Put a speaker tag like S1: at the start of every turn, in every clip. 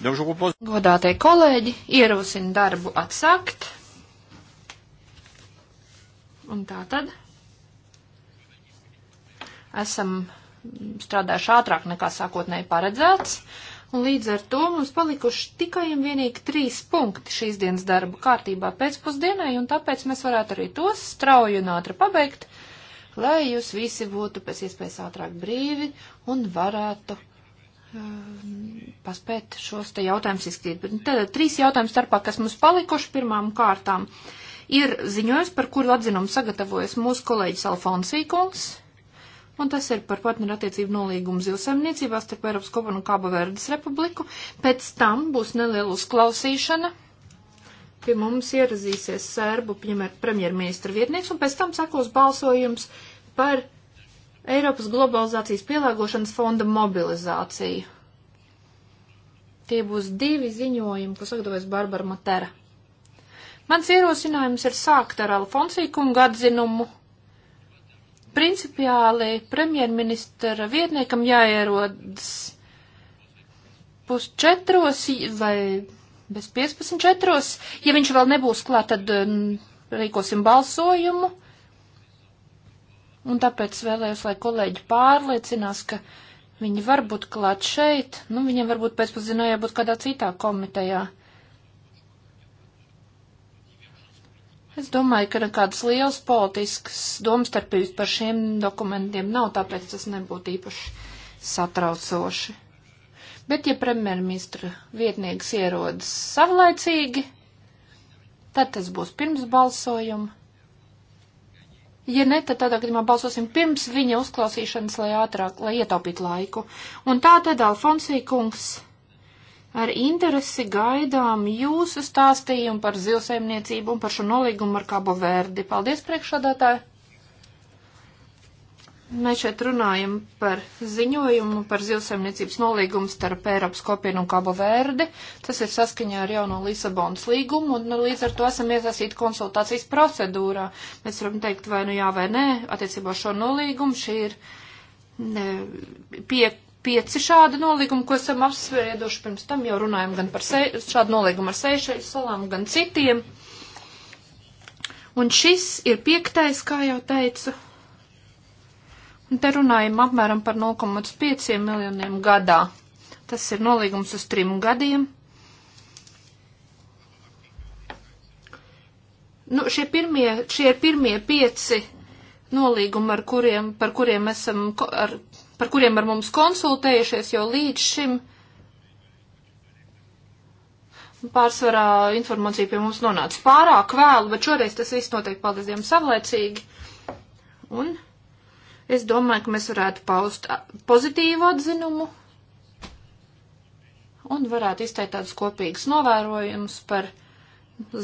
S1: Godātie kolēģi, ierosinu darbu atsākt. Un tā tad esam strādājuši ātrāk nekā sākotnēji paredzēts, un līdz ar to mums palikuši tikai un vienīgi trīs punkti šīs dienas darba kārtībā pēcpusdienai, un tāpēc mēs varētu arī tos strauju un ātri pabeigt, lai jūs visi būtu pēc iespējas ātrāk brīvi un varētu Ehm, paspēt šos te jautājumus izskatīt. Bet nu, tad trīs jautājumus starpā, kas mums palikuši pirmām kārtām, ir ziņojums, par kuru atzinumu sagatavojas mūsu kolēģis Alfonsī kungs, un tas ir par partnerattiecību nolīgumu zilsaimniecībā starp Eiropas Kopanu un Kabaverdes republiku. Pēc tam būs neliela uzklausīšana. Pie mums ierazīsies sērbu premjerministra vietnieks, un pēc tam sekos balsojums par Eiropas globalizācijas pielāgošanas fonda mobilizācija. Tie būs divi ziņojumi, ko sagatavojas Barbara Matera. Mans ierosinājums ir sākt ar Alfonsiju kungu atzinumu. Principiāli premjerministra vietniekam jāierodas pusčetros vai bez 15 četros. Ja viņš vēl nebūs klāt, tad mm, rīkosim balsojumu un tāpēc vēlējos, lai kolēģi pārliecinās, ka viņi var būt klāt šeit, nu, viņiem varbūt pēcpazienā jābūt kādā citā komitejā. Es domāju, ka nekādas liels politisks domstarpības par šiem dokumentiem nav, tāpēc tas nebūtu īpaši satraucoši. Bet, ja premjerministra vietnieks ierodas savlaicīgi, tad tas būs pirms balsojuma. Ja ne, tad tādā gadījumā balsosim pirms viņa uzklausīšanas, lai ātrāk, lai ietaupītu laiku. Un tā tad, Alfonsī kungs, ar interesi gaidām jūsu stāstījumu par zilsaimniecību un par šo nolīgumu ar Kabo Verdi. Paldies, priekšādātāji! Mēs šeit runājam par ziņojumu par zivsaimniecības nolīgumu starp Eiropas kopienu un Kabo Verdi. Tas ir saskaņā ar jauno Lisabonas līgumu, un līdz ar to esam iesaistīti konsultācijas procedūrā. Mēs varam teikt, vai nu jā vai nē, attiecībā šo nolīgumu. Šī ir ne, pie, pieci šādi nolīgumi, ko esam apsvērieduši pirms tam, jau runājam gan par se, šādu nolīgumu ar Seišeļu salām, gan citiem. Un šis ir piektais, kā jau teicu. Un te runājam apmēram par 0,5 miljoniem gadā. Tas ir nolīgums uz trim gadiem. Nu, šie, pirmie, šie ir pirmie pieci nolīgumi, ar kuriem, par, kuriem esam, ar, par kuriem ar mums konsultējušies, jo līdz šim pārsvarā informācija pie mums nonāca pārāk vēlu, bet šoreiz tas viss notiek, paldies Dievam, savlaicīgi. Un Es domāju, ka mēs varētu paust pozitīvu atzinumu un varētu izteikt tādus kopīgus novērojumus par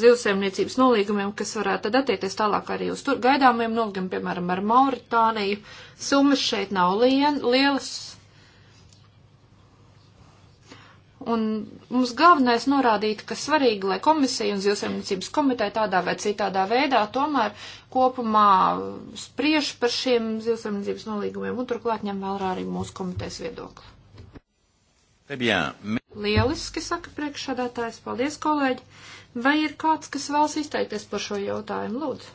S1: zivsēmniecības nolīgumiem, kas varētu tad attiekties tālāk arī uz tur gaidāmiem nolīgumiem, piemēram, ar Mauritāniju. Summas šeit nav lielas, Un mums galvenais norādīt, ka svarīgi, lai komisija un zilsaimniecības komiteja tādā vai citādā veidā tomēr kopumā spriež par šiem zilsaimniecības nolīgumiem un turklāt ņem vērā arī mūsu komitejas viedokli. Lieliski, saka priekšsādātājs. Paldies, kolēģi. Vai ir kāds, kas vēlas izteikties par šo jautājumu? Lūdzu.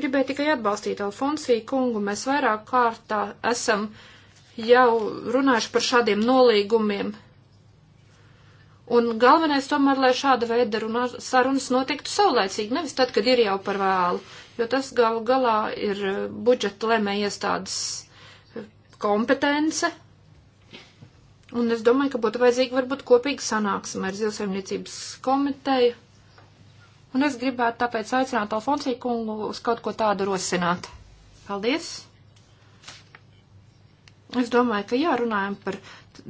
S1: Gribēju tikai atbalstīt Alfonsiju kungu. Mēs vairāk kārtā esam jau runājuši par šādiem nolīgumiem. Un galvenais tomēr, lai šāda veida runā, sarunas notiktu saulēcīgi, nevis tad, kad ir jau par vēlu, jo tas galu galā ir eh, budžeta lemē iestādes eh, kompetence. Un es domāju, ka būtu vajadzīga varbūt kopīga sanāksme ar zilsaimniecības komiteju. Un es gribētu tāpēc aicināt Alfonsiju kungu uz kaut ko tādu rosināt. Paldies! Es domāju, ka jārunājam par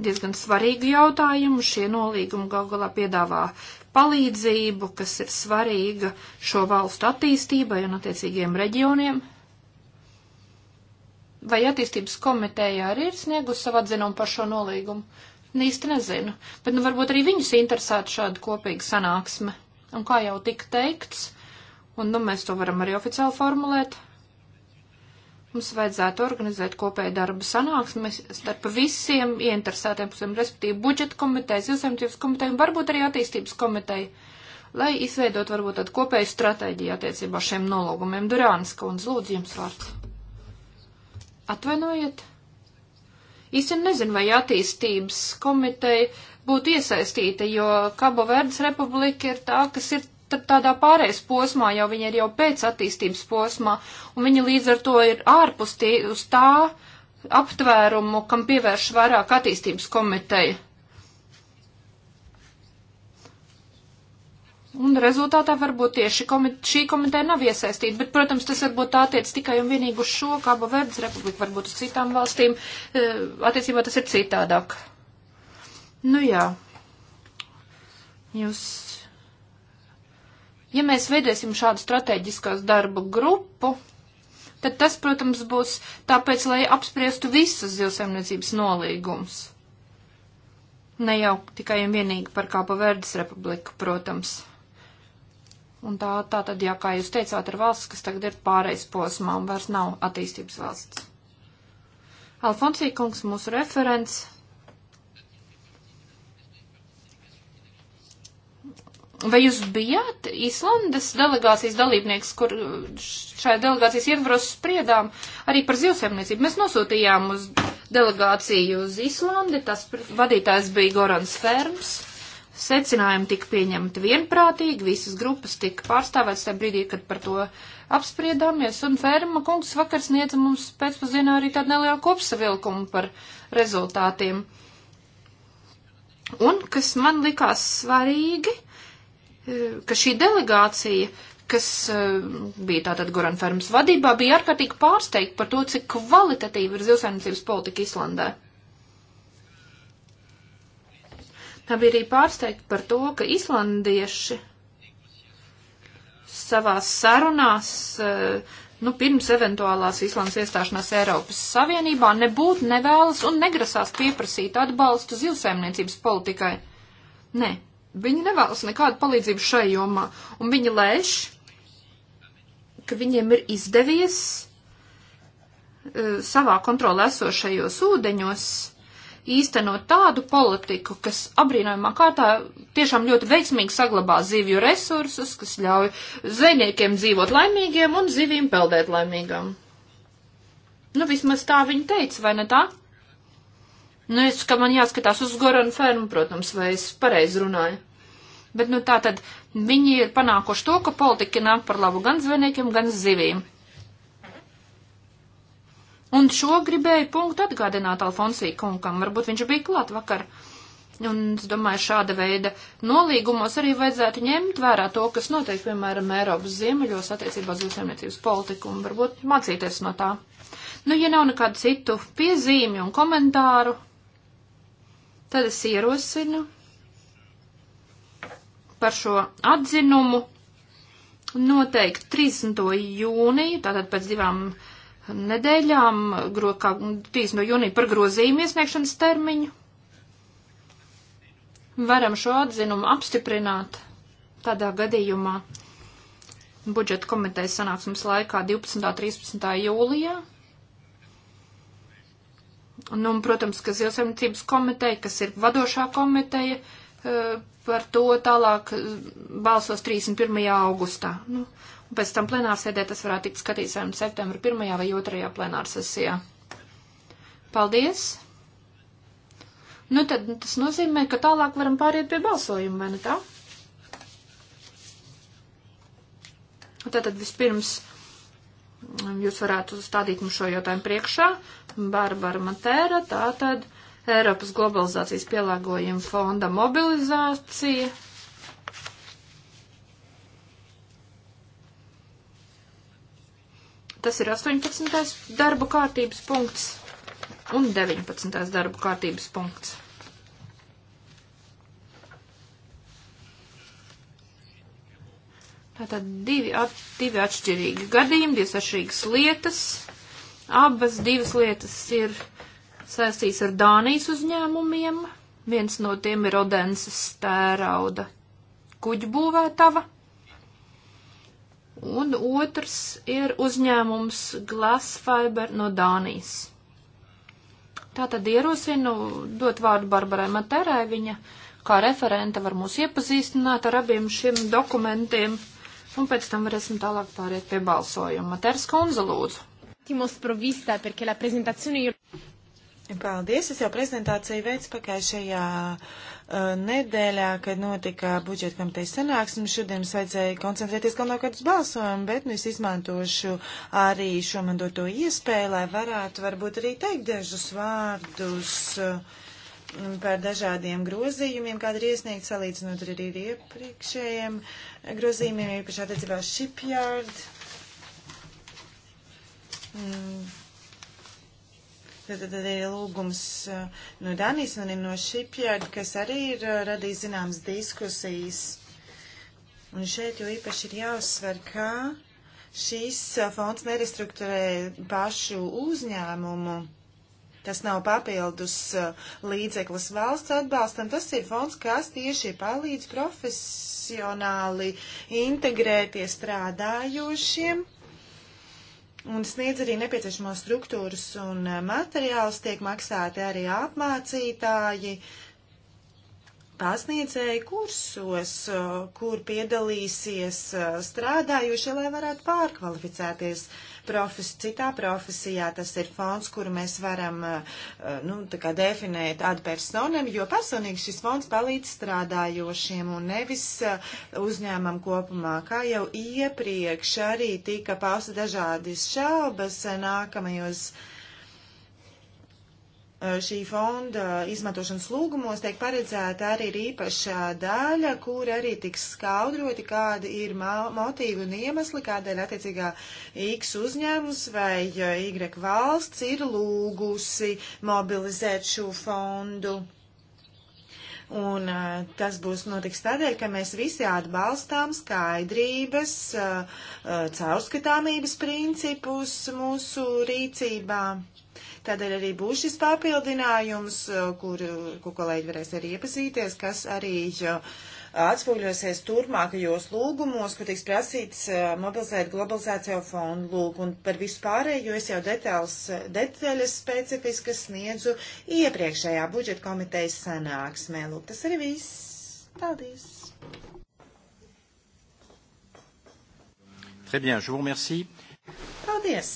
S1: diezgan svarīgu jautājumu. Šie nolīgumi gal galā piedāvā palīdzību, kas ir svarīga šo valstu attīstībai un attiecīgiem reģioniem. Vai attīstības komiteja arī ir sniegusi savu atzinumu par šo nolīgumu? Īsti nezinu, bet nu, varbūt arī viņus interesētu šāda kopīga sanāksme. Un kā jau tika teikts, un nu, mēs to varam arī oficiāli formulēt, Mums vajadzētu organizēt kopēju darbu sanāksmi starp visiem ieinteresētiem pusēm, respektīvi budžeta komiteju, zilsaimniecības komiteju un varbūt arī attīstības komiteju, lai izveidot varbūt tādu kopēju stratēģiju attiecībā šiem nolūgumiem. Durānska un lūdzu jums vārds. Atvainojiet. Īsti nezinu, vai attīstības komiteja būtu iesaistīta, jo Kabo Verdes republika ir tā, kas ir tad tādā pārējais posmā, jau viņa ir jau pēc attīstības posmā, un viņa līdz ar to ir ārpus tie, uz tā aptvērumu, kam pievērš vairāk attīstības komiteja. Un rezultātā varbūt tieši komite, šī komiteja nav iesaistīta, bet, protams, tas varbūt attiec tikai un vienīgi uz šo, kā Baverdas republika, varbūt uz citām valstīm, e, attiecībā tas ir citādāk. Nu jā. Jūs Ja mēs veidosim šādu strateģiskās darbu grupu, tad tas, protams, būs tāpēc, lai apspriestu visus zilsaimniecības nolīgumus. Ne jau tikai un vienīgi par kāpa verdes republiku, protams. Un tā, tā tad, jā, kā jūs teicāt, ir valsts, kas tagad ir pāreiz posmā un vairs nav attīstības valsts. Alfonsī kungs, mūsu referents, Vai jūs bijāt Īslandes delegācijas dalībnieks, kur šajā delegācijas ietvaros spriedām arī par zivsēmniecību? Mēs nosūtījām uz delegāciju uz Īslandi, tas vadītājs bija Gorans Ferms. Secinājumi tika pieņemti vienprātīgi, visas grupas tika pārstāvētas tajā brīdī, kad par to apspriedāmies, un Ferma kungs vakar sniedza mums pēcpazienā arī tādu nelielu kopsavilkumu par rezultātiem. Un, kas man likās svarīgi, ka šī delegācija, kas eh, bija tātad Goran Fermas vadībā, bija ārkārtīgi pārsteigta par to, cik kvalitatīva ir zivsaimniecības politika Islandē. Tā bija arī pārsteigta par to, ka islandieši savās sarunās, eh, nu, pirms eventuālās Islandas iestāšanās Eiropas Savienībā nebūtu nevēlas un negrasās pieprasīt atbalstu zivsaimniecības politikai. Nē, Viņi nevēlas nekādu palīdzību šai jomā, un viņi lēš, ka viņiem ir izdevies uh, savā kontrolē esošajos ūdeņos īstenot tādu politiku, kas apbrīnojumā kārtā tiešām ļoti veiksmīgi saglabā zivju resursus, kas ļauj zvejniekiem dzīvot laimīgiem un zivīm peldēt laimīgām. Nu, vismaz tā viņi teica, vai ne tā? Nu, es, ka man jāskatās uz Goranu Fermu, protams, vai es pareizi runāju. Bet, nu, tā tad viņi ir panākuši to, ka politika nāk par labu gan zvejniekiem, gan zivīm. Un šo gribēju punktu atgādināt Alfonsī kungam, varbūt viņš bija klāt vakar. Un es domāju, šāda veida nolīgumos arī vajadzētu ņemt vērā to, kas notiek, piemēram, Eiropas ziemeļos attiecībā uz zemniecības politiku un varbūt mācīties no tā. Nu, ja nav nekādu citu piezīmi un komentāru, tad es ierosinu par šo atzinumu noteikti 30. jūniju, tātad pēc divām nedēļām, gro, kā 30. jūniju par grozījumu iesniegšanas termiņu. Varam šo atzinumu apstiprināt tādā gadījumā budžeta komitejas sanāksmes laikā 12. un 13. jūlijā. Nu, un, protams, ka zilsaimniecības komiteja, kas ir vadošā komiteja, e, par to tālāk e, balsos 31. augustā. Nu, un pēc tam plenārsēdē tas varētu tikt skatīts vai nu septembra 1. vai 2. plenārsesijā. Paldies! Nu, tad tas nozīmē, ka tālāk varam pāriet pie balsojuma, vai ne tā? Tātad vispirms jūs varētu stādīt mums šo jautājumu priekšā. Barbara Matēra, tātad Eiropas globalizācijas pielāgojuma fonda mobilizācija. Tas ir 18. darba kārtības punkts un 19. darba kārtības punkts. Tātad divi, at, divi atšķirīgi gadījumi, divas atšķirīgas lietas. Abas divas lietas ir saistīts ar Dānijas uzņēmumiem. Viens no tiem ir Odenses tērauda kuģu būvētava. Un otrs ir uzņēmums Glassfiber no Dānijas. Tātad ierosinu dot vārdu Barbarai Matērai. Viņa kā referente var mūs iepazīstināt ar abiem šiem dokumentiem un pēc tam varēsim tālāk pāriet pie balsojuma. Matērs Konza lūdzu.
S2: Paldies, es jau prezentāciju veicu pagājušajā uh, nedēļā, kad notika budžeta komitejas sanāksme. Šodien mums vajadzēja koncentrēties galvenokārt kādu uz balsojumu, bet nu es izmantošu arī šo man doto iespēju, lai varētu varbūt arī teikt dažus vārdus. Uh, par dažādiem grozījumiem, kāda ir iesniegta, salīdzinot arī ar iepriekšējiem grozījumiem, īpaši attiecībā shipyard. Mm. Tad, tad arī lūgums uh, no Danijas un no shipyard, kas arī ir uh, radījis zināmas diskusijas. Un šeit jau īpaši ir jāuzsver, ka šīs uh, fonds nerestruktūrē pašu uzņēmumu Tas nav papildus uh, līdzeklis valsts atbalstam, tas ir fonds, kas tieši palīdz profesionāli integrēties strādājošiem un sniedz arī nepieciešamos struktūras un uh, materiālus, tiek maksāti arī apmācītāji. Uh, pasniedzēju kursos, uh, kur piedalīsies uh, strādājušie, lai varētu pārkvalificēties profes, citā profesijā. Tas ir fonds, kuru mēs varam uh, nu, definēt ad personam, jo personīgi šis fonds palīdz strādājošiem un nevis uzņēmam kopumā. Kā jau iepriekš arī tika pausta dažādas šaubas nākamajos Eh, šī fonda izmantošanas lūgumos tiek paredzēta arī īpašā daļa, kur arī tiks skaudroti, kādi ir motīvi un iemesli, kādēļ attiecīgā X uzņēmums vai eh, Y valsts ir lūgusi mobilizēt šo fondu. Un eh, tas būs notiks tādēļ, ka mēs visi atbalstām skaidrības, caurskatāmības principus mūsu rīcībā. Tādēļ arī būs šis papildinājums, eh, kur, kur kolēģi varēs arī iepazīties, kas arī eh, atspūļosies turpmākajos lūgumos, kur tiks prasīts eh, mobilizēt globalizācijā fondu lūgu. Un par vispārējo es jau detaļas, detaļas specifiskas sniedzu iepriekšējā budžeta komitejas sanāksmē. Lūk, tas arī viss. Paldies!
S1: Très bien, je vous remercie.
S2: Paldies!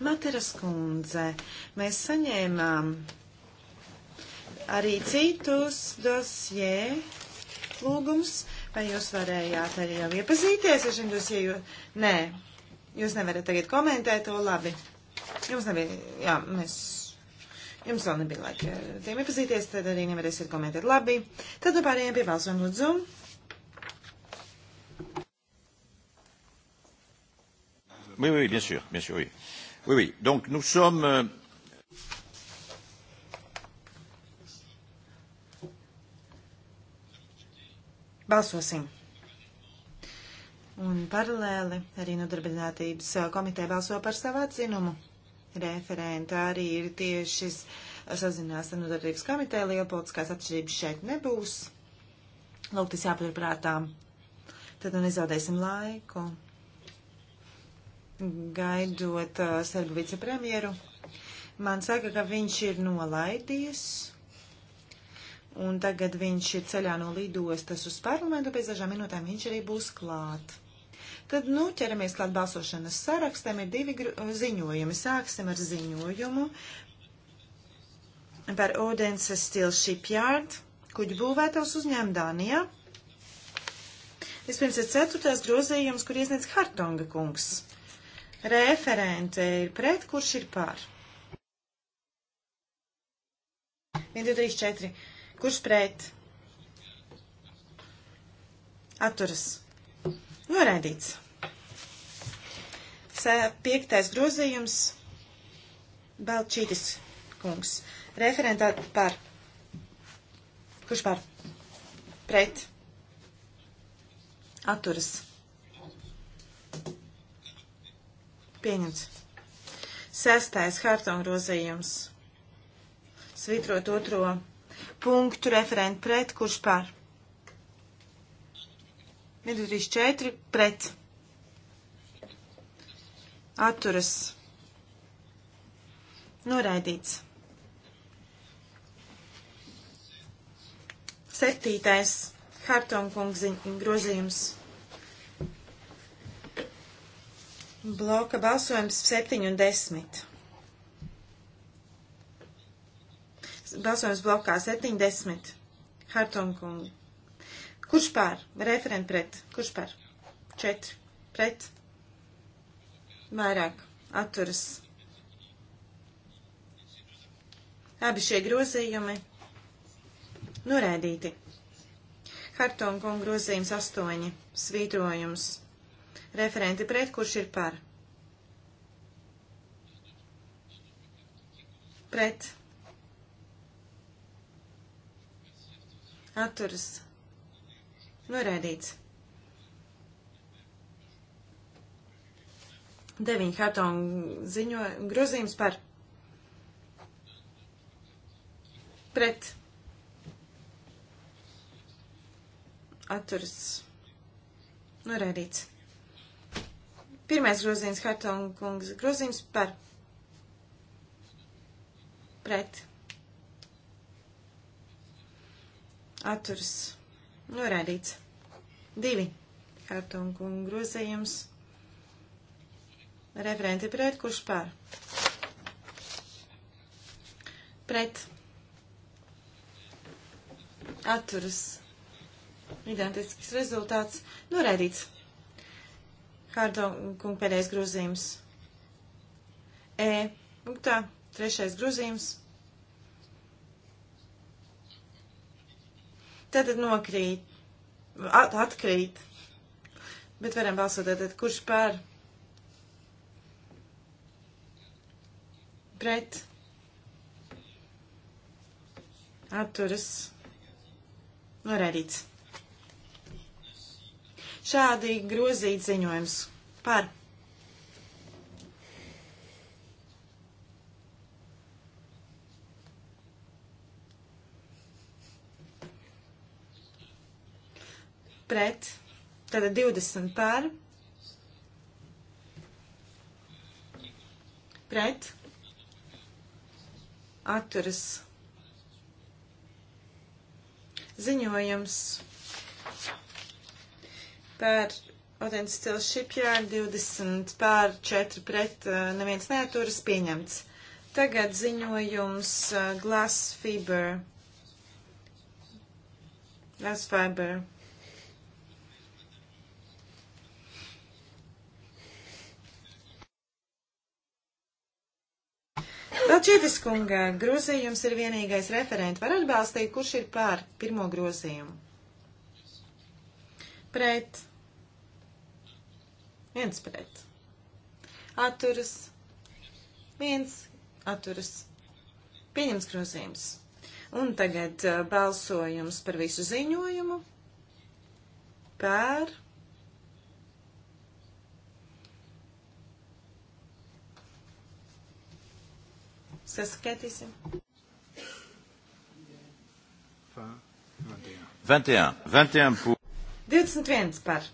S2: Materas kundze, mēs saņēmām arī citus dosjē lūgums, vai jūs varējāt arī jau iepazīties ar šiem dosjē, jo nē, jūs nevarat tagad komentēt to labi. Jums nebija, jā, mēs, jums vēl nebija laika tiem iepazīties, tad arī nevarēsiet komentēt labi. Tad pārējiem pie balsojuma lūdzu.
S1: Oui, oui, bien sûr, bien sûr, oui. Euh, Oui, oui. Donc nous sommes. Euh,
S2: Balsosim. Un paralēli arī nodarbinātības uh, komiteja balso par savu atzinumu. Referenta arī ir tieši sazinās ar nodarbības komiteju. Liela politiskās atšķirības šeit nebūs. Lūk, tas jāpaturprātām. Tad nu nezaudēsim laiku gaidot uh, serbu vicepremjeru. Man saka, ka viņš ir nolaidies, un tagad viņš ir ceļā no lidostas uz parlamentu, pēc dažām minūtēm viņš arī būs klāt. Tad, nu, ķeramies klāt balsošanas sarakstam, ir divi ziņojumi. Sāksim ar ziņojumu par Odenses Steel Shipyard, kuģu būvētājs uzņēma Dānijā. Vispirms ir ceturtais grozījums, kur iesniedz Hartonga kungs. Referente ir pret, kurš ir pār? 1, 2, 3, 4. Kurš pret? Atturas. Noraidīts. Piektais grozījums. Balčītis kungs. Referentā par. Kurš par? Pret. Atturas. Pieņemts. Sestais Hartona grozījums. Svitrot otro punktu referentu pret, kurš par. 1, 2, 4 pret. Atturas. Noraidīts. Septītais Hartonkungs grozījums Bloka balsojums 7 un 10. Balsojums blokā 7, 10. Hartungungi. Kurš pār? Referent pret. Kurš pār? 4. Pret. Vairāk. Atturas. Abi šie grozījumi norēdīti. Hartungungi grozījums 8. Svītrojums. Referenti pret, kurš ir par? Pret. Atturas. Norēdīts. Deviņi Hartonga ziņo grozījums par pret atturas norēdīts. Pirmais grozījums Hartongungs grozījums par pret atturs norādīts. Divi Hartongungu grozījums referenti pret kurš par pret atturs identisks rezultāts norādīts. Hārdo kunga pēdējais grozījums. E. Punktā. Trešais grozījums. Tātad nokrīt. At, atkrīt. Bet varam balsot tātad, kurš pār. Pret. Atturas. Norēdīts. Šādi grozīt ziņojums par. Pret. Tātad 20 par. Pret. Atturas. Ziņojums par Odens Steel Shipyard 20 pār 4 pret neviens neaturas pieņemts. Tagad ziņojums Glass Fiber. Glass Fiber. Balčītis kunga grozījums ir vienīgais referents. Var atbalstīt, kurš ir pār pirmo grozījumu? Pret viens pret. Atturas, viens, atturas, pieņems grozījums. Un tagad uh, balsojums par visu ziņojumu. Pār. Saskaitīsim. 21. 21 par.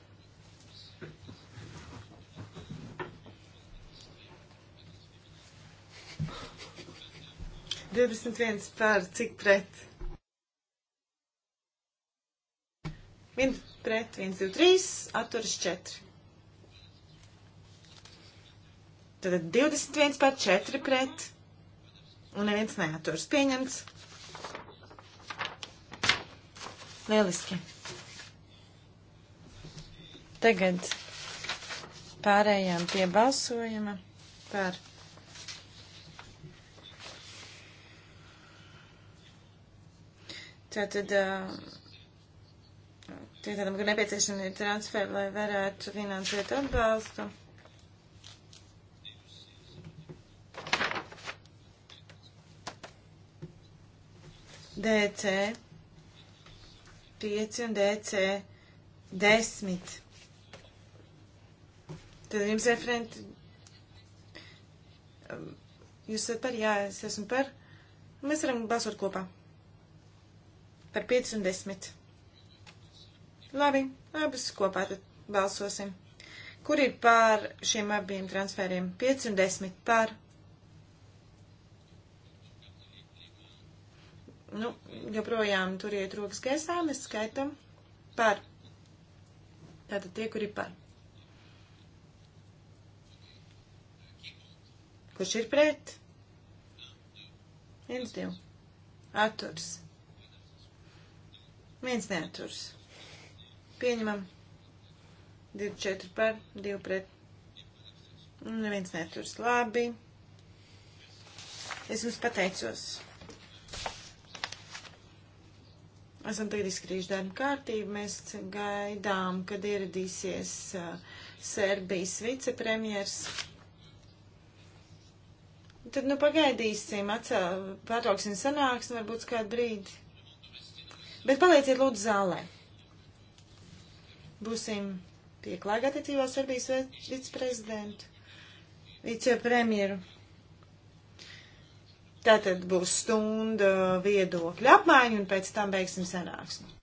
S2: 21 par cik pret? 1 pret, 1, 2, 3, atturas 4. Tad 21 par 4 pret, un neviens neaturas pieņemts. Lieliski. Tagad pārējām pie balsojuma par Tātad, tātad ir nepieciešami transferi, lai varētu finansēt atbalstu. DC 5 un DC 10. Tad jums referenti. Jūs esat par, jā, es esmu par. Mēs varam balsot kopā par 5 un 10. Labi, abas kopā tad balsosim. Kur ir pār šiem abiem transferiem? 5 un 10 pār. Nu, joprojām turiet rokas gaisā, mēs skaitam par. Tātad tie, kuri par. Kurš ir pret? viens, divi. Atturs. Viens neaturs. Pieņemam. 24 par, 2 pret. Nu, neviens neturs labi. Es jums pateicos. Esam tagad izskrījuši darba kārtību. Mēs gaidām, kad ieradīsies uh, Serbijas vicepremjers. Tad nu pagaidīsim, atcel, pārtrauksim sanāksmi varbūt kādu brīdi. Bet palieciet lūdzu zālē. Būsim pieklājīgi attiecībā Serbijas viceprezidentu, vicepremjeru. Tātad būs stunda viedokļa apmaiņa un pēc tam beigsim sanāksmi.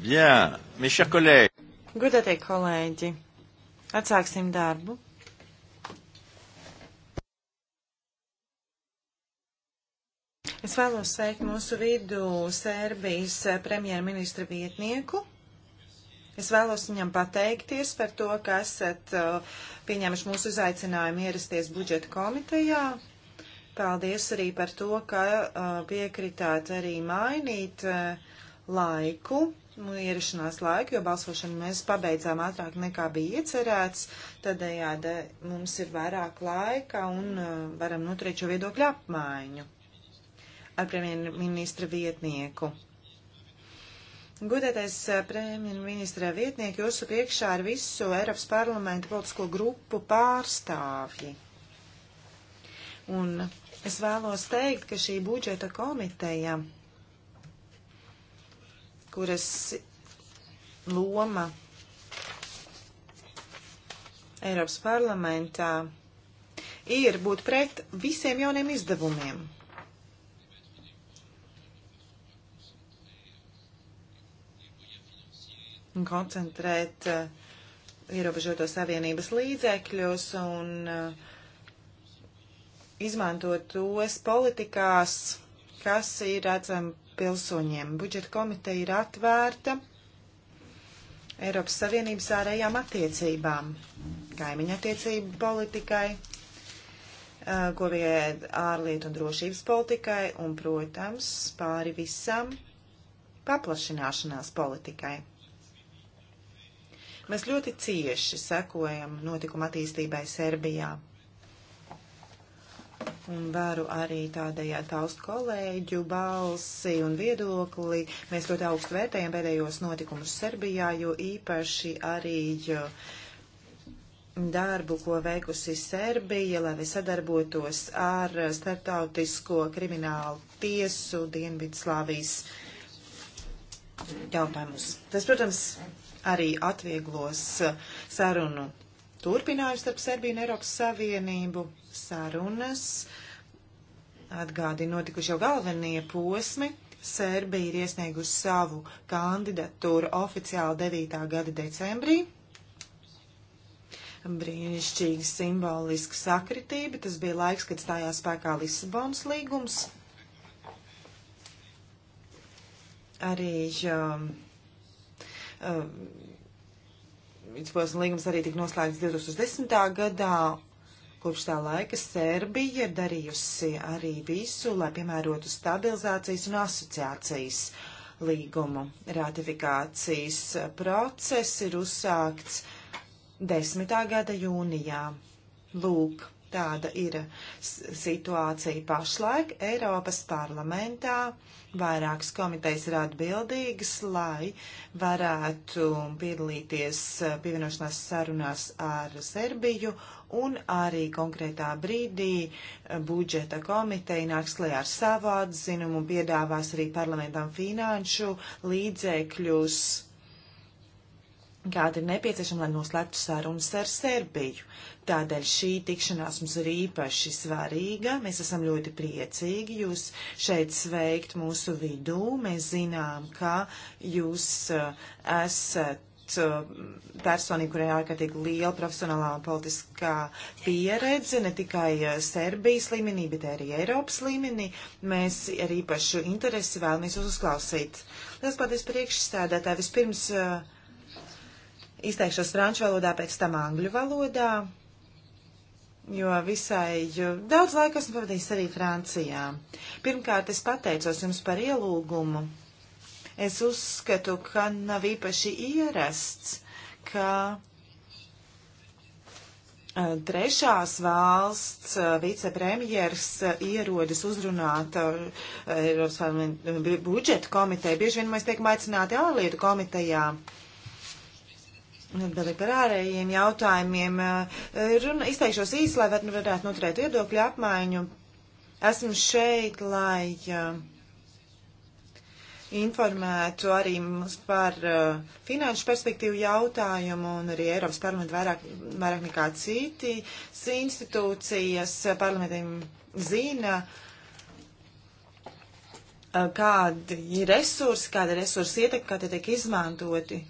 S2: Bien, mes chers collègues. Gudatie kolēģi, atsāksim darbu. Es vēlos sveikt mūsu vidū Sērbijas premjerministra vietnieku. Es vēlos viņam pateikties par to, ka esat uh, pieņēmuši mūsu izaicinājumu ierasties budžeta komitejā Paldies arī par to, ka uh, piekritāt arī mainīt uh, laiku, nu, ierašanās laiku, jo balsošanu mēs pabeidzām ātrāk nekā bija iecerēts. Tādējādi mums ir vairāk laika un uh, varam noturēt šo viedokļu apmaiņu ar premjerministra vietnieku. Gudētais uh, premjerministra vietnieki jūsu priekšā ir visu Eiropas parlamenta politisko grupu pārstāvji. Un Es vēlos teikt, ka šī budžeta komiteja, kuras loma Eiropas parlamentā ir būt pret visiem jauniem izdevumiem. Un koncentrēt uh, ierobežoto savienības līdzekļus un uh, izmantot tos politikās, kas ir redzami pilsoņiem. Budžeta komiteja ir atvērta Eiropas Savienības ārējām attiecībām, kaimiņa attiecību politikai, govie ārlietu un drošības politikai un, protams, pāri visam paplašināšanās politikai. Mēs ļoti cieši sekojam notikuma attīstībai Serbijā. Un varu arī tādējā taust kolēģu balsi un viedokli. Mēs ļoti augstu vērtējam pēdējos notikumus Serbijā, jo īpaši arī darbu, ko veikusi Serbija, lai vi sadarbotos ar starptautisko kriminālu tiesu Dienvidslāvijas jautājumus. Tas, protams, arī atvieglos sarunu turpinājusi starp Serbiju un Eiropas Savienību sarunas. Atgādina notikuši jau galvenie posmi. Serbija ir iesniegusi savu kandidatūru oficiāli 9. gada decembrī. Brīnišķīga simboliska sakritība. Tas bija laiks, kad stājās spēkā Lisabonas līgums. Arī um, um, vidusposma līgums arī tika noslēgts 2010. gadā. Kopš tā laika Serbija ir darījusi arī visu, lai piemērotu stabilizācijas un asociācijas līgumu. Ratifikācijas process ir uzsākts 10. gada jūnijā. Lūk, Tāda ir situācija pašlaik Eiropas parlamentā. Vairākas komitejas ir atbildīgas, lai varētu piedalīties eh, pievienošanās sarunās ar Serbiju un arī konkrētā brīdī eh, budžeta komiteja nāks klajā ar savu atzinumu un piedāvās arī parlamentam finanšu līdzēkļus, kādi ir nepieciešami, lai noslēgtu sarunas ar Serbiju. Tādēļ šī tikšanās mums ir īpaši svarīga. Mēs esam ļoti priecīgi jūs šeit sveikt mūsu vidū. Mēs zinām, ka jūs uh, esat uh, personīgi, kurai ir ārkārtīgi liela profesionālā un politiskā pieredze, ne tikai uh, Serbijas līmenī, bet arī Eiropas līmenī. Mēs ar īpašu interesi vēlamies jūs uzklausīt. Lielas paldies priekšsēdētāji. Vispirms uh, izteikšos franču valodā, pēc tam angļu valodā jo visai jo daudz laika esmu pavadījis arī Francijā. Pirmkārt, es pateicos jums par ielūgumu. Es uzskatu, ka nav īpaši ierasts, ka trešās valsts vicepremjers ierodas uzrunāt Eiropas budžeta komiteju. Bieži vien mēs tiek aicināti ārlietu komitejā. Uh, Nu, Atbildīgi par ārējiem jautājumiem. Eh, runa, izteikšos īsi, lai nu, varētu noturēt viedokļu apmaiņu. Esmu šeit, lai eh, informētu arī mums par eh, finanšu perspektīvu jautājumu un arī Eiropas parlamentu vairāk, vairāk nekā citi institūcijas parlamentiem zina, kādi ir resursi, kāda resursa ietekme, kā tie tiek izmantoti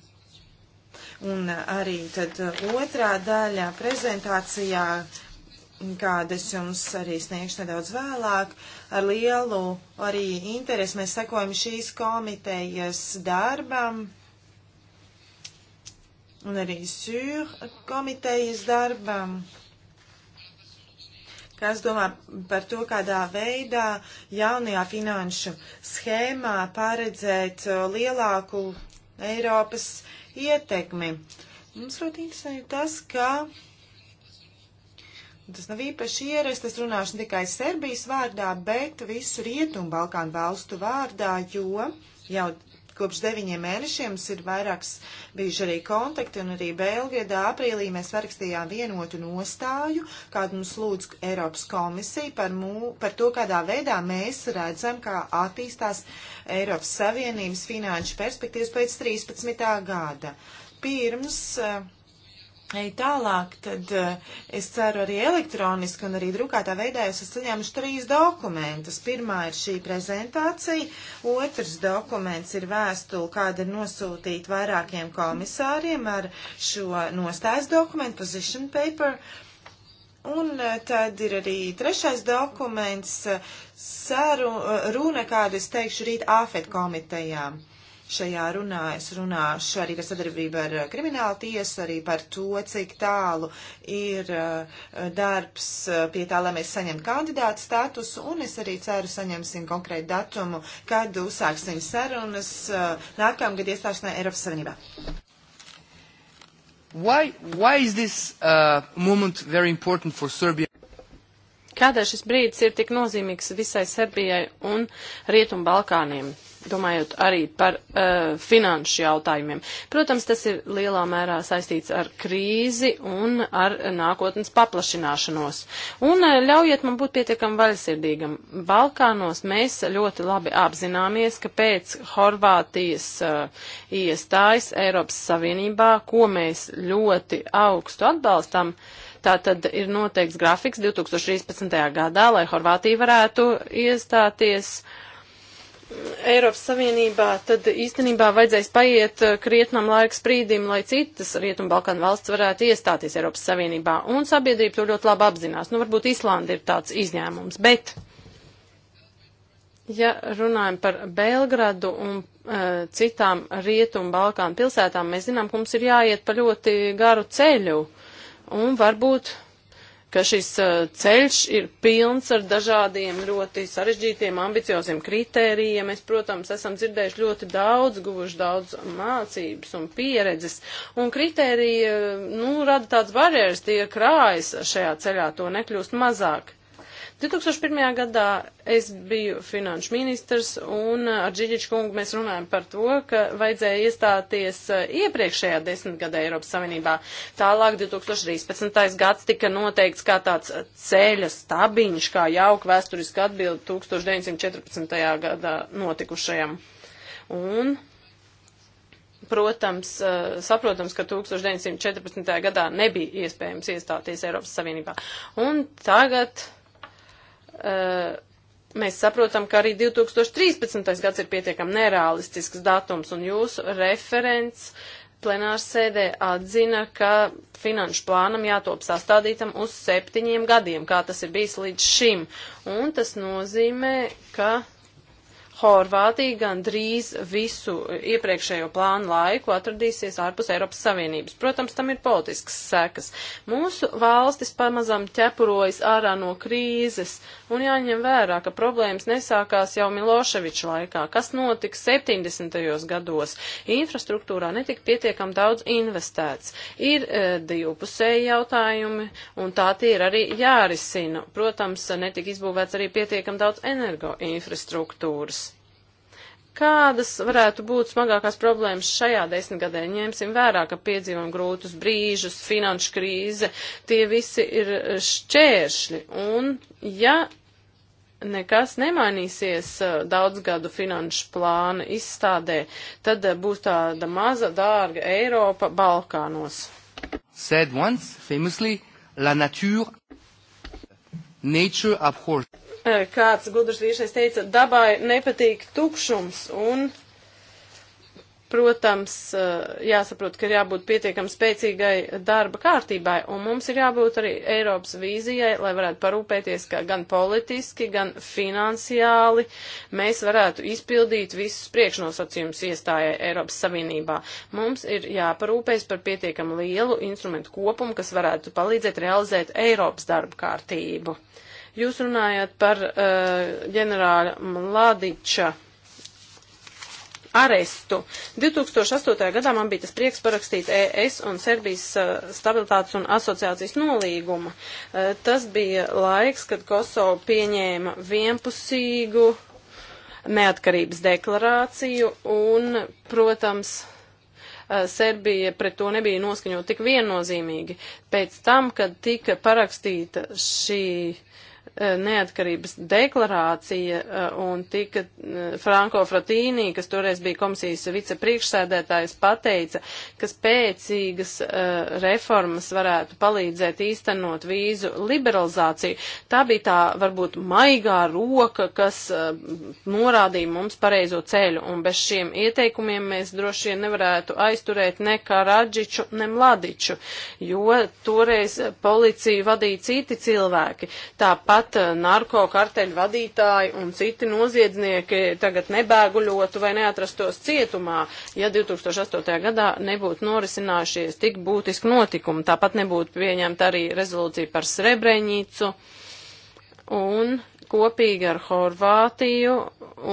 S2: Un arī tad otrā daļa prezentācijā, kādas jums arī sniegšu nedaudz vēlāk, ar lielu arī interesi mēs sekojam šīs komitejas darbam un arī sūr komitejas darbam kas domā par to, kādā veidā jaunajā finanšu schēmā paredzēt uh, lielāku Eiropas ietekmi. Mums ļoti interesanti tas, ka tas nav īpaši ierasts, es runāšu ne tikai Serbijas vārdā, bet visu Rietumu Balkānu valstu vārdā, jo jau kopš deviņiem mēnešiem mums ir vairāks bijuši arī kontakti, un arī Belgradā aprīlī mēs varakstījām vienotu nostāju, kādu mums lūdz Eiropas komisija par, mū, par to, kādā veidā mēs redzam, kā attīstās Eiropas Savienības finanšu perspektīvas pēc 13. gada. Pirms uh, ej tālāk, tad eh, es ceru arī elektroniski un arī drukātā veidā es esmu saņēmuši trīs dokumentus. Pirmā ir šī prezentācija, otrs dokuments ir vēstule, kāda ir nosūtīta vairākiem komisāriem ar šo nostājas dokumentu, position paper. Un eh, tad ir arī trešais dokuments, eh, saru, runa, kādu es teikšu rīt AFET komitejām šajā runā. Es runāšu arī par sadarbību ar uh, kriminālu tiesu, arī par to, cik tālu ir uh, darbs uh, pie tā, lai mēs saņemtu kandidātu statusu, un es arī ceru saņemsim konkrētu datumu, kad uzsāksim sarunas nākamgad iestāšanai Eiropas Savienībā.
S3: Why, why is this uh, moment very important for Serbia?
S4: Kādēļ šis brīdis ir tik nozīmīgs visai Serbijai un Rietumbalkāniem? Balkāniem? domājot arī par uh, finanšu jautājumiem. Protams, tas ir lielā mērā saistīts ar krīzi un ar nākotnes paplašināšanos. Un uh, ļaujiet man būt pietiekam vaļasirdīgam. Balkānos mēs ļoti labi apzināmies, ka pēc Horvātijas uh, iestājas Eiropas Savienībā, ko mēs ļoti augstu atbalstam, uh, Tā tad ir noteikts grafiks 2013. gadā, lai Horvātija varētu iestāties. Uh, Eiropas Savienībā, tad īstenībā vajadzēs paiet eh, krietnam laiks brīdim, lai citas Rietumbalkanu valsts varētu iestāties Eiropas Savienībā. Un sabiedrība to ļoti labi apzinās. Nu, varbūt Islanda ir tāds izņēmums, bet, ja runājam par Belgradu un uh, citām Rietumbalkānu pilsētām, mēs zinām, ka mums ir jāiet pa ļoti garu ceļu. Un varbūt ka šis uh, ceļš ir pilns ar dažādiem ļoti sarežģītiem, ambicioziem kritērijiem. Mēs, protams, esam dzirdējuši ļoti daudz, guvuši daudz mācības un pieredzes, un kritērija, uh, nu, rada tāds barjeras, tie krājas šajā ceļā, to nekļūst mazāk. 2001. gadā es biju finanšu ministrs un uh, ar Džiģiču kungu mēs runājam par to, ka vajadzēja iestāties uh, iepriekšējā desmitgadē Eiropas Savienībā. Tālāk 2013. gads tika noteikts kā tāds uh, ceļa stabiņš, kā jauka vēsturiska atbilde 1914. gadā notikušajam. Un Protams, saprotams, ka 1914. gadā nebija iespējams iestāties Eiropas Savienībā. Un tagad Eh, mēs saprotam, ka arī 2013. gads ir pietiekami nereālistisks datums, un jūsu referents plenārsēdē atzina, ka finanšu plānam jātop sastādītam uz septiņiem gadiem, kā tas ir bijis līdz šim. Un tas nozīmē, ka Horvātija gan drīz visu iepriekšējo plānu laiku atradīsies ārpus Eiropas Savienības. Protams, tam ir politisks sekas. Mūsu valstis pamazam ķepurojas ārā no krīzes, un jāņem vērā, ka problēmas nesākās jau Miloševiča laikā. Kas notika 70. gados? Infrastruktūrā netika pietiekam daudz investēts. Ir e, divpusēji jautājumi, un tā tie ir arī jārisina. Protams, netika izbūvēts arī pietiekam daudz energoinfrastruktūras. Kādas varētu būt smagākās problēmas šajā desmitgadē? Ņemsim vērā, ka piedzīvam grūtus brīžus, finanšu krīze, tie visi ir šķēršļi. Un ja nekas nemainīsies eh, daudzgadu finanšu plāna izstādē, tad eh, būs tāda maza dārga Eiropa Balkānos.
S3: Said once, famously, la nature, nature abhors.
S4: Eh, kāds gudrs vīrišais teica, dabai nepatīk tukšums un protams, eh, jāsaprot, ka ir jābūt pietiekam spēcīgai darba kārtībai, un mums ir jābūt arī Eiropas vīzijai, lai varētu parūpēties, ka gan politiski, gan finansiāli mēs varētu izpildīt visus priekšnosacījumus iestājai Eiropas Savienībā. Mums ir jāparūpēs par pietiekam lielu instrumentu kopumu, kas varētu palīdzēt realizēt Eiropas darba kārtību. Uh, Jūs runājat par uh, ģenerāla Mladiča arestu. 2008. gadā man bija tas prieks parakstīt ES un Serbijas uh, stabilitātes un asociācijas nolīgumu. Uh, tas bija laiks, kad Kosovo pieņēma vienpusīgu neatkarības deklarāciju un, protams, uh, Serbija pret to nebija noskaņota tik viennozīmīgi. Pēc tam, kad tika parakstīta šī uh, Eh, neatkarības deklarācija eh, un tika eh, Franko Fratīnī, kas toreiz bija komisijas vicepriekšsēdētājs, pateica, ka spēcīgas reformas varētu palīdzēt īstenot vīzu liberalizāciju. Tā bija tā varbūt maigā roka, kas norādīja mums pareizo ceļu, un bez šiem ieteikumiem mēs droši vien nevarētu aizturēt ne Karadžiču, ne Mladiču, jo toreiz policiju vadīja citi cilvēki. Tāpat pat eh, narko karteļu vadītāji un citi noziedznieki tagad nebēguļotu vai neatrastos cietumā, ja 2008. gadā nebūtu norisinājušies tik būtiski notikumi. Tāpat nebūtu pieņemta arī rezolūcija par Srebrenicu un kopīgi ar Horvātiju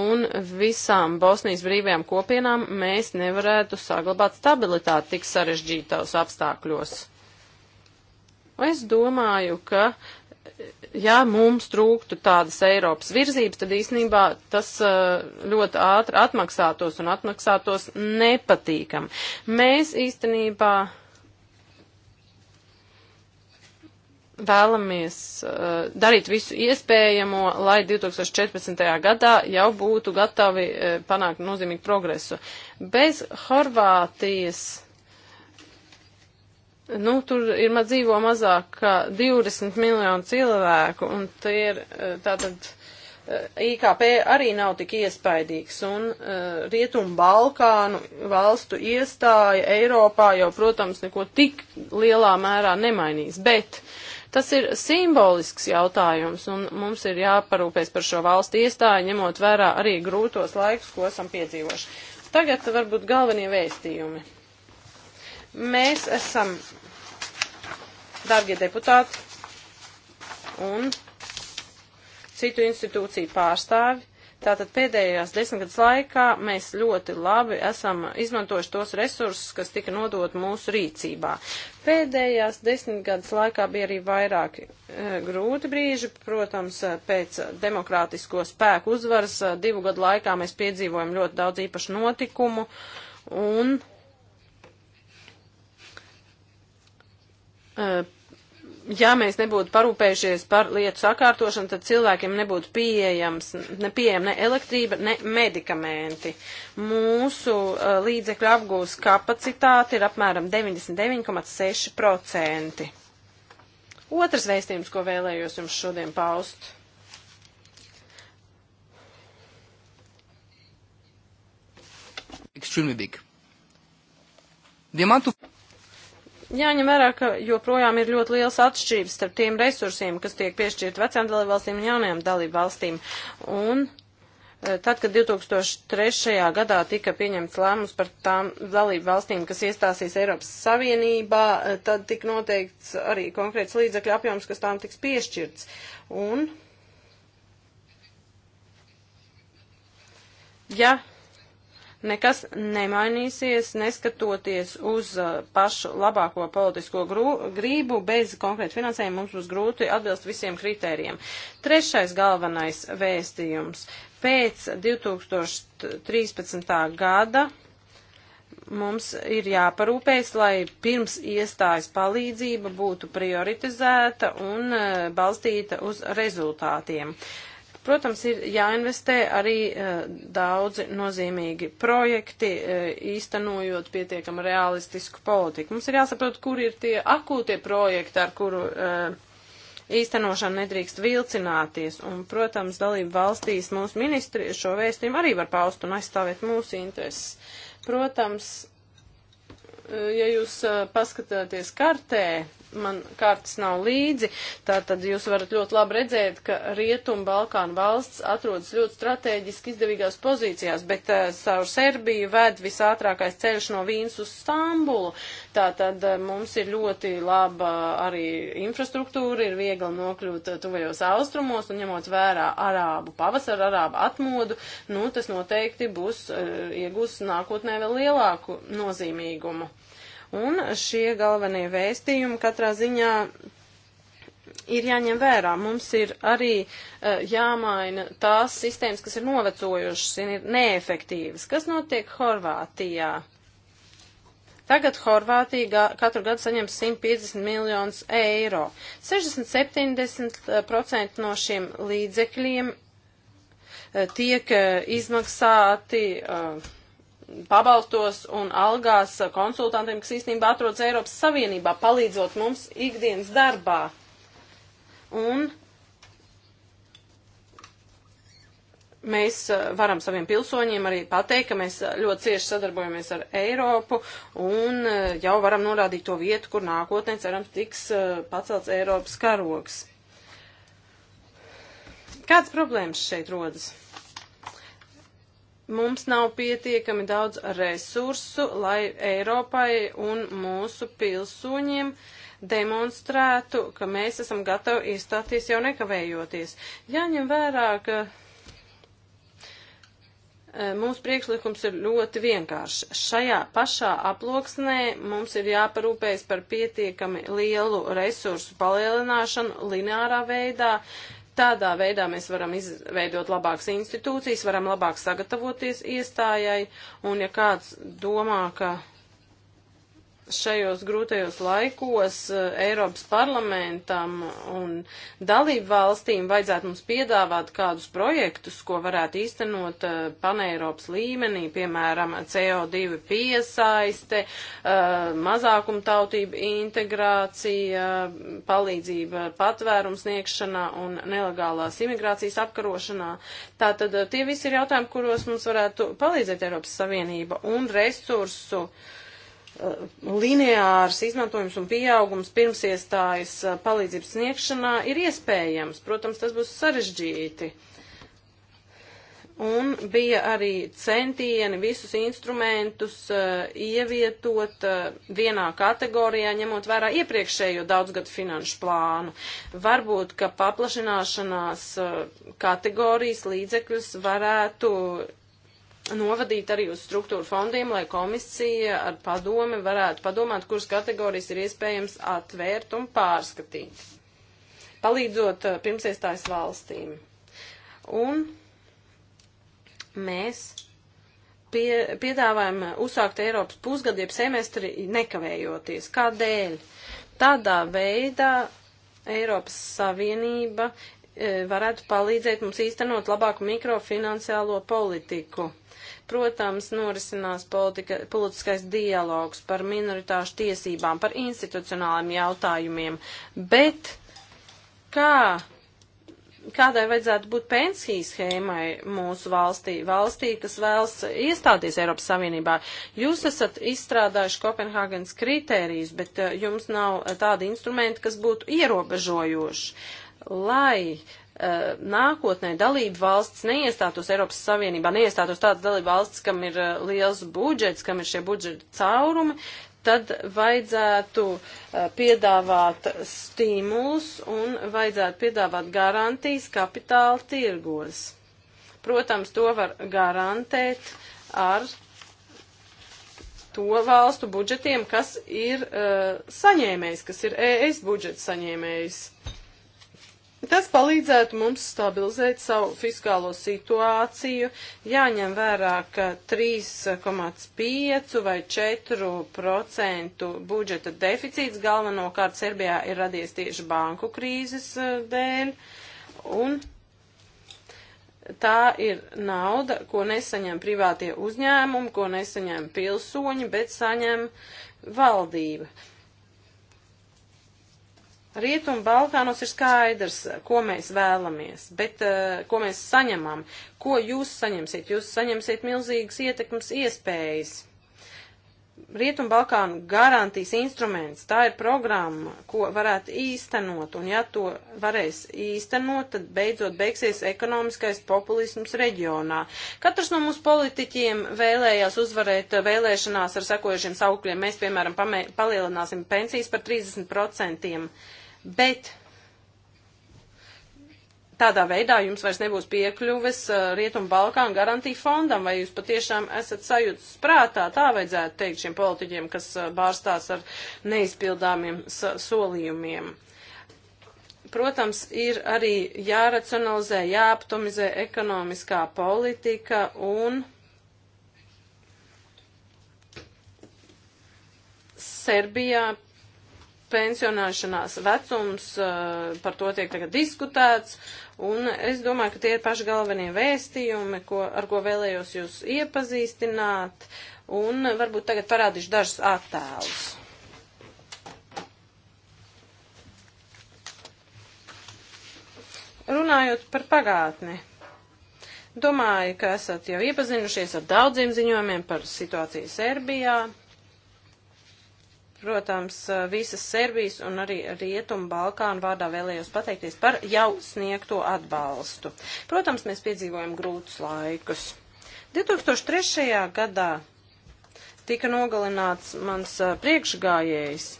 S4: un visām Bosnijas brīvajām kopienām mēs nevarētu saglabāt stabilitāti tik sarežģītos apstākļos. Es domāju, ka ja mums trūktu tādas Eiropas virzības, tad īstenībā tas eh, ļoti ātri atmaksātos un atmaksātos nepatīkam. Mēs īstenībā vēlamies uh, darīt visu iespējamo, lai 2014. gadā jau būtu gatavi uh, panākt nozīmīgu progresu. Bez Horvātijas Nu, tur ir maz dzīvo mazāk kā 20 miljonu cilvēku, un tie ir eh, tātad. Eh, IKP arī nav tik iespaidīgs, un uh, Rietumu Balkānu valstu iestāja Eiropā jau, protams, neko tik lielā mērā nemainīs, bet tas ir simbolisks jautājums, un mums ir jāparūpēs par šo valstu iestāju, ņemot vērā arī grūtos laikus, ko esam piedzīvojuši. Tagad varbūt galvenie vēstījumi. Mēs esam, darbie deputāti, un citu institūciju pārstāvi. Tātad pēdējās desmitgades laikā mēs ļoti labi esam izmantojuši tos resursus, kas tika nodot mūsu rīcībā. Pēdējās desmitgades laikā bija arī vairāki e, grūti brīži, protams, e, pēc demokrātisko spēku uzvaras e, divu gadu laikā mēs piedzīvojam ļoti daudz īpašu notikumu un Eh, ja mēs nebūtu parūpējušies par lietu sakārtošanu, tad cilvēkiem nebūtu pieejams, nepieejama ne elektrība, ne medikamenti. Mūsu uh, līdzekļu apgūs kapacitāte ir apmēram 99,6%. Otrs vēstījums, ko vēlējos jums šodien
S3: paust. Extremely big. The amount of
S4: Jāņem vērā, ka joprojām ir ļoti liels atšķirības starp tiem resursiem, kas tiek piešķirt vecām dalībvalstīm un jaunajām dalībvalstīm. Un eh, tad, kad 2003. gadā tika pieņemts lēmums par tām dalībvalstīm, kas iestāsies Eiropas Savienībā, eh, tad tika noteikts arī konkrēts līdzekļu apjoms, kas tām tiks piešķirts. Un ja Nekas nemainīsies, neskatoties uz uh, pašu labāko politisko grību, bez konkrēta finansējuma mums būs grūti atbilst visiem kritērijiem. Trešais galvenais vēstījums. Pēc 2013. gada mums ir jāparūpējas, lai pirms iestājas palīdzība būtu prioritizēta un uh, balstīta uz rezultātiem. Uh, Protams, ir jāinvestē arī eh, daudzi nozīmīgi projekti, eh, īstenojot pietiekam realistisku politiku. Mums ir jāsaprot, kur ir tie akūtie projekti, ar kuru eh, īstenošana nedrīkst vilcināties. Un, protams, dalību valstīs mūsu ministri šo vēstījumu arī var paust un aizstāvēt mūsu intereses. Protams, ja jūs paskatāties kartē, man kārtas nav līdzi, tātad jūs varat ļoti labi redzēt, ka Rietumu Balkānu valsts atrodas ļoti strateģiski izdevīgās pozīcijās, bet uh, eh, savu Serbiju ved visātrākais ceļš no Vīnas uz Stambulu, tātad uh, mums ir ļoti laba arī infrastruktūra, ir viegli nokļūt eh, tuvajos austrumos un ņemot vērā arābu pavasaru, arābu atmodu, nu tas noteikti būs uh, iegūs nākotnē vēl lielāku nozīmīgumu. Un šie galvenie vēstījumi katrā ziņā ir jāņem vērā. Mums ir arī uh, jāmaina tās sistēmas, kas ir novecojušas un ir neefektīvas. Kas notiek Horvātijā? Tagad Horvātija katru gadu saņem 150 miljonus eiro. 60-70% eh, no šiem līdzekļiem uh, tiek uh, izmaksāti. Uh, pabalstos un algās konsultantiem, kas īstenībā atrodas Eiropas Savienībā, palīdzot mums ikdienas darbā. Un mēs eh, varam saviem pilsoņiem arī pateikt, ka mēs ļoti cieši sadarbojamies ar Eiropu un eh, jau varam norādīt to vietu, kur nākotnē cerams tiks eh, pacelts Eiropas karogs. Kāds problēmas šeit rodas? Mums nav pietiekami daudz resursu, lai Eiropai un mūsu pilsoņiem demonstrētu, ka mēs esam gatavi iestāties jau nekavējoties. Jāņem vērā, ka e, mūsu priekšlikums ir ļoti vienkāršs. Šajā pašā aploksnē mums ir jāparūpējas par pietiekami lielu resursu palielināšanu lineārā veidā, Tādā veidā mēs varam izveidot labākas institūcijas, varam labāk sagatavoties iestājai, un ja kāds domā, ka šajos grūtajos laikos eh, Eiropas parlamentam un dalību valstīm vajadzētu mums piedāvāt kādus projektus, ko varētu īstenot eh, paneiropas līmenī, piemēram, CO2 piesaiste, eh, mazākumtautība integrācija, palīdzība patvērums sniegšanā un nelegālās imigrācijas apkarošanā. Tātad tie visi ir jautājumi, kuros mums varētu palīdzēt Eiropas Savienība un resursu uh, Eh, lineārs izmantojums un pieaugums pirms iestājas eh, palīdzības sniegšanā ir iespējams. Protams, tas būs sarežģīti. Un bija arī centieni visus instrumentus uh, ievietot uh, vienā kategorijā, ņemot vērā iepriekšējo daudzgadu finanšu plānu. Varbūt, ka paplašināšanās uh, kategorijas līdzekļus varētu novadīt arī uz struktūru fondiem, lai komisija ar padomi varētu padomāt, kuras kategorijas ir iespējams atvērt un pārskatīt, palīdzot eh, pirmsiestājas valstīm. Un mēs pie, piedāvājam uzsākt Eiropas pusgadiem semestri nekavējoties. Kādēļ? Tādā veidā Eiropas Savienība eh, varētu palīdzēt mums īstenot labāku mikrofinanciālo politiku protams, norisinās politika, politiskais dialogs par minoritāšu tiesībām, par institucionāliem jautājumiem, bet kā, kādai vajadzētu būt pensijas schēmai mūsu valstī, valstī, kas vēlas iestāties Eiropas Savienībā? Jūs esat izstrādājuši Kopenhāgenes kritērijus, bet eh, jums nav eh, tādi instrumenti, kas būtu ierobežojoši lai uh, nākotnē dalību valsts neiestātos Eiropas Savienībā, neiestātos tāds dalību valsts, kam ir uh, liels budžets, kam ir šie budžeta caurumi, tad vajadzētu uh, piedāvāt stimulus un vajadzētu piedāvāt garantijas kapitāla tirgos. Protams, to var garantēt ar to valstu budžetiem, kas ir uh, saņēmējs, kas ir ES budžeta saņēmējs. Tas palīdzētu mums stabilizēt savu fiskālo situāciju, jāņem vērā, ka 3,5 vai 4% budžeta deficīts galvenokārt Serbijā ir radies tieši banku krīzes e, dēļ, un tā ir nauda, ko nesaņem privātie uzņēmumi, ko nesaņem pilsoņi, bet saņem valdība. Rietumu Balkānos ir skaidrs, ko mēs vēlamies, bet uh, ko mēs saņemam, ko jūs saņemsiet. Jūs saņemsiet milzīgas ietekmes iespējas. Rietumu Balkānu garantijas instruments, tā ir programma, ko varētu īstenot, un ja to varēs īstenot, tad beidzot beigsies ekonomiskais populisms reģionā. Katrs no mūsu politiķiem vēlējās uzvarēt eh, vēlēšanās ar sekojušiem saukļiem. Mēs, piemēram, palielināsim pensijas par 30% bet tādā veidā jums vairs nebūs piekļuves uh, Rietumu Balkānu garantiju fondam, vai jūs patiešām esat sajūtas prātā, tā vajadzētu teikt šiem politiķiem, kas uh, bārstās ar neizpildāmiem solījumiem. Protams, ir arī jāracionalizē, jāoptimizē ekonomiskā politika un Serbijā pensionēšanās vecums, par to tiek tagad diskutēts, un es domāju, ka tie ir paši galvenie vēstījumi, ko, ar ko vēlējos jūs iepazīstināt, un varbūt tagad parādīšu dažus attēlus. Runājot par pagātni, domāju, ka esat jau iepazinušies ar daudziem ziņojumiem par situāciju Serbijā. Protams, visas Serbijas un arī Rietumu Balkānu vārdā vēlējos pateikties par jau sniegto atbalstu. Protams, mēs piedzīvojam grūtus laikus. 2003. gadā tika nogalināts mans priekšgājējs.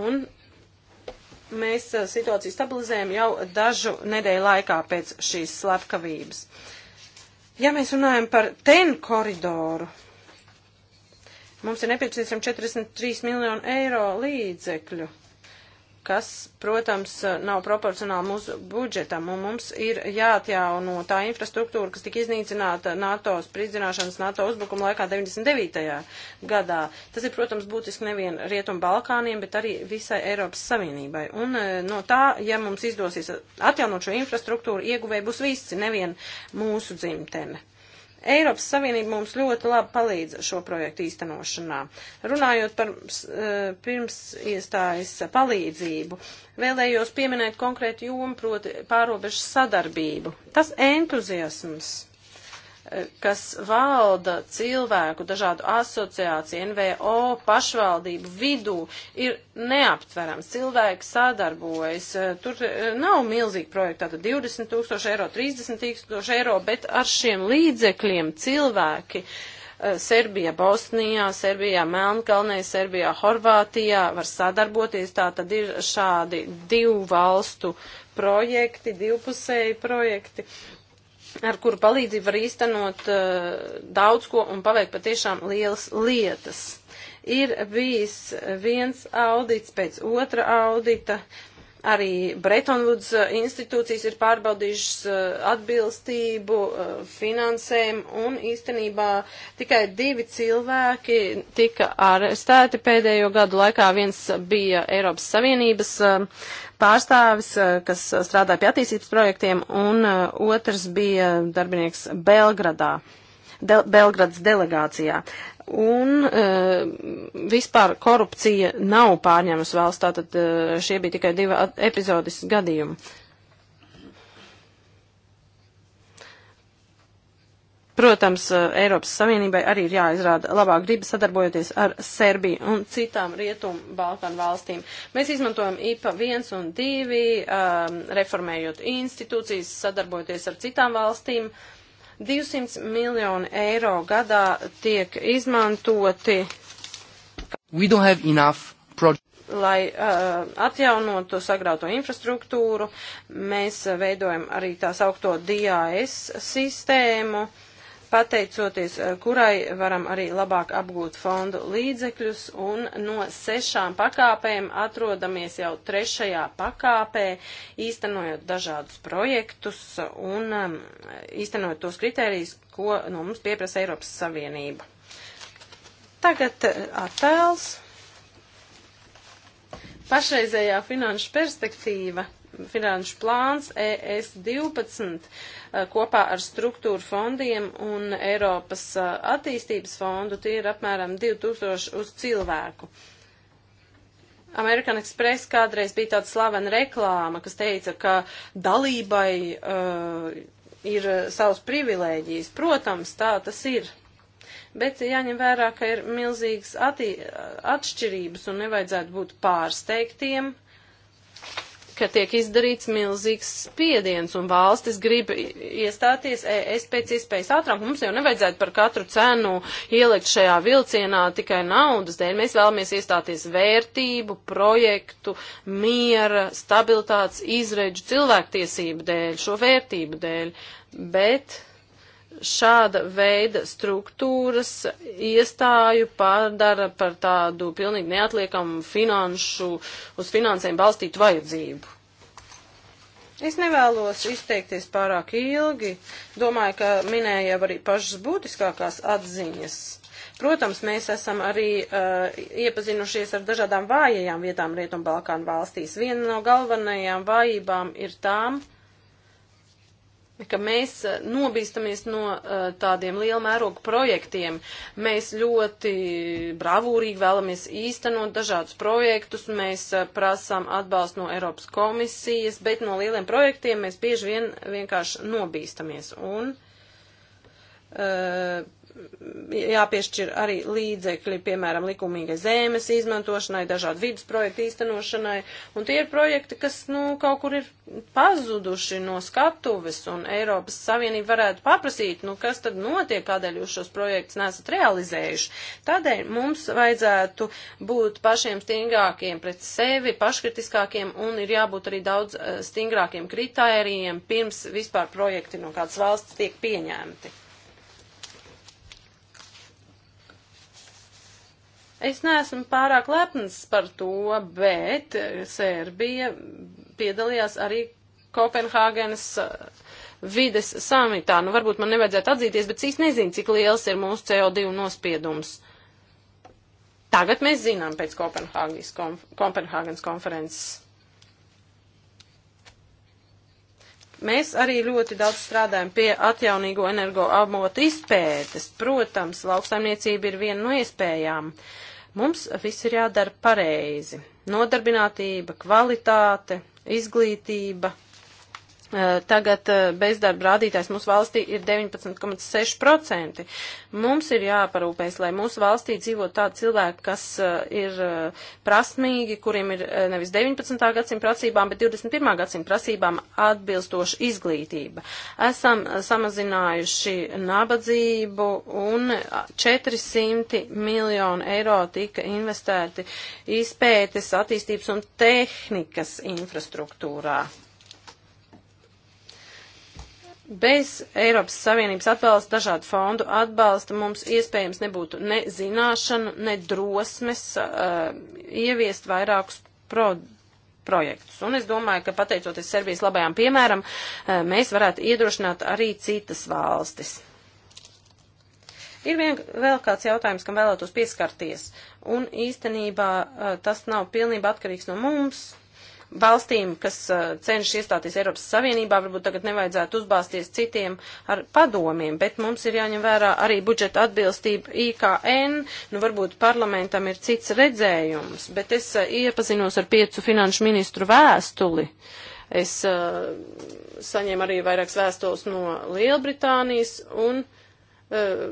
S4: Un mēs situāciju stabilizējam jau dažu nedēļu laikā pēc šīs slepkavības. Uh, Ja mēs runājam par ten koridoru, mums ir nepieciešami 43 miljonu eiro līdzekļu kas, protams, nav proporcionāli mūsu budžetam, un mums ir jāatjauno tā infrastruktūra, kas tika iznīcināta NATO spridzināšanas, NATO uzbrukuma laikā 99. gadā. Tas ir, protams, būtiski nevien Rietumu Balkāniem, bet arī visai Eiropas Savienībai. Un e, no tā, ja mums izdosies atjaunot šo infrastruktūru, ieguvēji būs visi, nevien mūsu dzimtene. Eiropas Savienība mums ļoti labi palīdz šo projektu īstenošanā. Runājot par e, pirms iestājas palīdzību, vēlējos pieminēt konkrētu jomu, proti pārobežu sadarbību. Tas entuziasms kas valda cilvēku, dažādu asociāciju, NVO, pašvaldību vidū, ir neaptverams. Cilvēki sadarbojas. Eh, tur eh, nav milzīgi projekti, tātad 20 tūkstoši eiro, 30 tūkstoši eiro, bet ar šiem līdzekļiem cilvēki. Eh, Serbija, Bosnijā, Serbijā, Melnkalnē, Serbijā, Horvātijā var sadarboties. Tā tad ir šādi divu valstu projekti, divpusēji projekti ar kuru palīdzību var īstenot uh, daudz ko un paveikt patiešām lielas lietas. Ir bijis viens audits pēc otra audita, uh, Arī Bretonvuds uh, institūcijas ir pārbaudījušas uh, atbilstību uh, finansēm un īstenībā tikai divi cilvēki tika arestēti pēdējo gadu laikā. Viens bija Eiropas Savienības pārstāvis, kas strādāja pie attīstības projektiem, un otrs bija darbinieks Belgradā de Belgrads delegācijā. Un e, vispār korupcija nav pārņēmusi valsts, tātad e, šie bija tikai divi epizodis gadījumi. Protams, eh, Eiropas Savienībai arī ir jāizrāda labā griba sadarbojoties ar Serbiju un citām Rietumu Balkanu valstīm. Mēs izmantojam IPA 1 un 2, um, reformējot institūcijas, sadarbojoties ar citām valstīm. Uh, 200 miljoni eiro gadā tiek izmantoti.
S3: We don't have enough projects
S4: lai uh, atjaunotu sagrauto infrastruktūru, mēs uh, veidojam arī tā saukto DAS sistēmu. Uh, pateicoties eh, kurai varam arī labāk apgūt fondu līdzekļus, un no sešām pakāpēm atrodamies jau trešajā pakāpē, īstenojot dažādus projektus un ehm, īstenojot tos kritērijus, ko no mums pieprasa Eiropas Savienība. Tagad eh, attēls. Pašreizējā finanšu perspektīva finanšu plāns ES12 eh, kopā ar struktūru fondiem un Eiropas eh, attīstības fondu. Tie ir apmēram 2000 uz cilvēku. American Express kādreiz bija tāda slavena reklāma, kas teica, ka dalībai uh, ir savas privilēģijas. Protams, tā tas ir bet jāņem vērā, ka ir milzīgas atšķirības un nevajadzētu būt pārsteigtiem ka tiek izdarīts milzīgs spiediens un valstis grib iestāties ES pēc iespējas ātrāk. Mums jau nevajadzētu par katru cenu ielikt šajā vilcienā tikai naudas dēļ. Mēs vēlamies iestāties vērtību, projektu, miera, stabilitātes, izreģu, cilvēktiesību dēļ, šo vērtību dēļ. Bet šāda veida struktūras iestāju pārdara par tādu pilnīgi neatliekamu finanšu, uz finansēm balstītu vajadzību. Es nevēlos izteikties pārāk ilgi. Domāju, ka minēju jau arī pašas būtiskākās atziņas. Protams, mēs esam arī uh, iepazinušies ar dažādām vājajām vietām Rietumbalkānu valstīs. Viena no galvenajām vājībām ir tām, uh, ka mēs eh, nobīstamies no uh, tādiem liela mēroga projektiem. Mēs ļoti bravūrīgi vēlamies īstenot dažādus projektus, mēs uh, prasām atbalstu no Eiropas komisijas, bet no lieliem projektiem mēs bieži vien vienkārši nobīstamies. Un, uh, jāpiešķir arī līdzekļi, piemēram, likumīgai zemes izmantošanai, dažādu vidus projektu īstenošanai, un tie ir projekti, kas, nu, kaut kur ir pazuduši no skatuves, un Eiropas Savienība varētu paprasīt, nu, kas tad notiek, kādēļ jūs šos projektus nesat realizējuši. Tādēļ mums vajadzētu būt pašiem stingrākiem pret sevi, paškritiskākiem, un ir jābūt arī daudz eh, stingrākiem kritērijiem, pirms vispār projekti no kādas valsts tiek pieņemti. Es neesmu pārāk lepns par to, bet Sērbija piedalījās arī Kopenhāgenes uh, vides samitā. Nu, varbūt man nevajadzētu atzīties, bet cīs nezinu, cik liels ir mūsu CO2 nospiedums. Tagad mēs zinām pēc Kopenhāgenes konf konferences. Mēs arī ļoti daudz strādājam pie atjaunīgo energoavotu izpētes. Protams, lauksaimniecība ir viena no iespējām. Uh, Mums viss ir jādara pareizi. Nodarbinātība, kvalitāte, izglītība Eh, tagad eh, bezdarba rādītājs mūsu valstī ir 19,6%. Mums ir jāparūpēs, lai mūsu valstī dzīvo tādi cilvēki, kas eh, ir prasmīgi, kuriem ir nevis 19. gadsimta prasībām, bet 21. gadsimta prasībām atbilstoša izglītība. Esam samazinājuši nabadzību un 400 miljonu eiro tika investēti izpētes, attīstības un tehnikas infrastruktūrā. Bez Eiropas Savienības atbalsta, dažādu fondu atbalsta mums iespējams nebūtu ne zināšanu, ne drosmes uh, ieviest vairākus pro projektus. Un es domāju, ka pateicoties Serbijas labajām piemēram, uh, mēs varētu iedrošināt arī citas valstis. Ir vien vēl kāds jautājums, kam vēlētos pieskarties, un īstenībā uh, tas nav pilnībā atkarīgs no mums, valstīm, kas uh, cenšas iestāties Eiropas Savienībā, varbūt tagad nevajadzētu uzbāzties citiem ar padomiem, bet mums ir jāņem vērā arī budžeta atbilstība IKN, nu varbūt parlamentam ir cits redzējums, bet es uh, iepazinos ar piecu finanšu ministru vēstuli. Es uh, saņēmu arī vairākas vēstules no Lielbritānijas un Eh,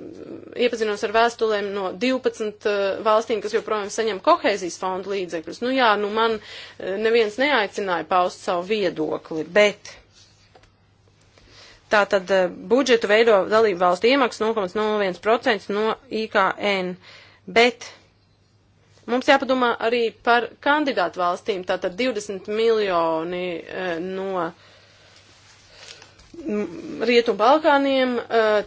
S4: iepazinos ar vēstulēm no 12 eh, valstīm, kas joprojām saņem kohēzijas fondu līdzekļus. Nu jā, nu man eh, neviens neaicināja paust savu viedokli, bet. Tātad budžetu veido dalību valstu iemaksas 0,01% no IKN, bet Mums jāpadomā arī par kandidātu valstīm, tātad 20 miljoni no uh, Rietu Balkāniem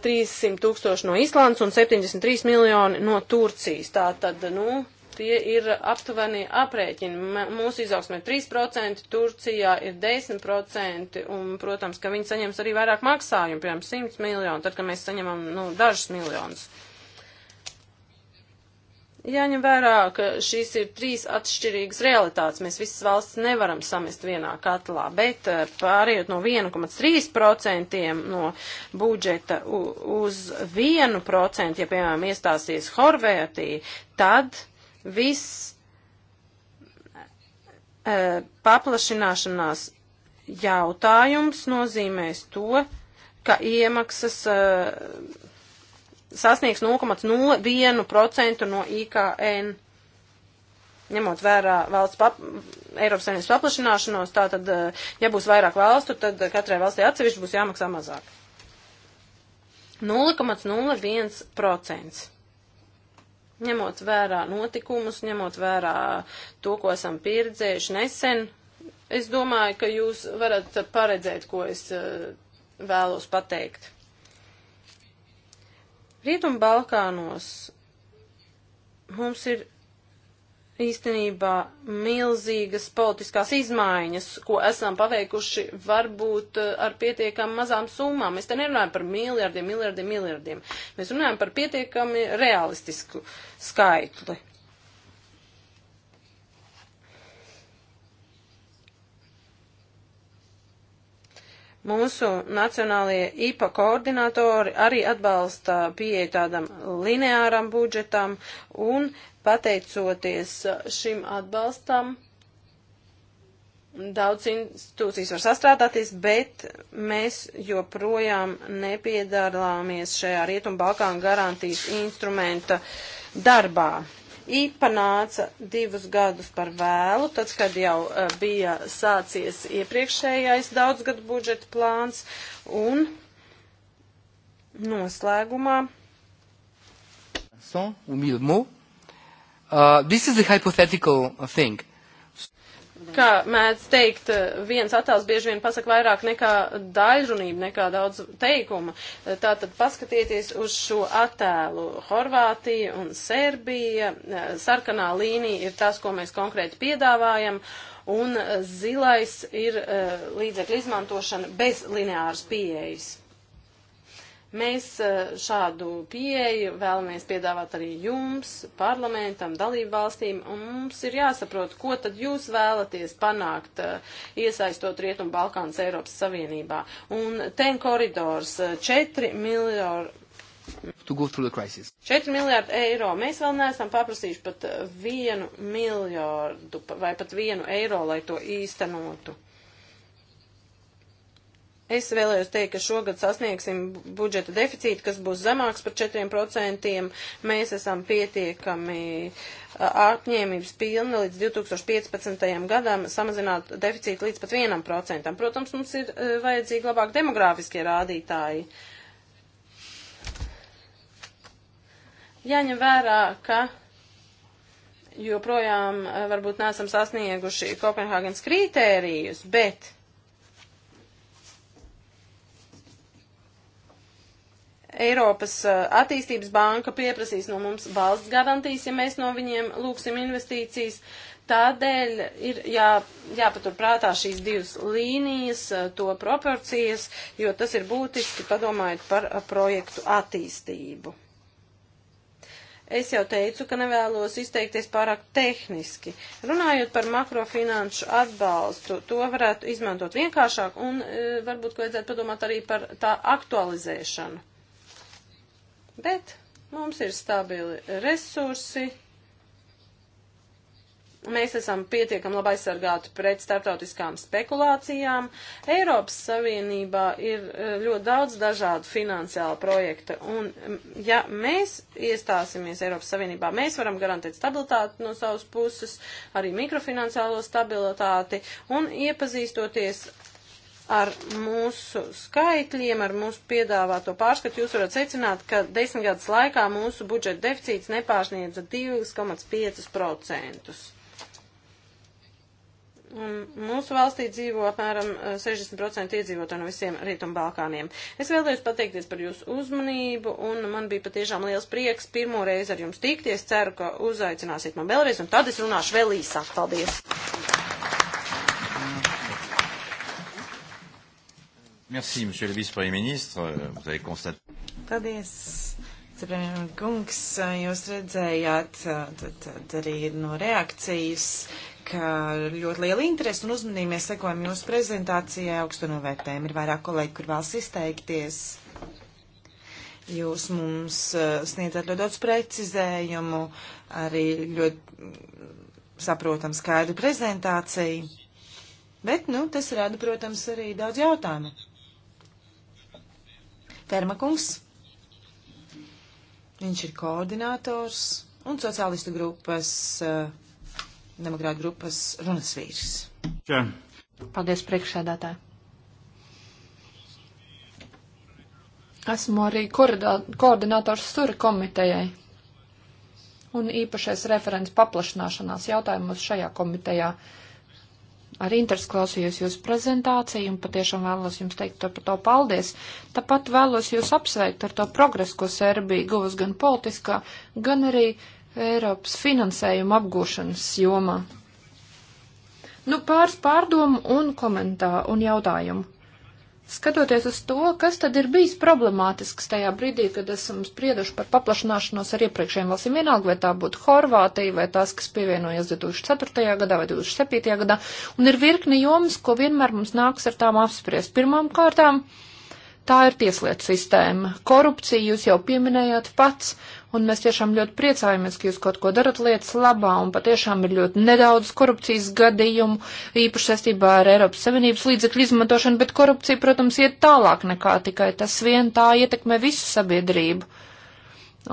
S4: 300 eh, tūkstoši no Islandes un 73 miljoni no Turcijas. Tā tad, nu, tie ir aptuveni aprēķini. Mūsu izaugsme ir 3%, Turcijā ir 10%, un, protams, ka viņi saņems arī vairāk maksājumu, piemēram, 100 miljonu, tad, kad mēs saņemam, nu, dažus miljonus. Uh, Jāņem vērā, ka šīs ir trīs atšķirīgas realitātes. Mēs visas valsts nevaram samest vienā katlā, bet eh, pārējot no 1,3% no budžeta uz 1%, ja piemēram iestāsies Horvētija, tad viss eh, paplašināšanās jautājums nozīmēs to, ka iemaksas uh, sasniegs 0,01% no IKN. Ņemot vērā valsts pap, Eiropas Savienības paplašināšanos, tātad, eh, ja būs vairāk valstu, tad katrai valstī atsevišķi būs jāmaksā mazāk. 0,01%. Ņemot vērā notikumus, ņemot vērā to, ko esam pieredzējuši nesen, es domāju, ka jūs varat paredzēt, ko es eh, vēlos pateikt. Rietumu Balkānos mums ir īstenībā milzīgas politiskās izmaiņas, ko esam paveikuši varbūt eh, ar pietiekam mazām summām. Mēs te nerunājam par miljardiem, miljardiem, miljardiem. Mēs runājam par pietiekami realistisku skaitli. Mūsu nacionālie IPA koordinatori arī atbalsta pieeju tādam lineāram budžetam un pateicoties šim atbalstam daudz institūcijas var sastrādāties, bet mēs joprojām nepiedalāmies šajā Rietumu Balkānu garantijas instrumenta darbā. Īpanāca divus gadus par vēlu, tad, kad jau uh, bija sācies iepriekšējais daudzgadu budžeta plāns, un noslēgumā.
S3: So, uh, this is a hypothetical thing. Uh,
S4: kā mēdz teikt, viens attēls bieži vien pasaka vairāk nekā daļrunība, nekā daudz teikuma. Tātad paskatieties uz šo attēlu. Horvātija un Serbija, sarkanā līnija ir tas, ko mēs konkrēti piedāvājam, un zilais ir eh, līdzekļu izmantošana bez lineāras pieejas. Mēs e, šādu pieeju vēlamies piedāvāt arī jums, parlamentam, dalību valstīm, un mums ir jāsaprot, ko tad jūs vēlaties panākt, e, iesaistot Rietumu Balkāns Eiropas Savienībā. Un ten koridors 4 miljārdu.
S3: 4
S4: miljārdi eiro. Mēs vēl neesam paprasījuši pat vienu miljārdu vai pat vienu eiro, lai to īstenotu. Es vēlējos teikt, ka šogad sasniegsim budžeta deficītu, kas būs zemāks par 4%. Mēs esam pietiekami apņēmības pilni līdz 2015. gadam samazināt deficītu līdz pat 1%. Protams, mums ir e, vajadzīgi labāk demogrāfiskie rādītāji. Jāņem vērā, ka joprojām e, varbūt nesam sasnieguši Kopenhāgenes kritērijus, bet Eiropas eh, attīstības banka pieprasīs no mums valsts garantijas, ja mēs no viņiem lūksim investīcijas. Tādēļ ir jā, jāpaturprātā šīs divas līnijas, eh, to proporcijas, jo tas ir būtiski padomājot par eh, projektu attīstību. Es jau teicu, ka nevēlos izteikties pārāk tehniski. Runājot par makrofinanšu atbalstu, to varētu izmantot vienkāršāk un e, varbūt, ka vajadzētu padomāt arī par tā aktualizēšanu bet mums ir stabili resursi. Mēs esam pietiekami labi aizsargāti pret starptautiskām spekulācijām. Eiropas Savienībā ir eh, ļoti daudz dažādu finansiālu projektu, un mm, ja mēs iestāsimies Eiropas Savienībā, mēs varam garantēt stabilitāti no savas puses, arī mikrofinanciālo stabilitāti, un iepazīstoties ar mūsu skaitļiem, ar mūsu piedāvāto pārskatu, jūs varat secināt, ka desmit gadus laikā mūsu budžeta deficīts nepārsniedza 2,5%. Mūsu valstī dzīvo apmēram 60% eh, iedzīvotāji no visiem Rietumbalkāniem. Es vēlējos pateikties par jūsu uzmanību, un man bija patiešām liels prieks pirmo reizi ar jums tikties. Ceru, ka uzaicināsiet man vēlreiz, un tad es runāšu vēl īsāk. Paldies!
S2: Merci, monsieur le vice-premier ministre. Vous avez constaté. Paldies. Kungs, jūs redzējāt tad, tad arī no reakcijas, ka ļoti liela interese un uzmanība mēs sekojam jūsu prezentācijai augstu novērtējumu. Ir vairāk kolēģi, kur vēlas izteikties. Jūs mums sniedzat ļoti daudz precizējumu, arī ļoti saprotam skaidru prezentāciju. Bet, nu, tas rada, protams, arī daudz jautājumu. Fermakungs. Viņš ir koordinators un sociālistu grupas, eh, demokrāta grupas runas vīrs.
S3: Čau.
S1: Paldies, priekšsēdētāji. Esmu arī koordinators Sura komitejai un īpašais referents paplašināšanās jautājumos šajā komitejā. Uh, Ar interesi klausījos jūsu prezentāciju un patiešām vēlos jums teikt par to paldies. Tāpat vēlos jūs apsveikt ar to progresu, ko Serbija guvis gan politiskā, gan arī Eiropas finansējuma apgūšanas jomā. Nu, pāris pārdomu un komentāru un jautājumu skatoties uz to, kas tad ir bijis problemātisks tajā brīdī, kad esam sprieduši par paplašanāšanos ar iepriekšējiem valstīm, vienalga, vai tā būtu Horvātija, vai tās, kas pievienojas 2004. gadā vai 2007. gadā, un ir virkni jomas, ko vienmēr mums nāks ar tām apspriest. Pirmām kārtām. Uh, Tā ir tieslietu sistēma. Korupciju jūs jau pieminējāt pats, un mēs tiešām ļoti priecājamies, ka jūs kaut ko darat lietas labā, un patiešām ir ļoti nedaudz korupcijas gadījumu, īpaši saistībā ar Eiropas Savienības līdzekļu izmantošanu, bet korupcija, protams, iet tālāk nekā tikai tas vien tā ietekmē visu sabiedrību.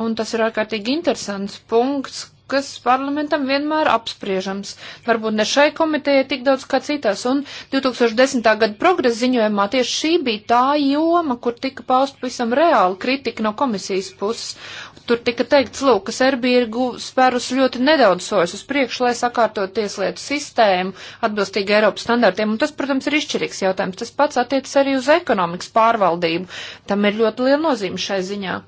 S1: Un tas ir ārkārtīgi interesants punkts, kas parlamentam vienmēr apspriežams. Varbūt ne šai komitejai tik daudz kā citās. Un 2010. gada progresa ziņojumā tieši šī bija tā joma, kur tika paust pavisam reāli kritika no komisijas puses. Tur tika teikts, lūk, ka Serbija ir spērus ļoti nedaudz sojas uz priekšu, lai sakārtot tieslietu sistēmu atbilstīgi Eiropas standartiem. Un tas, protams, ir izšķirīgs jautājums. Tas pats attiecas arī uz ekonomikas pārvaldību. Tam ir ļoti liela nozīme šai ziņā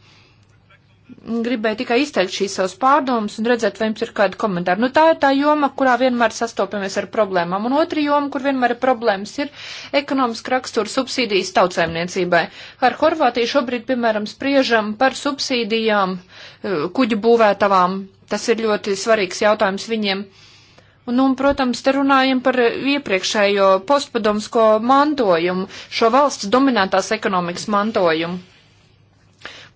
S1: gribēju tikai izteikt šīs savas pārdomas un redzēt, vai jums ir kādi komentāri. Nu, tā ir tā joma, kurā vienmēr sastopamies ar problēmām. Un otra joma, kur vienmēr ir problēmas, ir ekonomiska rakstura subsīdijas tautsēmniecībai. Ar Horvātiju šobrīd, piemēram, spriežam par subsīdijām eh, kuģu būvētavām. Tas ir ļoti svarīgs jautājums viņiem. Un, nu, un, protams, te runājam par iepriekšējo postpadomsko mantojumu, šo valsts dominētās ekonomikas mantojumu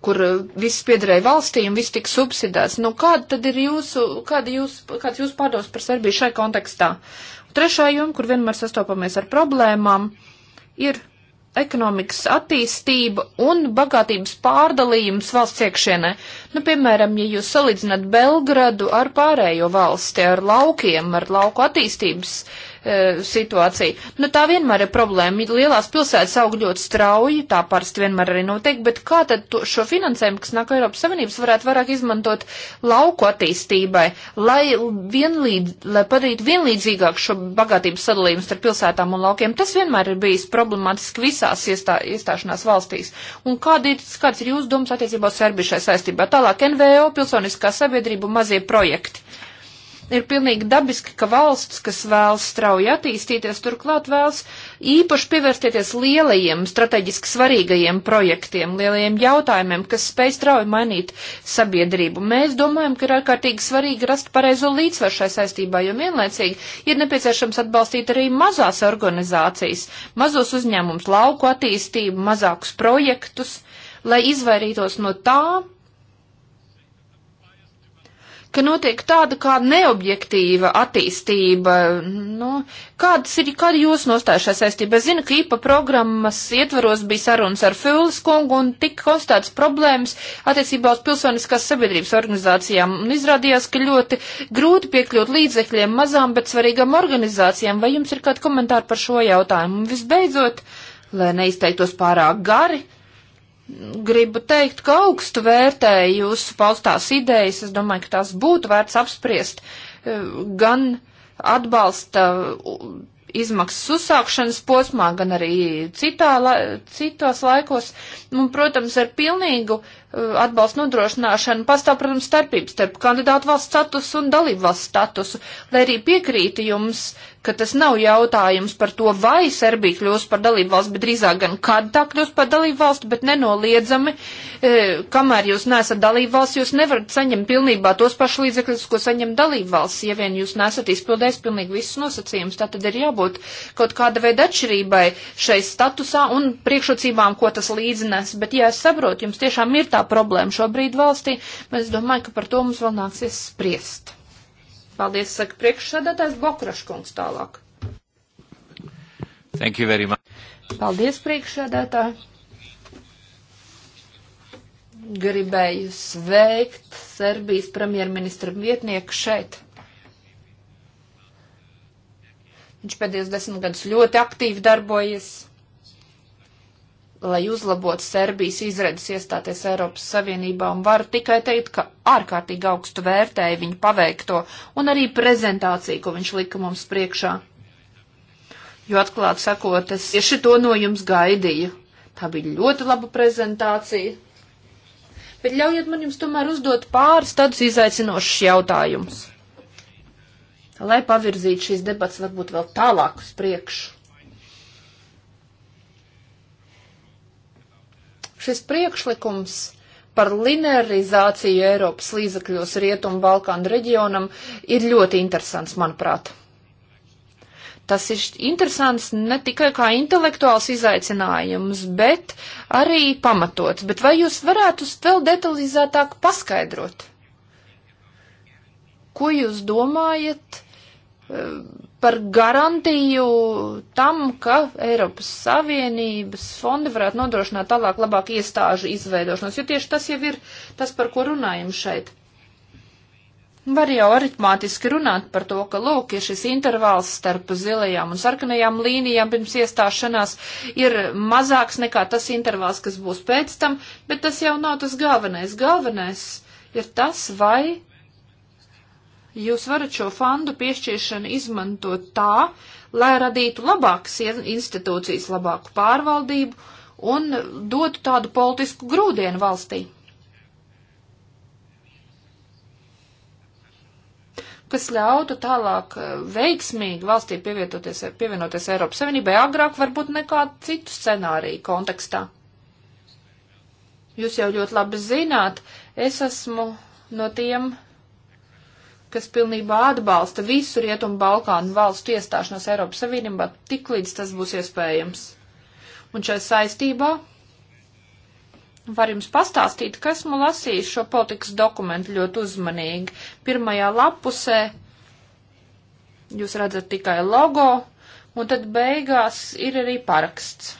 S1: kur eh, viss piederēja valstī un viss tika subsidēts. Nu, kāda tad ir jūsu, kāda jūs, kāds jūs pārdos par Serbiju šai kontekstā? Trešā joma, kur vienmēr sastopamies ar problēmām, ir ekonomikas attīstība un bagātības pārdalījums valsts iekšienē. Nu, piemēram, ja jūs salīdzināt Belgradu ar pārējo valsti, ar laukiem, ar lauku attīstības uh, E, situācija. Nu, tā vienmēr ir problēma. Lielās pilsētas aug ļoti strauji, tā parasti vienmēr arī notiek, bet kā tad to, šo finansējumu, kas nāk Eiropas Savienības, varētu vairāk izmantot lauku attīstībai, lai, vienlīdz, lai padarītu vienlīdzīgāk šo bagātības sadalījumu starp pilsētām un laukiem? Tas vienmēr ir bijis problemātiski visās iestā, iestāšanās valstīs. Un kāda ir, kāds ir jūsu domas attiecībā uz Serbiju šai saistībā? Tālāk NVO, pilsoniskā sabiedrība un mazie projekti ir pilnīgi dabiski, ka valsts, kas vēlas strauji attīstīties, turklāt vēlas īpaši pievērsties lielajiem, strateģiski svarīgajiem projektiem, lielajiem jautājumiem, kas spēj strauji mainīt sabiedrību. Mēs domājam, ka ir ārkārtīgi svarīgi rast pareizo līdzsvaru šai saistībā, jo vienlaicīgi ir nepieciešams atbalstīt arī mazās organizācijas, mazos uzņēmumus, lauku attīstību, mazākus projektus, lai izvairītos no tā, ka notiek tāda kā neobjektīva attīstība. Nu, kādas ir, kāda jūs nostājušā saistība? Es zinu, ka IPA programmas ietvaros bija sarunas ar Fils kungu un tika konstatēts problēmas attiecībā uz pilsoniskās sabiedrības organizācijām. Un izrādījās, ka ļoti grūti piekļūt līdzekļiem mazām, bet svarīgām organizācijām. Vai jums ir kādi komentāri par šo jautājumu? Un visbeidzot, lai neizteiktos pārāk gari gribu teikt, ka augstu vērtēju jūsu paustās idejas. Es domāju, ka tās būtu vērts apspriest eh, gan atbalsta izmaksas uzsākšanas posmā, gan arī citā, la, citos laikos. Un, protams, ar pilnīgu uh, Uh, atbalsta nodrošināšana pastāv, protams, starpības starp kandidātu valsts statusu un dalību valsts statusu, lai arī piekrīti jums, ka tas nav jautājums par to, vai Serbija kļūs par dalību valsts, bet drīzāk gan kad tā kļūs par dalību valsts, bet nenoliedzami, e, kamēr jūs nesat dalību valsts, jūs nevarat saņemt pilnībā tos pašus līdzekļus, ko saņem dalību valsts, ja vien jūs nesat izpildējis pilnīgi visus nosacījumus. Tā tad ir jābūt kaut kāda veida atšķirībai šai statusā un priekšrocībām, ko tas līdzinās. Bet, ja es saprotu, jums tiešām ir tā tā problēma šobrīd valstī, bet es domāju, ka par to mums vēl nāksies spriest. Paldies, saka priekšsēdētājs Bokraškungs tālāk.
S2: Thank you very much.
S1: Paldies, priekšsēdētāji. Gribēju sveikt Serbijas premjerministra vietnieku šeit. Viņš pēdējos desmit gadus ļoti aktīvi darbojas lai uzlabotu Serbijas izredzes iestāties Eiropas Savienībā, un varu tikai teikt, ka ārkārtīgi augstu vērtēju viņu paveikto un arī prezentāciju, ko viņš lika mums priekšā. Jo atklāt sakot, es tieši to no jums gaidīju. Tā bija ļoti laba prezentācija. Bet ļaujiet man jums tomēr uzdot pāris tādus izaicinošus jautājumus, lai pavirzītu šīs debats varbūt vēl tālāk uz priekšu. Šis priekšlikums par linearizāciju Eiropas līdzakļos Rietumu Balkānu reģionam ir ļoti interesants, manuprāt. Tas ir interesants ne tikai kā intelektuāls izaicinājums, bet arī pamatots. Bet vai jūs varētu vēl detalizētāk paskaidrot? Ko jūs domājat? Uh, par garantiju tam, ka Eiropas Savienības fondi varētu nodrošināt tālāk labāk iestāžu izveidošanos, jo tieši tas jau ir tas, par ko runājam šeit. Var jau aritmātiski runāt par to, ka, lūk, ir šis intervāls starp zilajām un sarkanajām līnijām pirms iestāšanās ir mazāks nekā tas intervāls, kas būs pēc tam, bet tas jau nav tas galvenais. Galvenais ir tas, vai Jūs varat šo fondu piešķiršanu izmantot tā, lai radītu labākas institūcijas, labāku pārvaldību un dotu tādu politisku grūdienu valstī. kas ļautu tālāk eh, veiksmīgi valstī pievienoties Eiropas Savienībai agrāk varbūt nekā citu scenāriju kontekstā. Jūs jau ļoti labi zināt, es esmu no tiem kas pilnībā atbalsta visu Rietumu Balkānu valstu iestāšanos Eiropas Savienībā, tik līdz tas būs iespējams. Un šai saistībā var jums pastāstīt, kas man lasīs šo politikas dokumentu ļoti uzmanīgi. Pirmajā lapusē jūs redzat tikai logo, un tad beigās ir arī paraksts.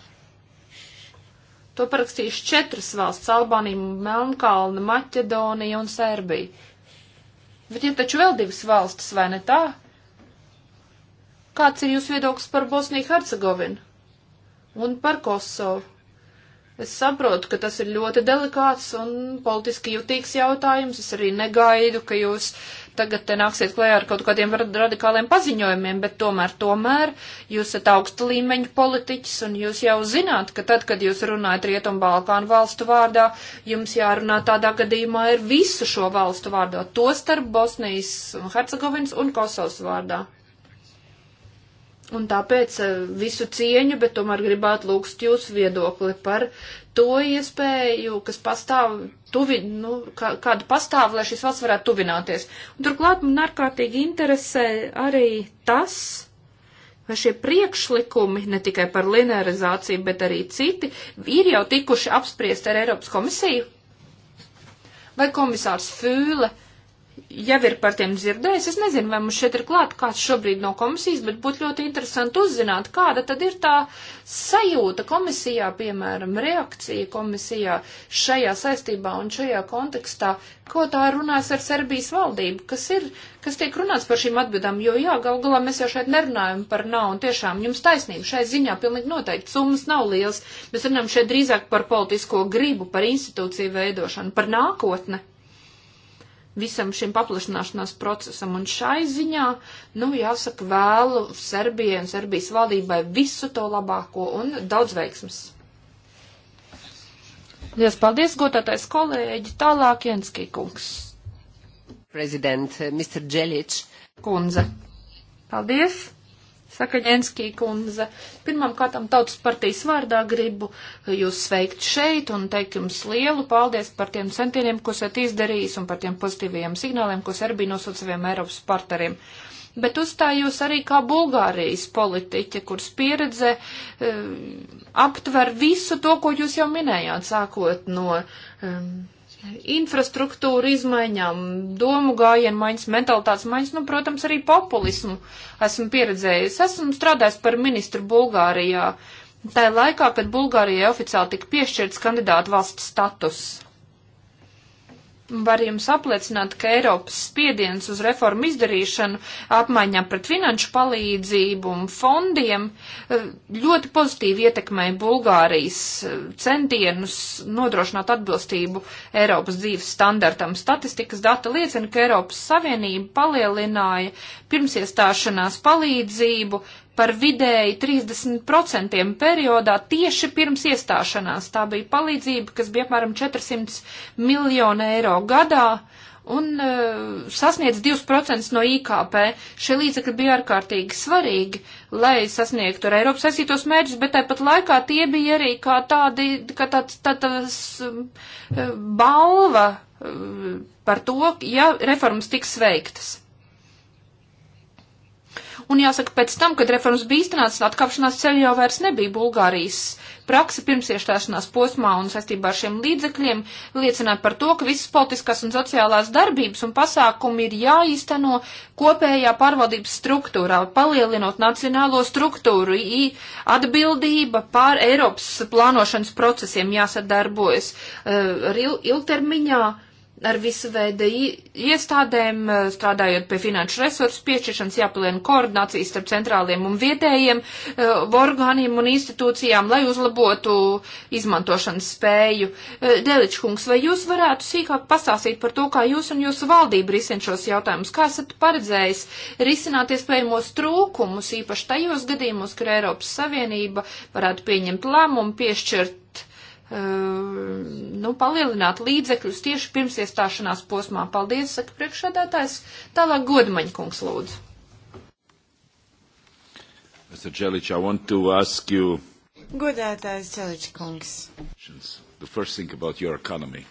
S1: To parakstījuši četras valsts - Albānija, Melnkalna, Maķedonija un Serbija Bet ir taču vēl divas valstis, vai ne tā? Kāds ir jūsu viedoklis par Bosniju Hercegovinu un par Kosovu? Es saprotu, ka tas ir ļoti delikāts un politiski jutīgs jautājums. Es arī negaidu, ka jūs tagad te nāksiet klajā ar kaut kādiem radikāliem paziņojumiem, bet tomēr, tomēr jūs esat augsta līmeņa politiķis un jūs jau zināt, ka tad, kad jūs runājat Rietumu Balkānu valstu vārdā, jums jārunā tādā gadījumā ir visu šo valstu vārdā, to starp Bosnijas un Hercegovinas un Kosovas vārdā. Un tāpēc eh, visu cieņu, bet tomēr gribētu lūgst jūsu viedokli par to iespēju, kas pastāv tuvi, nu, kā, kādu pastāvu, lai šīs valsts varētu tuvināties. Un turklāt man ārkārtīgi interesē arī tas, vai šie priekšlikumi, ne tikai par linearizāciju, bet arī citi, ir jau tikuši apspriest ar Eiropas komisiju? Vai komisārs Fūle? jau ir par tiem dzirdējis. Es nezinu, vai mums šeit ir klāt kāds šobrīd no komisijas, bet būtu ļoti interesanti uzzināt, kāda tad ir tā sajūta komisijā, piemēram, reakcija komisijā šajā saistībā un šajā kontekstā, ko tā runās ar Serbijas valdību, kas ir, kas tiek runāts par šīm atbildām, jo jā, gal galā mēs jau šeit nerunājam par nav un tiešām jums taisnība šai ziņā pilnīgi noteikti summas nav liels. Mēs runājam šeit drīzāk par politisko gribu, par institūciju veidošanu, par nākotni visam šim paplašanāšanās procesam. Un šai ziņā, nu, jāsaka, vēlu Serbijai un Serbijas valdībai visu to labāko un daudz veiksmas. Lielas paldies, gotātais kolēģi, tālāk Jenskī kungs. Prezident, eh, Mr. Dželič. Kundze. Paldies saka Ņenskī kundze. Pirmam kārtam tautas partijas vārdā gribu jūs sveikt šeit un teikt jums lielu paldies par tiem centieniem, ko esat izdarījis un par tiem pozitīvajiem signāliem, ko Serbija nosūta saviem Eiropas partneriem bet uzstājos arī kā Bulgārijas politiķe, kuras pieredze e, aptver visu to, ko jūs jau minējāt, sākot no e, infrastruktūra izmaiņām, domu gājienu maiņas, mentalitātes maiņas, nu, protams, arī populismu esmu pieredzējis. Esmu strādājis par ministru Bulgārijā. Tā ir laikā, kad Bulgārijai oficiāli tika piešķirts kandidātu valsts status var jums apliecināt, ka Eiropas spiediens uz reformu izdarīšanu apmaiņā pret finanšu palīdzību un fondiem eh, ļoti pozitīvi ietekmē Bulgārijas eh, centienus nodrošināt atbilstību Eiropas dzīves standartam. Statistikas data liecina, ka Eiropas Savienība palielināja pirmsiestāšanās palīdzību par vidēji 30% periodā tieši pirms iestāšanās. Tā bija palīdzība, kas bija apmēram 400 miljonu eiro gadā un uh, sasniedz 2% no IKP. Šie līdzekļi bija ārkārtīgi svarīgi, lai sasniegtu ar Eiropas aizsītos mērķus, bet tāpat laikā tie bija arī kā tādi, kā tāds, tāds uh, eh, balva uh, par to, ja reformas tiks veiktas un jāsaka, pēc tam, kad reformas bija īstenotas, atkāpšanās ceļā jau vairs nebija Bulgārijas praksa pirms iestāšanās posmā un saistībā ar šiem līdzekļiem liecināja par to, ka visas politiskās un sociālās darbības un pasākumi ir jāīsteno kopējā pārvaldības struktūrā, palielinot nacionālo struktūru, atbildība pār Eiropas plānošanas procesiem jāsadarbojas eh, ar ilgtermiņā. Il ar visu veidu iestādēm, strādājot pie finanšu resursu piešķiršanas, jāpaliena koordinācijas starp centrāliem un vietējiem uh, orgāniem un institūcijām, lai uzlabotu izmantošanas spēju. Uh, Deličkungs, vai jūs varētu sīkāk pastāstīt par to, kā jūs un jūsu valdība risin šos jautājumus? Kā esat paredzējis risināt iespējamos trūkumus, īpaši tajos gadījumos, kur Eiropas Savienība varētu pieņemt lēmumu piešķirt Ehm, nu, palielināt līdzekļus tieši pirms iestāšanās posmā. Paldies, saka priekšsēdētājs. Tālāk Godmaņa kungs lūdzu.
S2: Mr. Jelic, I want to ask you. Godētājs Jelic kungs. The first thing about your economy.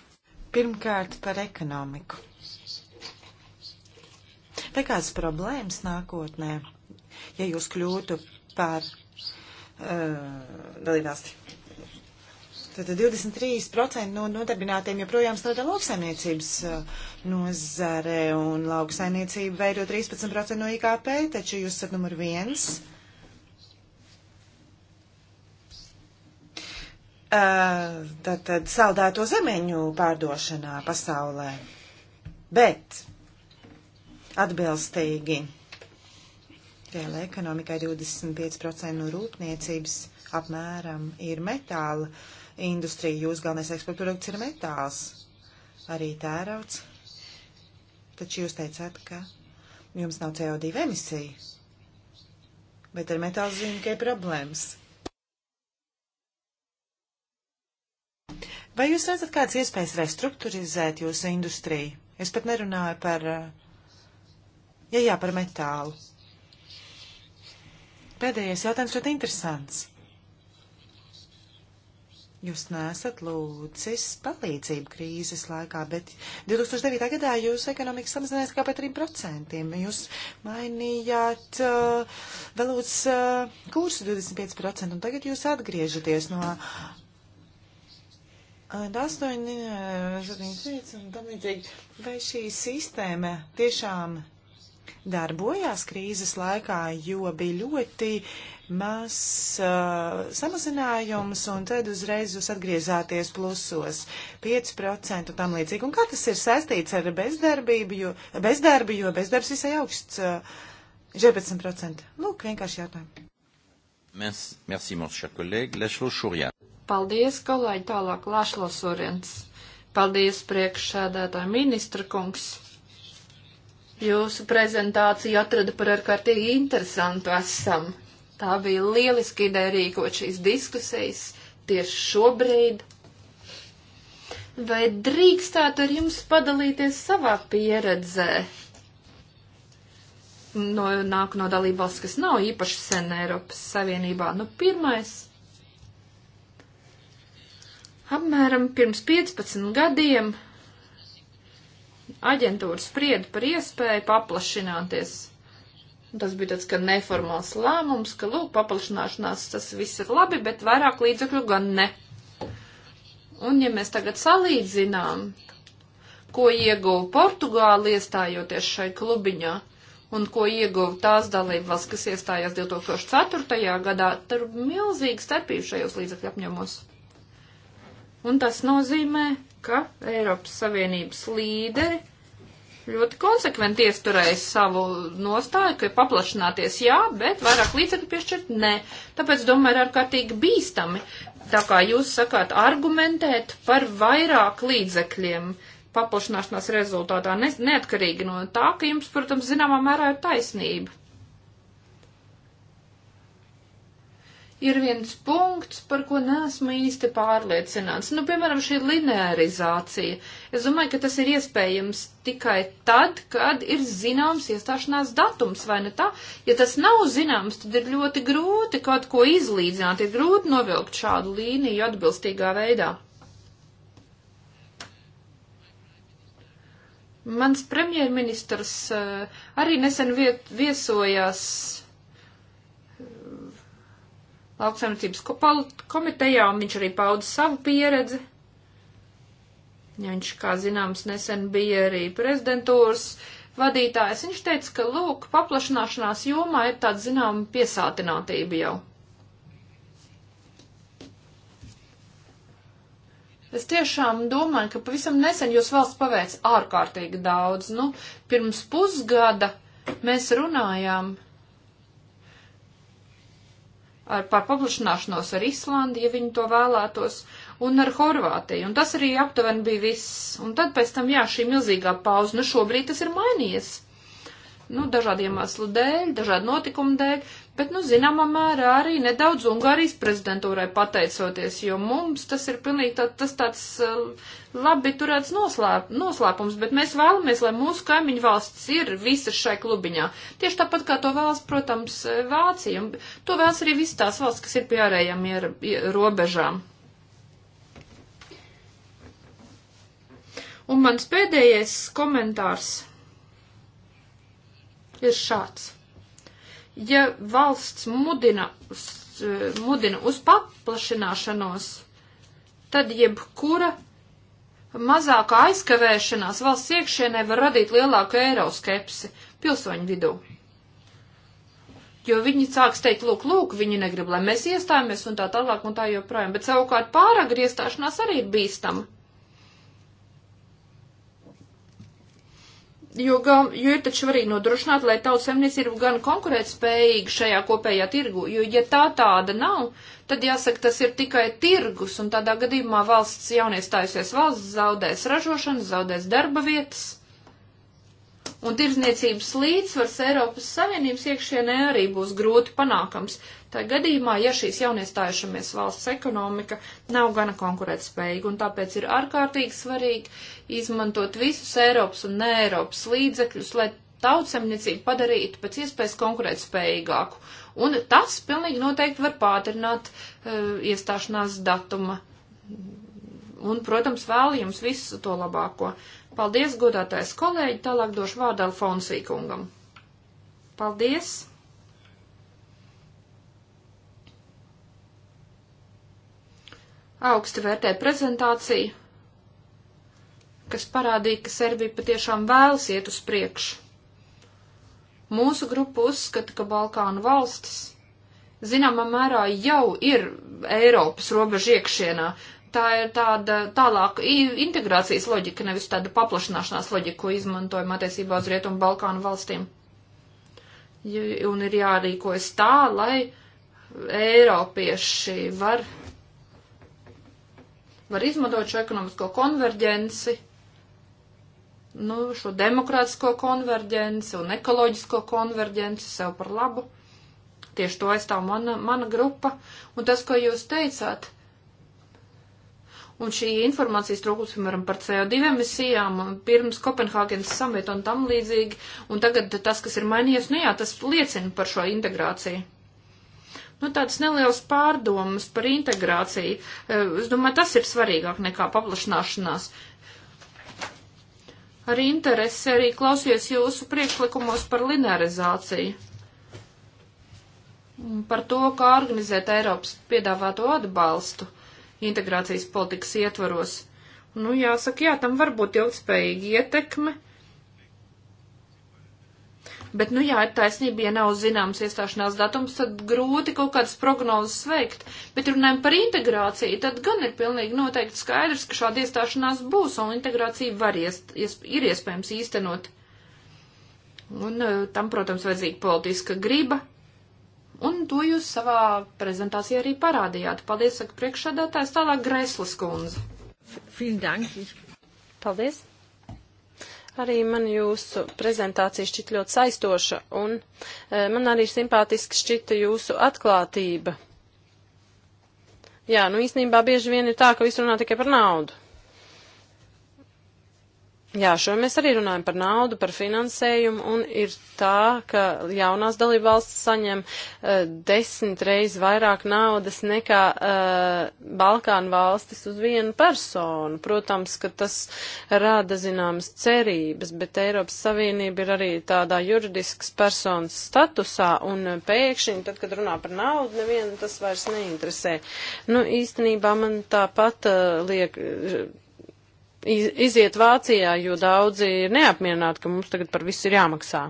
S2: Pirmkārt par ekonomiku. Vai kādas problēmas nākotnē, ja jūs kļūtu par uh, dalībvalsti? Tātad 23% no nodarbinātiem joprojām strādā lauksaimniecības uh, nozare un lauksaimniecība veido 13% no IKP, taču jūs esat numur viens. Uh, tātad saldēto zemeņu pārdošanā pasaulē. Bet atbilstīgi reālai ekonomikai 25% no rūpniecības apmēram ir metāla. Uh, industrija. Jūsu galvenais eksportprodukts ir metāls, arī tērauds. Taču jūs teicāt, ka jums nav CO2 emisija. Bet ar metālu zinu, ka ir problēmas. Vai jūs redzat kādas iespējas restruktūrizēt jūsu industriju? Es pat nerunāju par, eh, ja jā, par metālu. Pēdējais jautājums ļoti interesants. Jūs nesat lūdzis palīdzību krīzes laikā, bet 2009. gadā jūs ekonomikas samazinājāt kā par 3%. Jūs mainījāt uh, valūtas uh, kursu 25%, un tagad jūs atgriežaties no. Uh, 8, 7, 5 un tam līdzīgi. Vai šī sistēma tiešām darbojās krīzes laikā, jo bija ļoti maz uh, samazinājums, un tad uzreiz jūs atgriezāties plusos 5% un tam līdzīgi. Un kā tas ir saistīts ar bezdarbību, jo, bezdarbi, jo bezdarbs visai augsts uh, 14%? Lūk, vienkārši jautājumi.
S1: Merci, merci, mon cher collègue. Lešlo Šurjan. Paldies, kolēģi, tālāk Lešlo Surjans. Paldies, priekšsēdētāji ministra kungs Jūsu prezentāciju atrada par ārkārtīgi interesantu esam. Tā bija lieliski ideja rīkot šīs diskusijas tieši šobrīd. Vai drīkstētu ar jums padalīties savā pieredzē? No, nāk no dalībvalsts, kas nav īpaši sen Eiropas Savienībā. Nu, pirmais apmēram pirms 15 gadiem aģentūra sprieda par iespēju paplašināties. Tas bija tāds, ka neformāls lēmums, ka, lūk, paplašināšanās tas viss ir labi, bet vairāk līdzekļu gan ne. Un ja mēs tagad salīdzinām, ko ieguva Portugāla iestājoties šai klubiņā, un ko ieguva tās dalībvalsts, kas iestājās 2004. gadā, tur milzīgi starpība šajos līdzekļu apņemos. Un tas nozīmē, ka Eiropas Savienības līderi ļoti konsekventi iesturējis savu nostāju, ka paplašināties jā, bet vairāk līdzekļu piešķirt nē. Tāpēc, domāju, ir ārkārtīgi bīstami, tā kā jūs sakāt, argumentēt par vairāk līdzekļiem paplašināšanās rezultātā, ne, neatkarīgi no tā, ka jums, protams, zināmā mērā ir taisnība. ir viens punkts, par ko neesmu īsti pārliecināts. Nu, piemēram, šī linearizācija. Es domāju, ka tas ir iespējams tikai tad, kad ir zināms iestāšanās datums, vai ne tā? Ja tas nav zināms, tad ir ļoti grūti kaut ko izlīdzināt, ir grūti novilkt šādu līniju atbilstīgā veidā. Mans premjerministrs eh, arī nesen viet, viesojās lauksaimniecības komitejā, un viņš arī pauda savu pieredzi. Ja viņš, kā zināms, nesen bija arī prezidentūras vadītājs, viņš teica, ka, lūk, paplašanāšanās jomā ir tāda zināma piesātinātība jau. Es tiešām domāju, ka pavisam nesen jūs valsts paveic ārkārtīgi daudz. Nu, pirms pusgada mēs runājām ar par paplašināšanos ar Islandi, ja viņi to vēlētos, un ar Horvātiju. Un tas arī aptuveni bija viss. Un tad pēc tam, jā, šī milzīgā pauze, nu šobrīd tas ir mainījies nu, dažādiem iemeslu dēļ, dažādu notikumu dēļ, bet, nu, zināmā mērā arī nedaudz Ungārijas prezidentūrai pateicoties, jo mums tas ir pilnīgi tā, tas tāds eh, labi turēts noslēp, noslēpums, bet mēs vēlamies, lai mūsu kaimiņu valsts ir visas šai klubiņā. Tieši tāpat kā to vēlas, protams, eh, Vācija, un to vēlas arī visas tās valsts, kas ir pie ārējām robežām. Un mans pēdējais komentārs ir šāds. Ja valsts mudina uz, eh, mudina uz paplašināšanos, tad jebkura mazākā aizkavēšanās valsts iekšienē var radīt lielāku eiroskepsi pilsoņu vidū. Jo viņi sāks teikt, lūk, lūk, viņi negrib, lai mēs iestājamies un tā tālāk un tā joprojām. Bet savukārt pāragri iestāšanās arī ir bīstama. jo, gal, jo ir taču arī nodrošināt, lai tautsemniecība gan konkurētspējīga šajā kopējā tirgu, jo ja tā tāda nav, tad jāsaka, tas ir tikai tirgus, un tādā gadījumā valsts jauniestājusies valsts zaudēs ražošanu, zaudēs darba vietas. Un tirzniecības līdzsvars Eiropas Savienības iekšienē arī būs grūti panākams. Tā gadījumā, ja šīs jauniestājušamies valsts ekonomika nav gana konkurētspējīga, un tāpēc ir ārkārtīgi svarīgi, izmantot visus Eiropas un ne Eiropas līdzekļus, lai tautsemniecību padarītu pēc iespējas konkurētspējīgāku. Un tas pilnīgi noteikti var pātrināt uh, iestāšanās datuma. Un, protams, vēl jums visu to labāko. Paldies, godātais kolēģi, tālāk došu vārdu Alfonsī kungam. Paldies! Augsti vērtē prezentāciju kas parādīja, ka Serbija patiešām vēlas iet uz priekšu. Mūsu grupa uzskata, ka Balkānu valstis zināmā mērā jau ir Eiropas robeža iekšienā. Tā ir tāda tālāka integrācijas loģika, nevis tāda paplašināšanās loģika, ko izmantojam attiecībā uz Rietumu Balkānu valstīm. Un ir jārīkojas tā, lai Eiropieši var, var izmantot šo ekonomisko konverģenci nu, šo demokrātisko konverģenci un ekoloģisko konverģenci sev par labu. Tieši to aizstāv mana, mana grupa. Un tas, ko jūs teicāt, un šī informācijas trūkums, piemēram, par CO2 emisijām pirms Kopenhāgenes samita un tam līdzīgi, un tagad tas, kas ir mainījies, nu jā, tas liecina par šo integrāciju. Nu, tāds neliels pārdomas par integrāciju. Eh, es domāju, tas ir svarīgāk nekā paplašanāšanās ar interesi arī klausījos jūsu priekšlikumos par linearizāciju. Par to, kā organizēt Eiropas piedāvāto atbalstu integrācijas politikas ietvaros. Nu, jāsaka, jā, tam var būt ilgspējīga ietekme Bet, nu jā, ir taisnība, ja nav zināms iestāšanās datums, tad grūti kaut kādas prognozes veikt. Bet runājot par integrāciju, tad gan ir pilnīgi noteikti skaidrs, ka šāda iestāšanās būs un integrācija var iest, iesp, ir iespējams īstenot. Un eh, tam, protams, vajadzīga politiska griba. Un to jūs savā prezentācijā arī parādījāt. Paldies, saka priekšsādātājs, tālāk Greslas kundze. Vielen Dank. Paldies. Arī
S4: man jūsu prezentācija šķiet ļoti saistoša, un e, man arī simpātiski šķita jūsu atklātība. Jā, nu īstenībā bieži vien ir tā, ka viss runā tikai par naudu. Jā, šodien mēs arī runājam par naudu, par finansējumu, un ir tā, ka jaunās dalībvalstis saņem uh, desmit reiz vairāk naudas nekā uh, Balkānu valstis uz vienu personu. Protams, ka tas rada zināmas cerības, bet Eiropas Savienība ir arī tādā juridiskas personas statusā, un pēkšņi, tad, kad runā par naudu, nevienu tas vairs neinteresē. Nu, īstenībā man tāpat uh, liek. Uh, iziet Vācijā, jo daudzi ir neapmierināti, ka mums tagad par visu ir jāmaksā.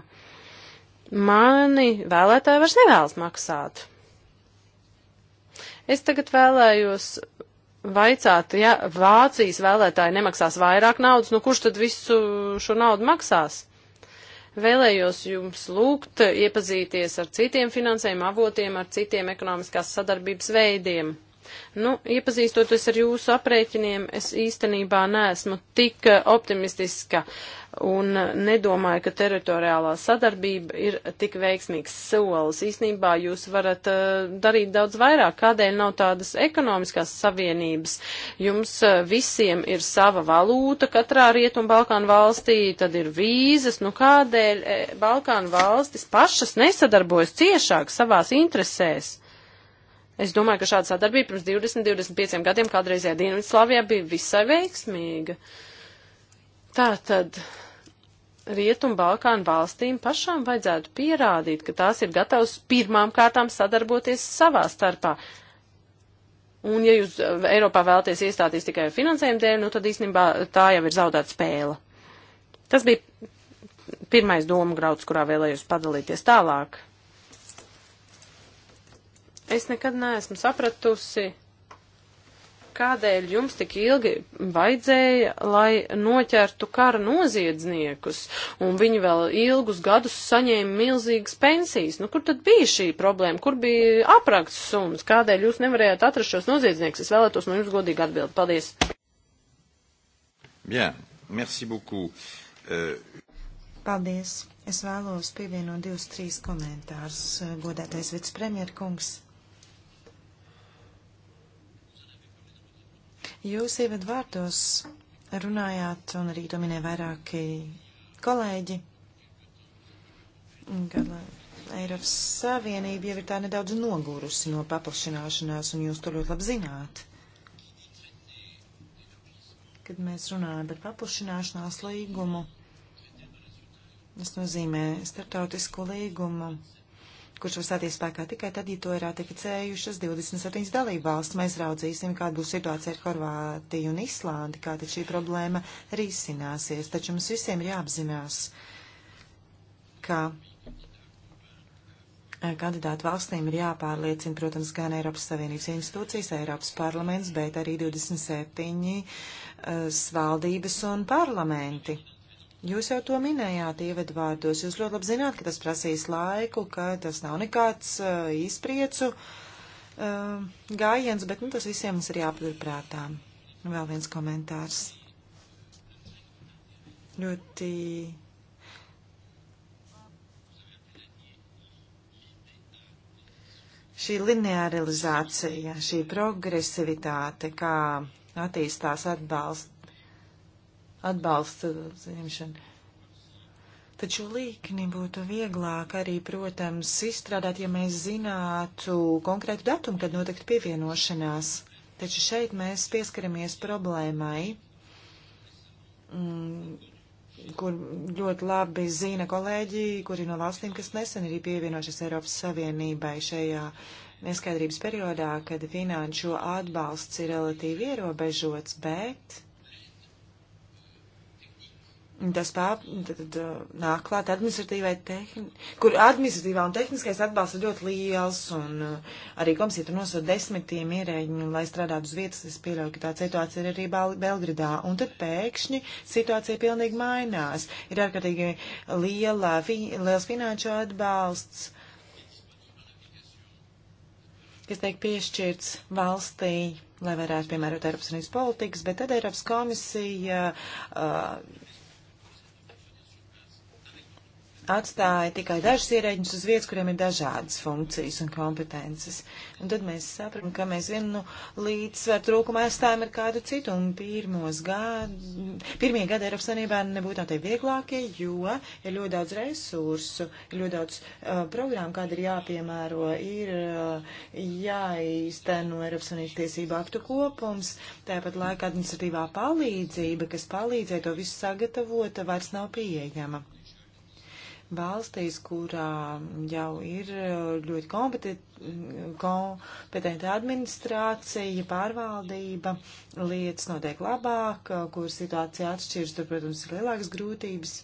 S4: Mani vēlētāji vairs nevēlas maksāt. Es tagad vēlējos vaicāt, ja Vācijas vēlētāji nemaksās vairāk naudas, nu kurš tad visu šo naudu maksās? Vēlējos jums lūgt iepazīties ar citiem finansējuma avotiem, ar citiem ekonomiskās sadarbības veidiem. Nu, iepazīstoties ar jūsu aprēķiniem, es īstenībā neesmu tik eh, optimistiska un eh, nedomāju, ka teritoriālā sadarbība ir tik veiksmīgs solis. Īstenībā jūs varat uh, darīt daudz vairāk, kādēļ nav tādas ekonomiskās savienības. Jums uh, visiem ir sava valūta, katrā Rietumbalkānu valstī tad ir vīzas, nu kādēļ Balkānu valstis pašas nesadarbojas ciešāk savās interesēs? Es domāju, ka šāda sadarbība pirms 20-25 gadiem kādreizajā Dienvidslāvijā bija visai veiksmīga. Tātad Rietumu Balkānu valstīm pašām vajadzētu pierādīt, ka tās ir gatavas pirmām kārtām sadarboties savā starpā. Un ja jūs uh, Eiropā vēlaties iestāties tikai finansējuma dēļ, nu tad īstenībā tā jau ir zaudēta spēle. Tas bija pirmais doma grauds, kurā vēlējos padalīties tālāk. Es nekad neesmu sapratusi, kādēļ jums tik ilgi vajadzēja, lai noķertu kara noziedzniekus, un viņi vēl ilgus gadus saņēma milzīgas pensijas. Nu, kur tad bija šī problēma? Kur bija aprakts summas? Kādēļ jūs nevarējāt atrast šos noziedzniekus? Es vēlētos no jums godīgi atbildēt.
S2: Paldies!
S1: Bien, merci beaucoup. Uh...
S2: Paldies! Es vēlos pievienot divus, trīs komentārus, godētais vicepremjerkungs. Jūs ievad vārdos runājāt, un arī to minēja vairāki kolēģi, ka Eiropas Savienība jau ir tā nedaudz nogurusi no paplašināšanās, un jūs to ļoti labi zināt kad mēs runājam par paplašināšanās līgumu, tas nozīmē startautisko līgumu kurš var stāties spēkā tikai tad, ja to ir ratificējušas 27 dalību valsts. Mēs raudzīsim, kāda būs situācija ar Horvātiju un Islandi, kā tad šī problēma risināsies. Taču mums visiem ir jāapzinās, ka eh, kandidātu valstīm ir jāpārliecina, protams, gan Eiropas Savienības institūcijas, Eiropas parlaments, bet arī 27 uh, eh, valdības un parlamenti. Jūs jau to minējāt ievadvārdos. Jūs ļoti labi zināt, ka tas prasīs laiku, ka tas nav nekāds uh, izpriecu uh, gājiens, bet nu, tas visiem mums ir jāpaturprātā. Vēl viens komentārs. Ļoti. Šī lineārizācija, šī progresivitāte, kā attīstās atbalsts atbalsta saņemšanu. Taču līkni būtu vieglāk arī, protams, izstrādāt, ja mēs zinātu konkrētu datumu, kad notikt pievienošanās. Taču šeit mēs pieskaramies problēmai, mm, kur ļoti labi zina kolēģi, kuri no valstīm, kas nesen ir pievienojušies Eiropas Savienībai šajā neskaidrības periodā, kad finanšu atbalsts ir relatīvi ierobežots, bet tas pār, tad, tad, uh, nāk klāt administratīvai tehnikai, kur administratīvā un tehniskais atbalsts ir ļoti liels, un uh, arī komisija tur nosūta desmitiem ierēģiņu, lai strādātu uz vietas. Es pieļauju, ka tā situācija ir arī Belgradā, un tad pēkšņi situācija pilnīgi mainās. Ir ārkārtīgi liela, fi, liels finanšu atbalsts, kas tiek piešķirts valstī lai varētu piemērot Eiropas Unības politikas, bet tad Eiropas komisija uh, atstāja tikai dažus ierēģus uz vietas, kuriem ir dažādas funkcijas un kompetences. Un tad mēs saprotam, ka mēs vienu līdzsvaru trūkumu aizstājam ar kādu citu, un pirmos gadu, pirmie gadi Eiropas Sanībā nebūtu tie vieglākie, jo ir ļoti daudz resursu, ir ļoti daudz uh, programmu, kāda ir jāpiemēro, ir uh, jāīsteno Eiropas Sanības tiesību aktu kopums, tāpat laika administratīvā palīdzība, kas palīdzēja to visu sagatavot, vairs nav pieejama valstīs, kurā jau ir uh, ļoti kompetenta administrācija, pārvaldība, lietas notiek labāk, uh, kur situācija atšķiras, tur, protams, ir lielākas grūtības.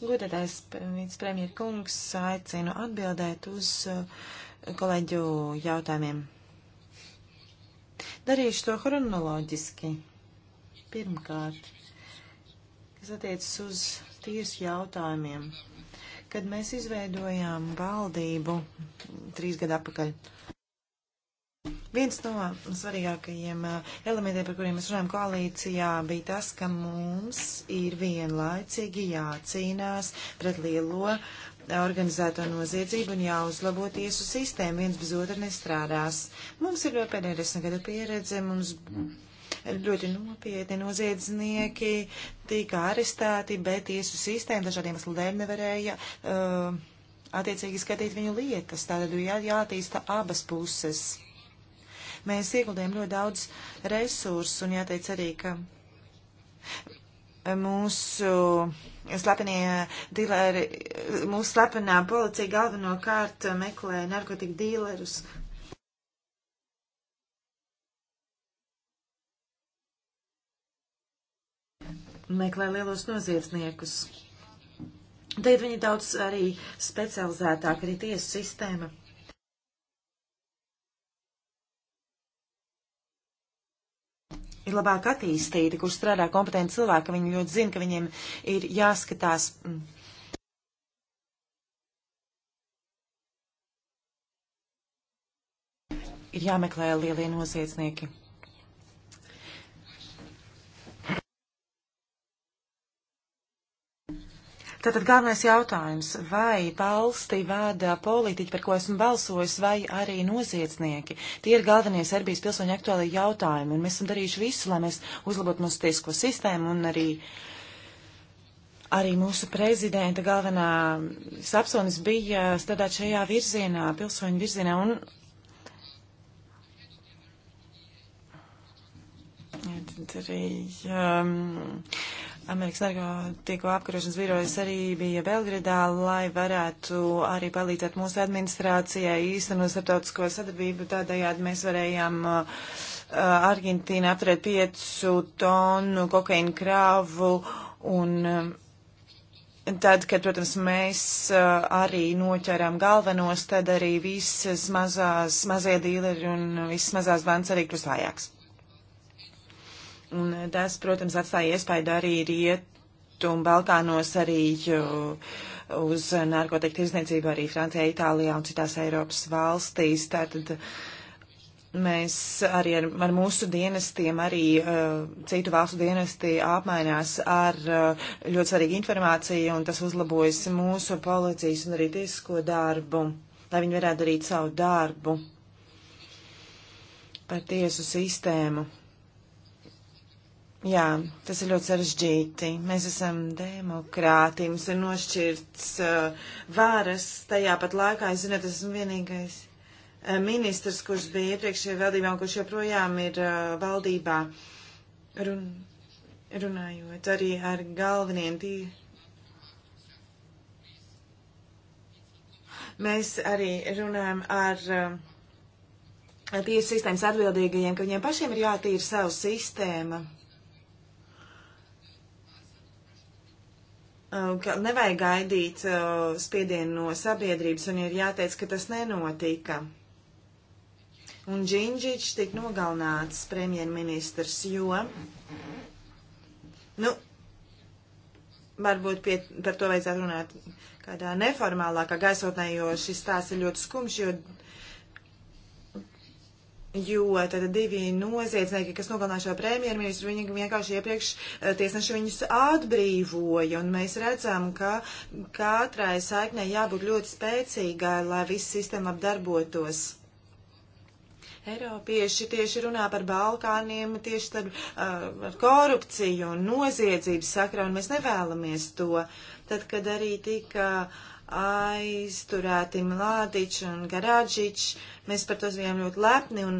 S2: Godētais vicepremjer kungs aicinu atbildēt uz uh, kolēģu jautājumiem. Darīšu to hronoloģiski. Pirmkārt, kas attiecas uz tiesu jautājumiem. Kad mēs izveidojām valdību trīs gadu apakaļ, viens no svarīgākajiem uh, elementiem, par kuriem mēs runājam koalīcijā, bija tas, ka mums ir vienlaicīgi jācīnās pret lielo uh, organizēto noziedzību un jāuzlabo tiesu sistēmu. Viens bez otra nestrādās. Mums ir jau pēdējā desmit gada pieredze, mums ļoti nopietni noziedznieki tika arestēti, bet tiesu sistēma dažādiem iemeslu dēļ nevarēja uh, attiecīgi skatīt viņu lietas. Tātad jā, jātīsta abas puses. Mēs ieguldījām ļoti daudz resursu un jāteic arī, ka mūsu slepenie dīleri, mūsu slepenā policija galvenokārt meklē narkotiku dīlerus meklē lielos noziedzniekus. Tagad viņi daudz arī specializētāk, arī tiesu sistēma. Ir labāk attīstīti, kur strādā kompetenti cilvēki, viņi ļoti zina, ka viņiem ir jāskatās. Mm, ir jāmeklē lielie noziedznieki. Tātad galvenais jautājums, vai valsti vada politiķi, par ko esmu balsojis, vai arī noziedznieki? Tie ir galvenie Serbijas pilsoņu aktuālie jautājumi, un mēs esam darījuši visu, lai mēs uzlabotu mūsu tiesisko sistēmu un arī. Arī mūsu prezidenta galvenā sapsonis bija strādāt šajā virzienā, pilsoņu virzienā, un arī um, Amerikas narkotiku apkarošanas birojas arī bija Belgradā, lai varētu arī palīdzēt mūsu administrācijai īstenot starptautisko sadarbību. Tādējādi mēs varējām uh, Argentīna apturēt piecu tonu kokaīnu krāvu un uh, Tad, kad, protams, mēs uh, arī noķerām galvenos, tad arī visas mazās, mazie dīleri un visas mazās bandas arī klusājāks. Un tas, protams, atstāja iespaidu arī rietumu Balkānos, arī uz narkotiku tirzniecību, arī Francijā, Itālijā un citās Eiropas valstīs. Tātad mēs arī ar, ar mūsu dienestiem, arī uh, citu valstu dienesti apmainās ar uh, ļoti svarīgu informāciju, un tas uzlabojas mūsu policijas un arī tiesisko darbu, lai viņi varētu darīt savu darbu par tiesu sistēmu. Jā, tas ir ļoti sarežģīti. Mēs esam demokrāti, mums ir nošķirts uh, vāras. Tajā pat laikā, es zinu, tas esmu vienīgais uh, ministrs, kurš bija iepriekšējā valdībā un kurš joprojām ir uh, valdībā. Run, runājot arī ar galveniem tī. Mēs arī runājam ar. Uh, Tiesu sistēmas atbildīgajiem, ka viņiem pašiem ir jātīra savu sistēmu Um, ka nevajag gaidīt uh, spiedienu no sabiedrības, un ir jāteic, ka tas nenotika. Un Džinģičs tika nogalnāts premjerministrs, jo, nu, varbūt pie, par to vajadzētu runāt kādā neformālākā gaisotnē, jo šis stāsts ir ļoti skumjš, jo Jo tad divi noziedznieki, kas nogalināja šo premjerministru, viņi vienkārši iepriekš eh, tiesneši viņus atbrīvoja, un mēs redzam, ka katrai saiknē jābūt ļoti spēcīgai, lai viss sistēma apdarbotos. Eiropieši tieši runā par Balkāniem, tieši tad uh, korupciju un noziedzības sakra, un mēs nevēlamies to. Tad, kad arī tika uh, aizturēti Mlādiči un Garādžiči. Mēs par tos bijām ļoti lepni un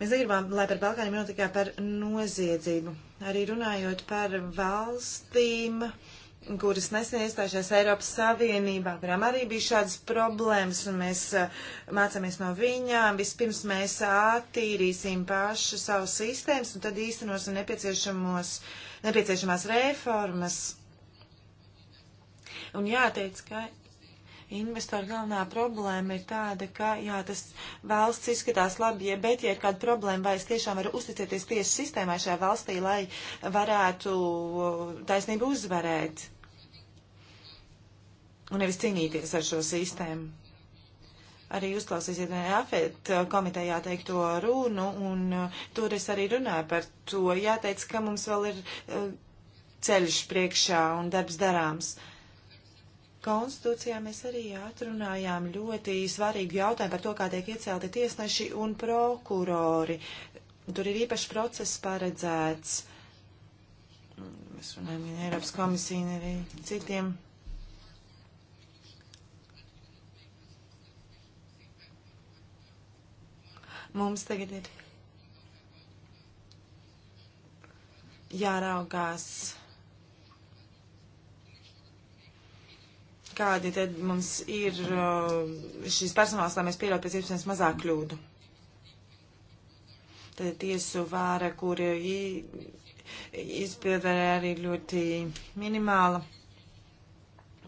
S2: mēs negribām, lai par Balkāniem runā tikai par noziedzību. Arī runājot par valstīm, kuras nesen iestājušās Eiropas Savienībā, kurām arī bija šādas problēmas, un mēs uh, mācāmies no viņām. Vispirms mēs attīrīsim pašu savus sistēmas, un tad īstenosim nepieciešamos, nepieciešamās reformas Un jāteic, ka investoru galvenā problēma ir tāda, ka, jā, tas valsts izskatās labi, ja, bet, ja ir kāda problēma, vai es tiešām varu uzticēties tiesu sistēmai šajā valstī, lai varētu taisnību uzvarēt. Un nevis cīnīties ar šo sistēmu. Arī uzklausīsiet AFET komitejā teikto runu, un uh, tur es arī runāju par to. Jāteic, ka mums vēl ir uh, ceļš priekšā un darbs darāms. Uh, konstitūcijā mēs arī atrunājām ļoti svarīgu jautājumu par to, kā tiek iecelti tiesneši un prokurori. Tur ir īpašs process paredzēts. Mēs runājam ar Eiropas komisiju arī citiem. Mums tagad ir jāraugās kādi tad mums ir uh, šis personāls, lai mēs pieļautu pēc iespējas mazāk kļūdu. Tad tiesu vāra, kur izpildē arī ļoti minimāla,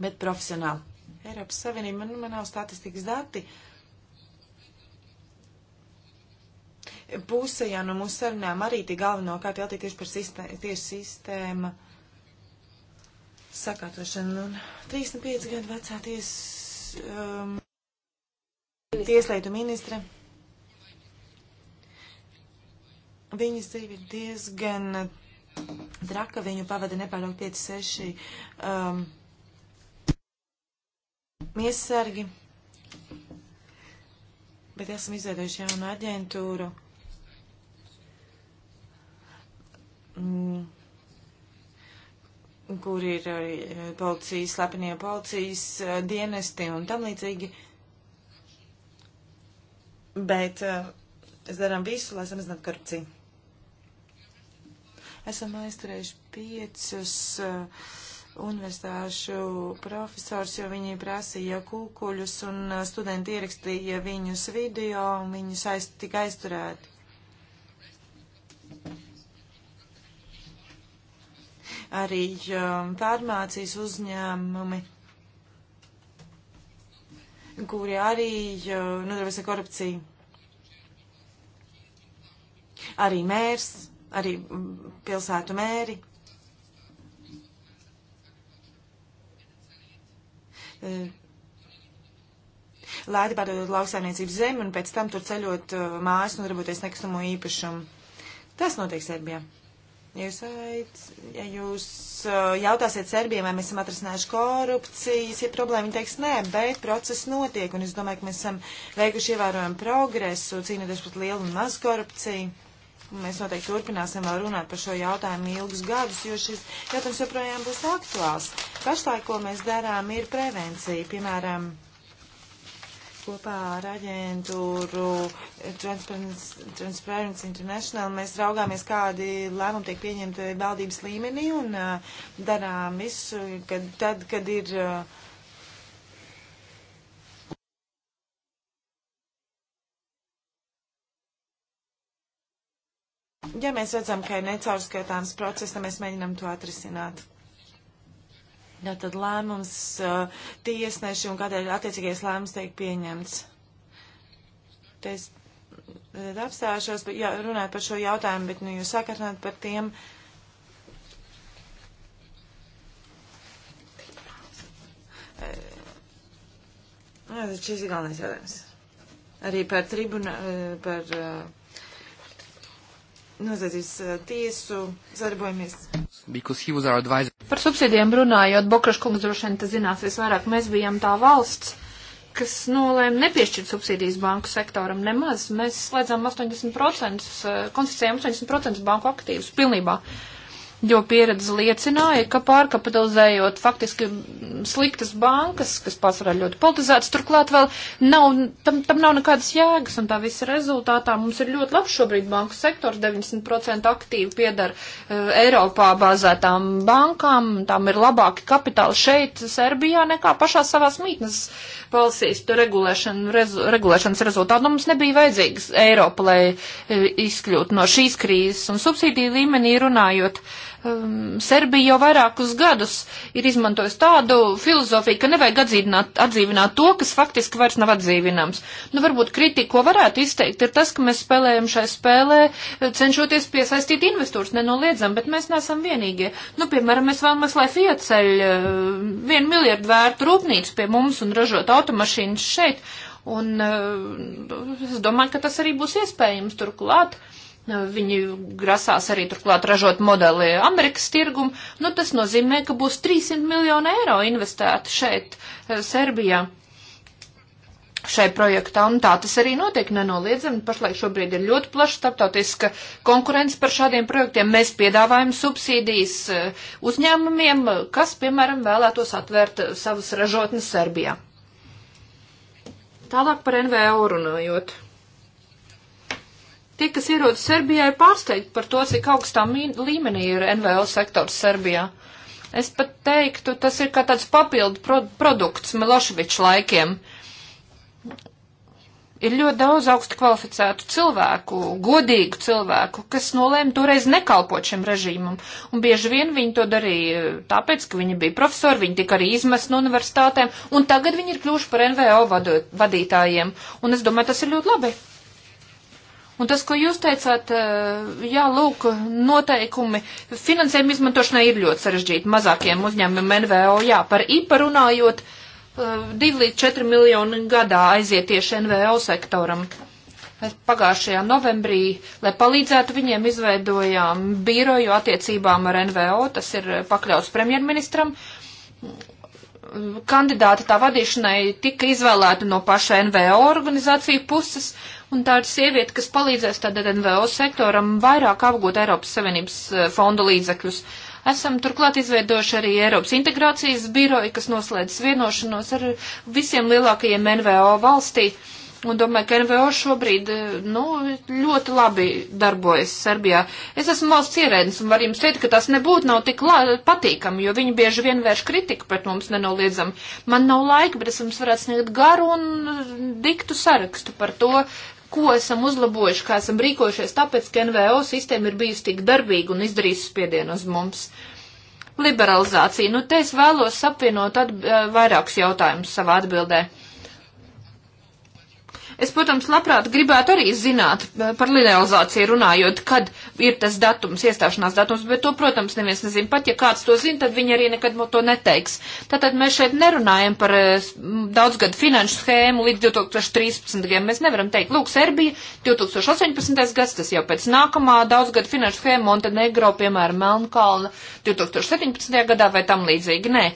S2: bet profesionāla. Eiropas Savienība, man, nu, man nav statistikas dati. Puse, ja nu mūsu sarunām arī tie galvenokārt jautā tieši par sistē, tieši sistēmu sakārtošanu. Un 35 gadu vecā ties, um, tieslietu ministre. Viņas dzīve ir diezgan traka, viņu pavada nepārāk 5-6 um, miesargi. Bet esam izveidojuši jaunu aģentūru. Mm kur ir arī eh, policijas, slepenie policijas eh, dienesti un tam līdzīgi. Bet eh, es darām visu, lai samazinātu korupciju. Esam aizturējuši piecus universitāšu profesors, jo viņi prasīja kūkuļus un studenti ierakstīja viņus video un viņus aiz, tika aizturēti. arī um, farmācijas uzņēmumi, kuri arī uh, um, nodarbojas nu, ar korupciju. Arī mērs, arī um, pilsētu mēri. Uh, lēti pārdodot lauksaimniecības zemi un pēc tam tur ceļot uh, mājas un darboties nekustamo īpašumu. Tas notiek Serbijā. Jūs, aic, ja jūs uh, jautāsiet Serbijai, vai mēs esam atrasinājuši korupcijas ja problēmu, viņi teiks nē, bet process notiek, un es domāju, ka mēs esam veikuši ievērojumu progresu, cīnoties pret lielu un mazu korupciju. Mēs noteikti turpināsim vēl runāt par šo jautājumu ilgus gadus, jo šis jautājums joprojām būs aktuāls. Pašlaik, ko mēs darām, ir prevencija, piemēram, kopā ar aģentūru Transparency, Transparency International mēs raugāmies, kādi lēmumi tiek pieņemti valdības līmenī un uh, darām visu, kad, tad, kad ir. Uh, ja mēs redzam, ka ir necaurskatāms process, tad mēs mēģinam to atrisināt. Jā, tad lēmums uh, tiesneši un kādēļ attiecīgais lēmums tiek pieņemts. Te es apstāšos, bet jā, runāt par šo jautājumu, bet nu jūs sakarnāt par tiem. Jā, nu, šis ir galvenais jautājums. Arī par tribunā, par. Uh, noziedzības eh, tiesu sadarbojamies.
S3: Par
S1: subsīdiem runājot, Bokrašs kungs droši vien tas zinās visvairāk. Mēs bijām tā valsts, kas nolēma nu, nepiešķirt subsīdijas banku sektoram nemaz. Mēs slēdzām 80%, eh, konfiscējām 80% banku aktīvus pilnībā. Uh, jo pieredze liecināja, ka pārkapitalizējot faktiski sliktas bankas, kas pārsvarā ļoti politizētas, turklāt vēl nav, tam, tam nav nekādas jēgas, un tā visa rezultātā mums ir ļoti labs šobrīd banku sektors, 90% aktīvi piedara uh, Eiropā bāzētām bankām, tām ir labāki kapitāli šeit, Serbijā, nekā pašā savās mītnes valstīs, tur regulēšana, rezu, regulēšanas rezultātā. Nu, mums nebija vajadzīgs Eiropa, lai uh, izkļūtu no šīs krīzes, un subsīdiju līmenī runājot. Uh, um, Serbija jau vairākus gadus ir izmantojusi tādu filozofiju, ka nevajag atdzīvināt, atdzīvināt to, kas faktiski vairs nav atdzīvināms. Nu, varbūt kritika, ko varētu izteikt, ir tas, ka mēs spēlējam šai spēlē, eh, cenšoties piesaistīt investors, nenoliedzam, bet mēs neesam vienīgie. Nu, piemēram, mēs vēlamies, lai Fiat ceļ uh, vienu miljardu vērtu rūpnīcu pie mums un ražot automašīnas šeit. Un uh, es domāju, ka tas arī būs iespējams turklāt. Uh, Viņi grasās arī turklāt ražot modeli Amerikas tirgumu. Nu, tas nozīmē, ka būs 300 miljonu eiro investēti šeit, eh, Serbijā. Šai projektā, un tā tas arī notiek nenoliedzami. Pašlaik šobrīd ir ļoti plaša starptautiska konkurence par šādiem projektiem. Mēs piedāvājam subsīdijas eh, uzņēmumiem, kas, piemēram, vēlētos atvērt eh, savas ražotnes Serbijā. Tālāk par NVO runājot. No Tie, kas ierodas Serbijā, ir pārsteigti par to, cik augstā līmenī ir NVO sektors Serbijā. Es pat teiktu, tas ir kā tāds papildu pro produkts Miloševiču laikiem. Ir ļoti daudz augstu kvalificētu cilvēku, godīgu cilvēku, kas nolēma toreiz nekalpot šim režīmam. Un bieži vien viņi to darīja tāpēc, ka viņi bija profesori, viņi tika arī izmest no universitātēm, un tagad viņi ir kļuvuši par NVO vadot, vadītājiem. Un es domāju, tas ir ļoti labi. Un tas, ko jūs teicāt, eh, jā, lūk, noteikumi finansējuma izmantošanai ir ļoti sarežģīti mazākiem uzņēmumiem NVO, jā, par IPA runājot, 2 eh, līdz 4 miljoni gadā aiziet tieši NVO sektoram. Mēs pagājušajā novembrī, lai palīdzētu viņiem, izveidojām biroju attiecībām ar NVO, tas ir pakļauts premjerministram, kandidāti tā vadīšanai tika izvēlēti no paša NVO organizāciju puses, un tā ir sieviete, kas palīdzēs tātad NVO sektoram vairāk apgūt Eiropas Savienības eh, fonda līdzekļus. Esam turklāt izveidojuši arī Eiropas integrācijas biroju, kas noslēdz vienošanos ar visiem lielākajiem NVO valstī. Un domāju, ka NVO šobrīd eh, nu, ļoti labi darbojas Serbijā. Es esmu valsts ierēdnis un varu jums teikt, ka tas nebūtu nav tik patīkami, jo viņi bieži vien vērš kritiku pret mums nenoliedzami. Man nav laika, bet es jums varētu sniegt garu un eh, diktu sarakstu par to, ko esam uzlabojuši, kā esam rīkojušies, tāpēc, ka NVO sistēma ir bijusi tik darbīga un izdarījusi spiedienu uz mums. Liberalizācija. Nu, te es vēlos apvienot eh, vairākus jautājumus savā atbildē. Es, protams, labprāt gribētu arī zināt eh, par linealizāciju runājot, kad ir tas datums, iestāšanās datums, bet to, protams, neviens nezin. Pat ja kāds to zina, tad viņi arī nekad to neteiks. Tātad mēs šeit nerunājam par eh, daudzgadu finanšu schēmu līdz 2013. gadam. Mēs nevaram teikt, lūk, Serbija 2018. gads, tas jau pēc nākamā daudzgadu finanšu schēma, Montenegro, piemēram, Melnkalna 2017. gadā vai tam līdzīgi. Nē.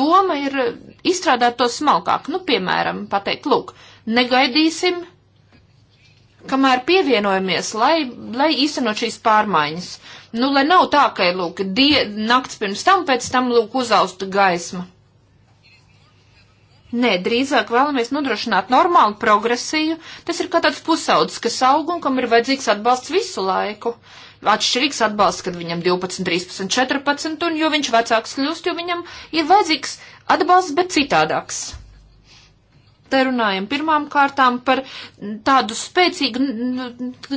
S1: Doma ir eh, izstrādāt to smalkāk. Nu, piemēram, pateikt, lūk, Negaidīsim, kamēr pievienojamies, lai, lai īstenot šīs pārmaiņas. Nu, lai nav tā, ka, lūk, die, nakts pirms tam, pēc tam, lūk, uzausta gaisma. Nē, drīzāk vēlamies nodrošināt normālu progresiju. Tas ir kā tāds pusauds, kas aug un kam ir vajadzīgs atbalsts visu laiku. Atšķirīgs atbalsts, kad viņam 12, 13, 14, un jo viņš vecāks kļūst, jo viņam ir vajadzīgs atbalsts, bet citādāks. Te runājam pirmām kārtām par tādu spēcīgu,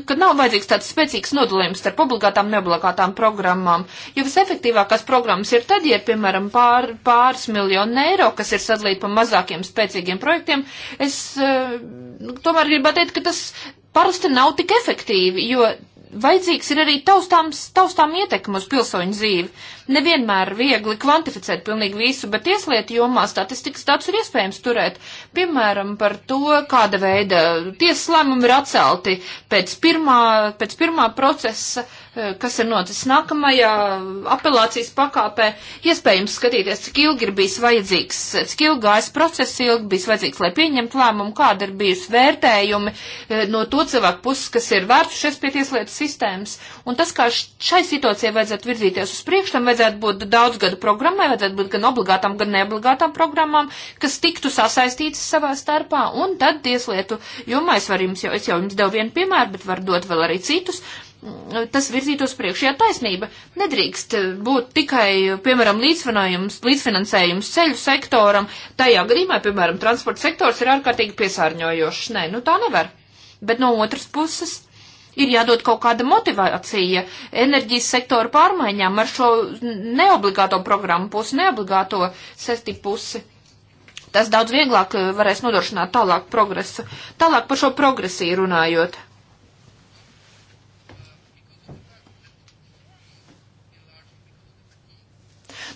S1: ka nav vajadzīgs tāds spēcīgs nodalījums starp obligātām un neobligātām programmām, jo visefektīvākās programmas ir tad, ja ir, piemēram, pār, pāris miljonu eiro, kas ir sadalīti pa mazākiem spēcīgiem projektiem. Es uh, tomēr gribētu teikt, ka tas parasti nav tik efektīvi, jo vajadzīgs ir arī taustāms, taustām ietekmi uz pilsoņu dzīvi nevienmēr viegli kvantificēt pilnīgi visu, bet tieslietu jomā statistikas tāds ir iespējams turēt. Piemēram, par to, kāda veida tiesas lēmumi ir atcelti pēc pirmā, pēc pirmā procesa, eh, kas ir noticis nākamajā apelācijas pakāpē. Iespējams skatīties, cik ilgi ir bijis vajadzīgs, cik ilgi gājas process, ilgi bijis vajadzīgs, lai pieņemtu lēmumu, kāda ir bijusi vērtējumi eh, no to cilvēku puses, kas ir vērtušies pie tieslietu sistēmas. Un tas, kā šai situācijai vajadzētu virzīties uz priekšu, tam vajadzētu vajadzētu būt daudzgadu programmai, vajadzētu būt gan obligātām, gan neobligātām programmām, kas tiktu sasaistītas savā starpā, un tad tieslietu jomā es varu jums jau, es jau jums devu vienu piemēru, bet varu dot vēl arī citus. Mm, tas virzītos priekšējā taisnība. Nedrīkst eh, būt tikai, piemēram, līdzfinansējums ceļu sektoram. Tajā gadījumā, piemēram, transporta sektors ir ārkārtīgi piesārņojošs. Nē, nu tā nevar. Bet no otras puses ir jādod kaut kāda motivācija enerģijas sektora pārmaiņām ar šo neobligāto programmu pusi, neobligāto sesti pusi. Tas daudz vieglāk eh, varēs nodrošināt tālāk progresu. Tālāk par šo progresiju runājot.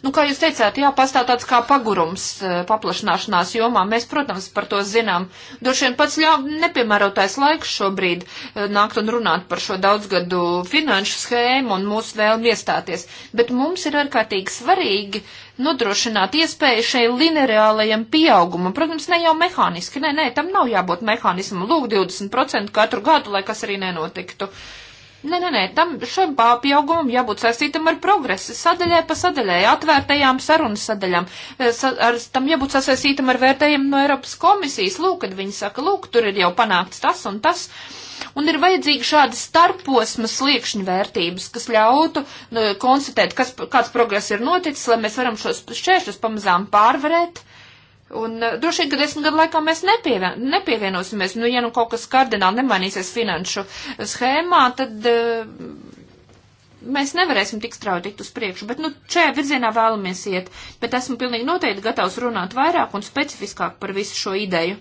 S1: Nu, kā jūs teicāt, jā, pastāv tāds kā pagurums e, paplašanāšanās jomā. Mēs, protams, par to zinām. Droši vien pats ļā, nepiemērotais laiks šobrīd e, nākt un runāt par šo daudzgadu finanšu schēmu un mūsu vēlmi iestāties. Bet mums ir ārkārtīgi svarīgi nodrošināt iespēju šai lineārajam pieaugumam. Protams, ne jau mehāniski, nē, nē, tam nav jābūt mehānismam. Lūk, 20% katru gadu, lai kas arī nenotiktu. Uh, Nē, nē, nē, tam šim pāpjaugumam jābūt saistītam ar progresu, sadaļai pa sadaļai, atvērtajām sarunas sadaļām, eh, sa, ar, tam jābūt sasaistītam ar vērtējumu no Eiropas komisijas, lūk, kad viņi saka, lūk, tur ir jau panākts tas un tas, un ir vajadzīgi šādi starposma sliekšņu vērtības, kas ļautu nu, konstatēt, kas, kāds progress ir noticis, lai mēs varam šos šķēršļus pamazām pārvarēt. Uh, Un e, droši vien, ka desmit gadu laikā mēs nepievien, nepievienosimies, nu, ja nu kaut kas kardināli nemainīsies finanšu schēmā, tad uh, mēs nevarēsim tik strauji tikt uz priekšu. Bet, nu, šajā virzienā vēlamies iet, bet esmu pilnīgi noteikti gatavs runāt vairāk un specifiskāk par visu šo ideju.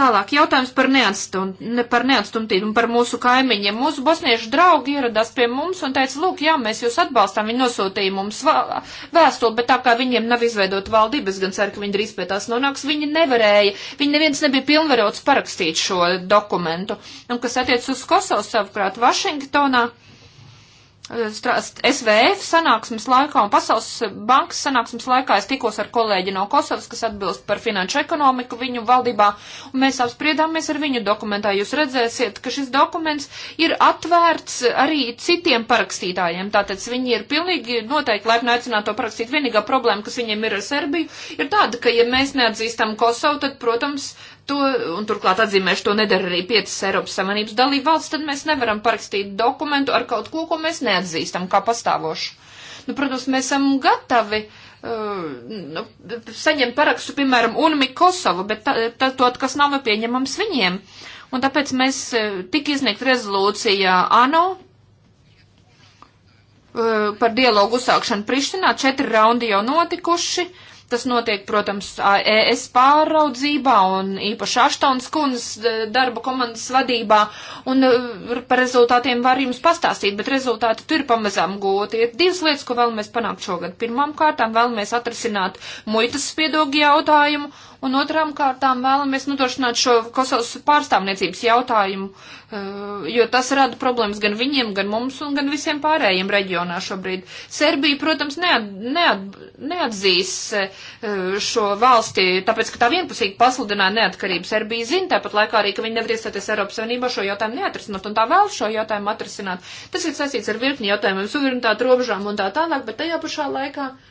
S1: Tālāk jautājums par, neatstum, ne par neatstumtību un par mūsu kaimiņiem. Mūsu bosniešu draugi ieradās pie mums un teica, lūk, jā, mēs jūs atbalstām, viņi nosūtīja mums vēstuli, bet tā kā viņiem nav izveidot valdības, gan ceru, ka viņi drīz pie tās nonāks, viņi nevarēja, viņi neviens nebija pilnvarots parakstīt šo dokumentu. Un kas attiec uz Kosovu savukārt Vašingtonā. SVF sanāksmes laikā un Pasaules bankas sanāksmes laikā es tikos ar kolēģi no Kosovas, kas atbilst par finanšu ekonomiku viņu valdībā, un mēs apspriedāmies ar viņu dokumentā. Jūs redzēsiet, ka šis dokuments ir atvērts arī citiem parakstītājiem, tātad viņi ir pilnīgi noteikti laipni aicināt to parakstīt. Vienīgā problēma, kas viņiem ir ar Serbiju, ir tāda, ka ja mēs neatzīstam Kosovu, tad, protams, uh, to, un turklāt atzīmēšu, to nedara arī piecas Eiropas Savienības dalība valsts, tad mēs nevaram parakstīt dokumentu ar kaut ko, ko mēs neatzīstam kā pastāvošu. Nu, protams, mēs esam gatavi uh, nu, saņemt parakstu, piemēram, UNMI Kosovu, bet tā, tā, to, kas nav pieņemams viņiem. Un tāpēc mēs uh, tik izniegt rezolūcijā ANO uh, par dialogu uzsākšanu Prištinā. Četri raundi jau notikuši. Uh, Tas notiek, protams, ES pāraudzībā un īpaši Aštons kundzes darba komandas vadībā, un e, par rezultātiem var jums pastāstīt, bet rezultāti tur pamazām gūti. Ir divas lietas, ko vēlamies panākt šogad. Pirmām kārtām vēlamies atrasināt muitas spiedogu jautājumu, un otrām kārtām vēlamies nodrošināt šo Kosovas pārstāvniecības jautājumu, eh, jo tas rada problēmas gan viņiem, gan mums un gan visiem pārējiem reģionā šobrīd. Serbija, protams, neat, neat, neatzīs eh, šo valsti, tāpēc, ka tā vienpusīgi pasludināja neatkarību. Serbija zina tāpat laikā arī, ka viņi nevar iestāties Eiropas Savienībā šo jautājumu neatrisināt, un tā vēl šo jautājumu atrisināt. Tas ir saistīts ar virkni jautājumiem, suverenitāti, robežām un tā tālāk, bet tajā pašā laikā. Uh,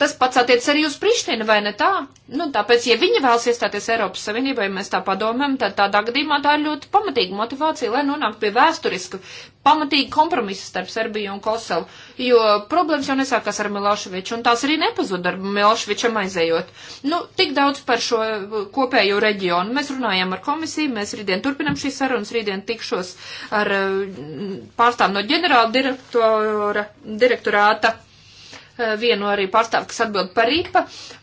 S1: Tas pats attiec arī uz Prištinu, vai ne tā? Nu, tāpēc, ja viņi vēlas iestāties Eiropas Savienībā, ja mēs tā padomājam, tad tādā gadījumā tā ir ļoti pamatīga motivācija, lai nonāktu pie vēsturiska, pamatīga kompromisa starp Serbiju un Kosovu. Jo problēmas jau nesākās ar Miloševiču, un tās arī nepazuda ar Miloševičam aizējot. Nu, tik daudz par šo kopējo reģionu. Mēs runājam ar komisiju, mēs rītdien turpinam šīs sarunas, rītdien tikšos ar mm, pārstāv no ģenerāla direktora, direktorāta Eh, vienu arī pārstāvu, kas atbild par ripa,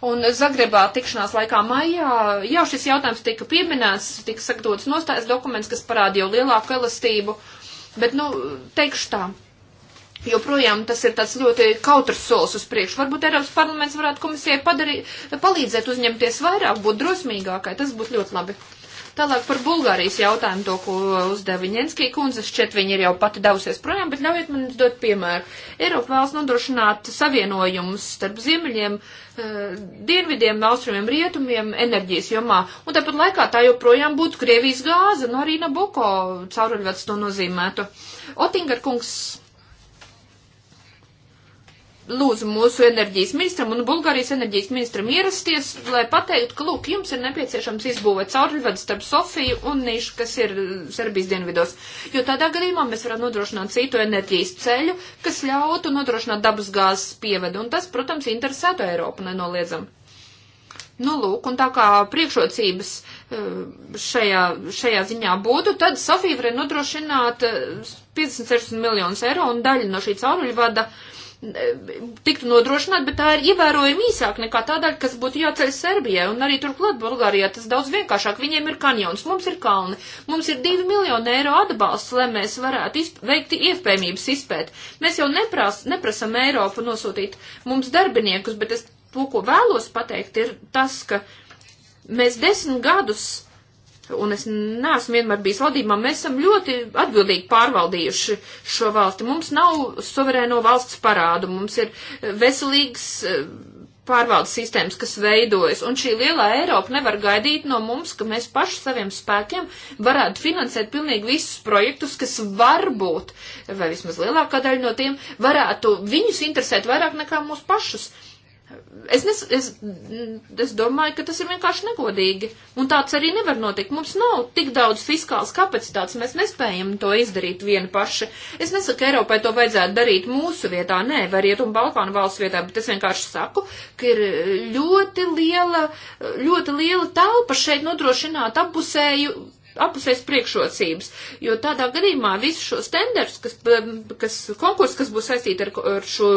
S1: un Zagrebā tikšanās laikā maijā jau šis jautājums tika pieminēts, tika sagatavots nostājas dokuments, kas parāda jau lielāku elastību, bet, nu, teikšu tā joprojām tas ir tāds ļoti kautrs solis uz priekšu. Varbūt Eiropas parlaments varētu komisijai padarīt, palīdzēt uzņemties vairāk, būt drosmīgākai. Tas būtu ļoti labi. Tālāk par Bulgārijas jautājumu, to, ko uzdeva Ņenskī kundze, šķiet viņa ir jau pati devusies projām, bet ļaujiet man dot piemēru. Eiropa vēlas nodrošināt savienojumus starp ziemeļiem, eh, dienvidiem, austrumiem, rietumiem enerģijas jomā, un tāpat laikā tā joprojām būtu Krievijas gāze, no nu arī Nabuko cauruļvats to nozīmētu. Otingar kungs lūdzu mūsu enerģijas ministram un Bulgārijas enerģijas ministram ierasties, lai pateiktu, ka, lūk, jums ir nepieciešams izbūvēt caurvadu starp Sofiju un Nīšu, kas ir uh, Serbijas dienvidos. Jo tādā gadījumā mēs varam nodrošināt citu enerģijas ceļu, kas ļautu nodrošināt dabas gāzes pievedu, un tas, protams, interesētu Eiropu nenoliedzam. Nu, lūk, un tā kā priekšrocības uh, šajā, šajā ziņā būtu, tad Sofija varēja nodrošināt uh, 56 miljonus eiro un daļu no šī cauruļvada uh, tiktu nodrošināt, bet tā ir ievērojami īsāk nekā tā daļa, kas būtu jāceļ Serbijai. Un arī turklāt Bulgārijā tas daudz vienkāršāk. Viņiem ir kanjons, mums ir kalni, mums ir divi miljoni eiro atbalsts, lai mēs varētu izp veikt iespējamības izpēt. Mēs jau nepras neprasam Eiropu nosūtīt mums darbiniekus, bet es to, ko vēlos pateikt, ir tas, ka mēs desmit gadus un es neesmu vienmēr bijis valdībā, mēs esam ļoti atbildīgi pārvaldījuši šo valsti. Mums nav suverēno valsts parādu, mums ir eh, veselīgs eh, pārvaldes sistēmas, kas veidojas, un šī lielā Eiropa nevar gaidīt no mums, ka mēs paši saviem spēkiem varētu finansēt pilnīgi visus projektus, kas varbūt, vai vismaz lielākā daļa no tiem, varētu viņus interesēt vairāk nekā mūs pašus. Uh, Es, nes, es, es domāju, ka tas ir vienkārši negodīgi. Un tāds arī nevar notikt. Mums nav tik daudz fiskālas kapacitātes, mēs nespējam to izdarīt vieni paši. Es nesaku, ka Eiropai to vajadzētu darīt mūsu vietā, nē, vai Rietumu Balkānu valsts vietā, bet es vienkārši saku, ka ir ļoti liela, ļoti liela telpa šeit nodrošināt apusēju apusēs priekšrocības, jo tādā gadījumā visus šos tenders, kas, kas konkurs, kas būs saistīti ar, ar šo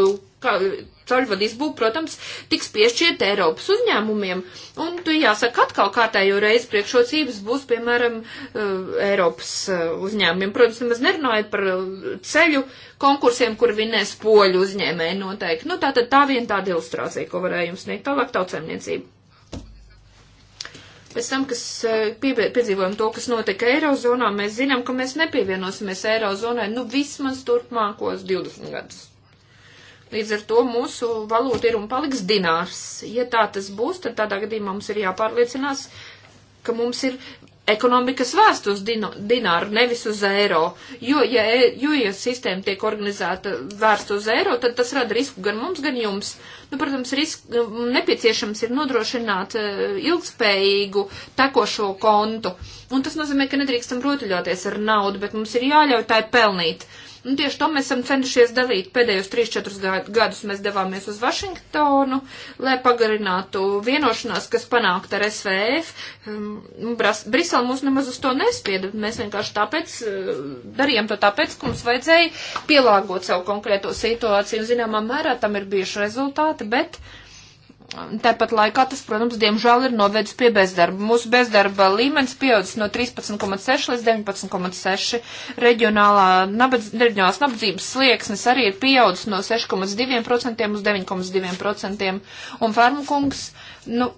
S1: caurvadu izbūve, protams, tiks piešķiet Eiropas uzņēmumiem. Un tu jāsaka atkal kārtējo reizi priekšrocības būs, piemēram, eh, Eiropas eh, uzņēmumiem. Protams, nemaz nerunājot par eh, ceļu konkursiem, kur vinēs poļu uzņēmēji noteikti. Nu, tā tad tā vien tāda ilustrācija, ko varēju jums sniegt tālāk tautsēmniecību. Pēc tam, kas piedzīvojam to, kas notika Eirozonā, mēs zinām, ka mēs nepievienosimies Eirozonai, nu, vismaz turpmākos 20 gadus. Līdz ar to mūsu valūta ir un paliks dinārs. Ja tā tas būs, tad tādā gadījumā mums ir jāpārliecinās, ka mums ir ekonomikas vēst uz dino, dināru, nevis uz eiro. Jo ja, e, jo, ja sistēma tiek organizēta vērst uz eiro, tad tas rada risku gan mums, gan jums. Nu, protams, risk, nepieciešams ir nodrošināt e, ilgspējīgu tekošo kontu. Un tas nozīmē, ka nedrīkstam rotaļoties ar naudu, bet mums ir jāļauj tai pelnīt. Uh, Un nu, tieši to mēs esam cenšies darīt pēdējos 3-4 gadus. Mēs devāmies uz Vašingtonu, lai pagarinātu vienošanās, kas panākta ar SVF. Um, nu, Brisele mūs nemaz uz to nespieda. Mēs vienkārši tāpēc uh, darījām to tāpēc, ka mums vajadzēja pielāgot savu konkrēto situāciju. Un, zināmā mērā tam ir bijuši rezultāti, bet. Uh, Tāpat laikā tas, protams, diemžēl ir novedis pie bezdarba. Mūsu bezdarba līmenis pieaudzis no 13,6 līdz 19,6. Reģionālā nabadz, reģionālās nabadzības slieksnis arī ir pieaudzis no 6,2% uz 9,2%. Un Fermkungs, nu,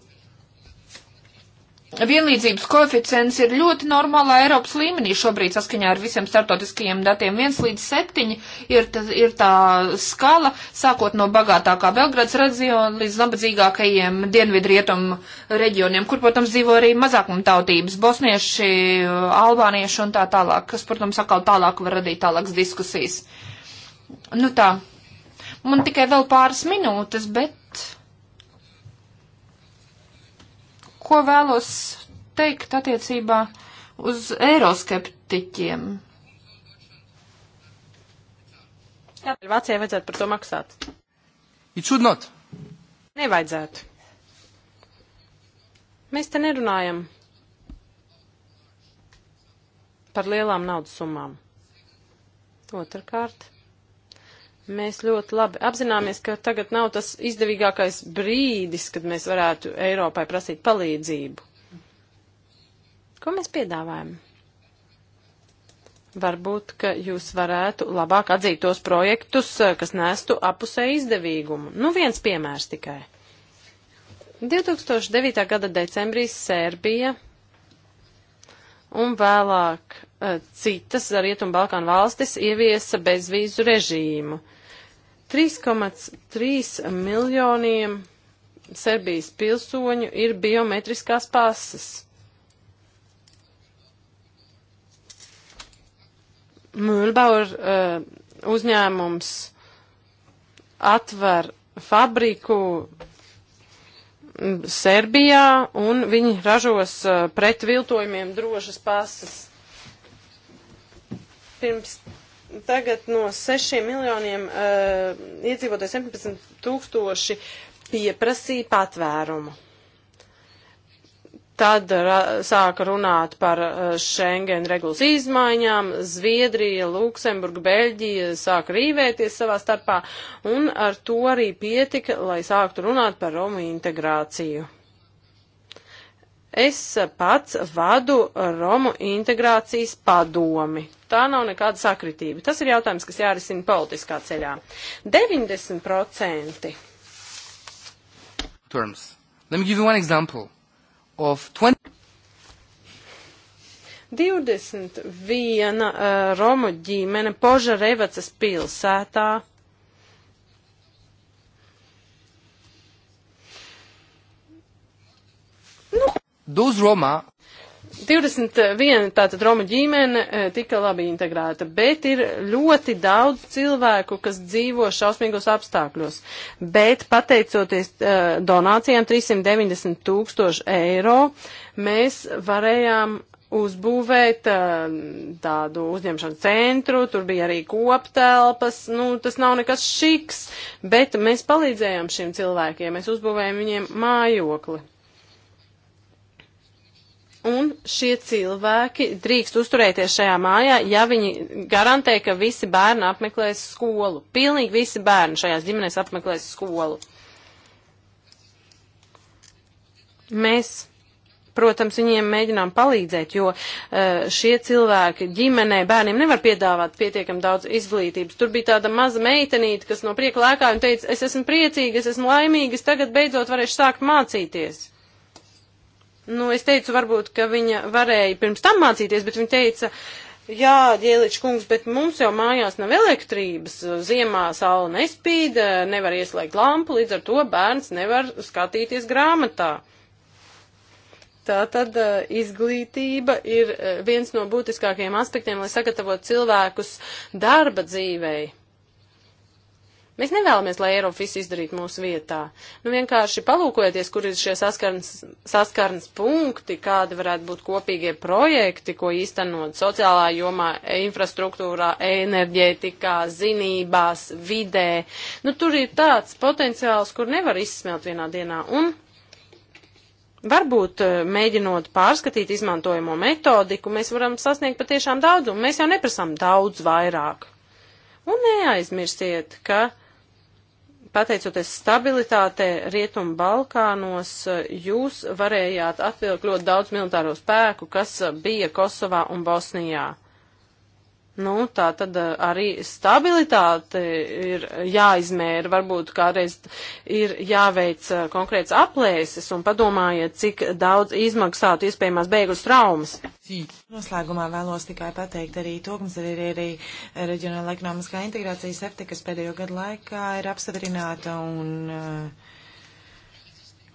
S1: vienlīdzības koeficients ir ļoti normālā Eiropas līmenī šobrīd saskaņā ar visiem startautiskajiem datiem. 1 līdz 7 ir, tā, ir tā skala, sākot no bagātākā Belgrads reģiona līdz nabadzīgākajiem dienvidrietumu reģioniem, kur, protams, dzīvo arī mazākumtautības - bosnieši, albānieši un tā tālāk, kas, protams, atkal tālāk var radīt tālākas diskusijas. Nu tā. Man tikai vēl pāris minūtes, bet ko vēlos teikt attiecībā uz eiroskeptiķiem. Kādēļ Vācijai vajadzētu par to maksāt?
S3: It should not.
S4: Nevajadzētu. Mēs te nerunājam par lielām naudas summām. Otrakārt, Mēs ļoti labi apzināmies, ka tagad nav tas izdevīgākais brīdis, kad mēs varētu Eiropai prasīt palīdzību. Ko mēs piedāvājam? Varbūt, ka jūs varētu labāk atzīt tos projektus, eh, kas nestu apusē izdevīgumu. Nu, viens piemērs tikai. 2009. gada decembrī Sērbija un vēlāk eh, citas Rietumbalkānu valstis ieviesa bezvīzu režīmu. 3,3 miljoniem Serbijas pilsoņu ir biometriskās pasas. Mühlbauer uh, uzņēmums atver fabriku Serbijā un viņi ražos uh, pret viltojumiem drošas pasas. Pirms Tagad no 6 miljoniem uh, eh, iedzīvotāju 17 tūkstoši pieprasīja patvērumu. Tad ra, sāka runāt par eh, Schengen regulas izmaiņām, Zviedrija, Luksemburga, Beļģija sāka rīvēties savā starpā, un ar to arī pietika, lai sāktu runāt par Romu integrāciju. Es pats vadu Romu integrācijas padomi. Tā nav nekāda sakritība. Tas ir jautājums, kas jārisina politiskā ceļā. 90%
S3: terms. Let me give you one example of 20.
S4: 21 uh, Romu ģimene Požarevacas pilsētā
S3: Those Roma
S4: 21 tātad Roma ģimene e, tika labi integrēta, bet ir ļoti daudz cilvēku, kas dzīvo šausmīgos apstākļos. Bet pateicoties e, donācijām 390 tūkstoši eiro, mēs varējām uzbūvēt e, tādu uzņemšanu centru, tur bija arī koptelpas, nu, tas nav nekas šiks, bet mēs palīdzējām šiem cilvēkiem, mēs uzbūvējam viņiem mājokli. Un šie cilvēki drīkst uzturēties šajā mājā, ja viņi garantē, ka visi bērni apmeklēs skolu. Pilnīgi visi bērni šajās ģimenēs apmeklēs skolu. Mēs, protams, viņiem mēģinām palīdzēt, jo eh, šie cilvēki ģimenē bērniem nevar piedāvāt pietiekam daudz izglītības. Tur bija tāda maza meitenīte, kas no prieka lēkāja un teica, es esmu priecīga, es esmu laimīga, es tagad beidzot varēšu sākt mācīties. Nu, es teicu, varbūt, ka viņa varēja pirms tam mācīties, bet viņa teica, jā, Dieliča kungs, bet mums jau mājās nav elektrības, ziemā saule nespīd, nevar ieslēgt lampu, līdz ar to bērns nevar skatīties grāmatā. Tā tad eh, izglītība ir eh, viens no būtiskākajiem aspektiem, lai sagatavotu cilvēkus darba dzīvei. Mēs nevēlamies, lai Eiropa visu izdarītu mūsu vietā. Nu, vienkārši palūkojieties, kur ir šie saskarnes, saskarnes punkti, kādi varētu būt kopīgie projekti, ko īstenot sociālā jomā, infrastruktūrā, enerģētikā, zinībās, vidē. Nu, tur ir tāds potenciāls, kur nevar izsmelt vienā dienā. Un varbūt eh, mēģinot pārskatīt izmantojamo metodiku, mēs varam sasniegt patiešām daudz, un mēs jau neprasām daudz vairāk. Un neaizmirstiet, ka pateicoties stabilitātē Rietumu Balkānos, eh, jūs varējāt atvilkt ļoti daudz militāro spēku, kas eh, bija Kosovā un Bosnijā. Nu, tā tad eh, arī stabilitāte ir jāizmēra, varbūt kādreiz ir jāveic eh, konkrēts aplēses un padomājiet, cik daudz izmaksātu iespējamās beigus
S2: traumas. Noslēgumā vēlos tikai pateikt arī to, ka mums ir arī reģionāla ekonomiskā integrācija septi, kas pēdējo gadu laikā ir apstiprināta un uh,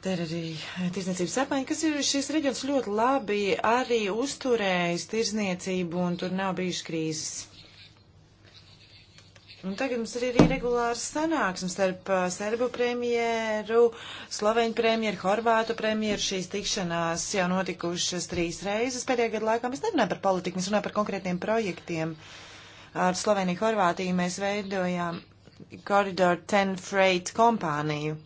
S2: Te ir arī eh, tirzniecības apmaiņa, kas ir šis reģions ļoti labi arī uzturējis tirzniecību un tur nav bijuši krīzes. Un tagad mums arī ir regulārs sanāksmes starp eh, serbu premjeru, sloveņu premjeru, horvātu premjeru. Šīs tikšanās jau notikušas trīs reizes pēdējā gada laikā. Mēs nerunājam par politiku, mēs runājam par konkrētiem projektiem. Ar Sloveniju, Horvātiju mēs veidojām Corridor 10 Freight kompāniju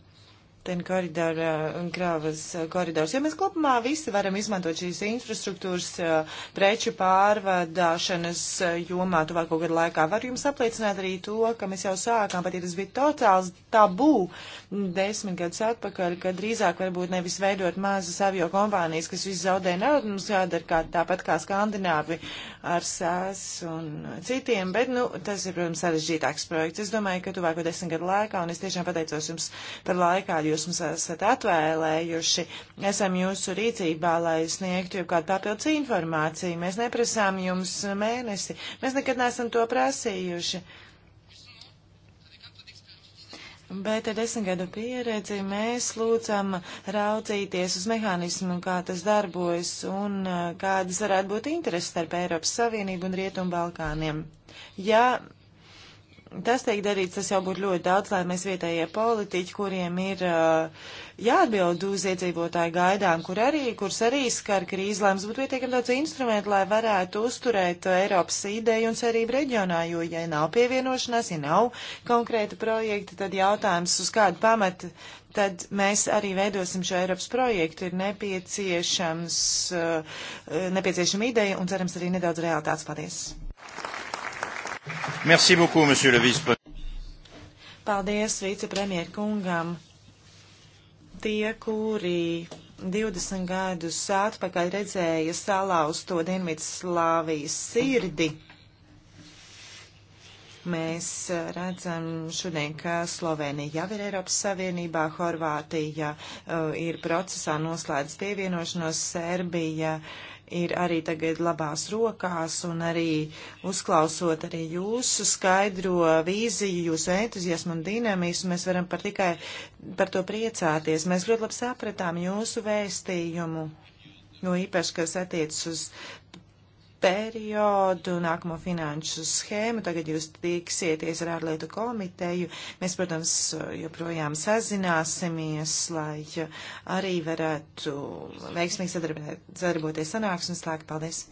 S2: ten koridora un krāvas koridors, jo mēs kopumā visi varam izmantot šīs infrastruktūras eh, preču pārvadāšanas eh, jomā tuvāko gadu laikā. Varu jums apliecināt arī to, ka mēs jau sākām, pat ja tas bija totāls tabū desmit gadus atpakaļ, ka drīzāk varbūt nevis veidot mazas avio kompānijas, kas visu zaudē naudu, mums jādara kā, tāpat kā Skandināvi ar SAS un citiem, bet, nu, tas ir, protams, sarežģītāks projekts. Es domāju, ka tuvāko desmit gadu laikā, un es tiešām pateicos jums par laikā, jo jūs mums esat atvēlējuši, esam jūsu rīcībā, lai sniegtu jau kādu papildus informāciju. Mēs neprasām jums mēnesi. Mēs nekad neesam to prasījuši. Bet ar desmit gadu pieredzi mēs lūdzam raudzīties uz mehānismu, kā tas darbojas un uh, kādas varētu būt intereses starp Eiropas Savienību un Rietumu Balkāniem. Ja tas tiek darīts, tas jau būtu ļoti daudz, lai mēs vietējie politiķi, kuriem ir uh, jāatbild uz iedzīvotāju gaidām, kur arī, kuras arī skar krīze, lai mums būtu pietiekami daudz instrumentu, lai varētu uzturēt Eiropas ideju un cerību reģionā, jo, ja nav pievienošanās, ja nav konkrēta projekta, tad jautājums uz kādu pamatu, tad mēs arī veidosim šo Eiropas projektu, ir nepieciešams, uh, nepieciešama ideja un cerams arī nedaudz realitātes. Paldies!
S1: Merci beaucoup, monsieur le vicepremjēr.
S2: Paldies vicepremjeru kungam. Tie, kuri 20 gadus atpakaļ redzēja salauzto Dienvidslāvijas sirdi, mēs redzam šodien, ka Slovenija jau ir Eiropas Savienībā, Horvātija uh, ir procesā noslēdz pievienošanos, Serbija. Uh, ir arī tagad labās rokās un arī uzklausot arī jūsu skaidro vīziju, jūsu entuziasmu un dinamismu, mēs varam par tikai par to priecāties. Mēs ļoti labi sapratām jūsu vēstījumu, jo īpaši, kas attiec uz periodu, nākamo finanšu schēmu. Tagad jūs tiksieties ar ārlietu komiteju. Mēs, protams, joprojām sazināsimies, lai arī varētu veiksmīgi sadarboties sanāksmes. Lāk, paldies!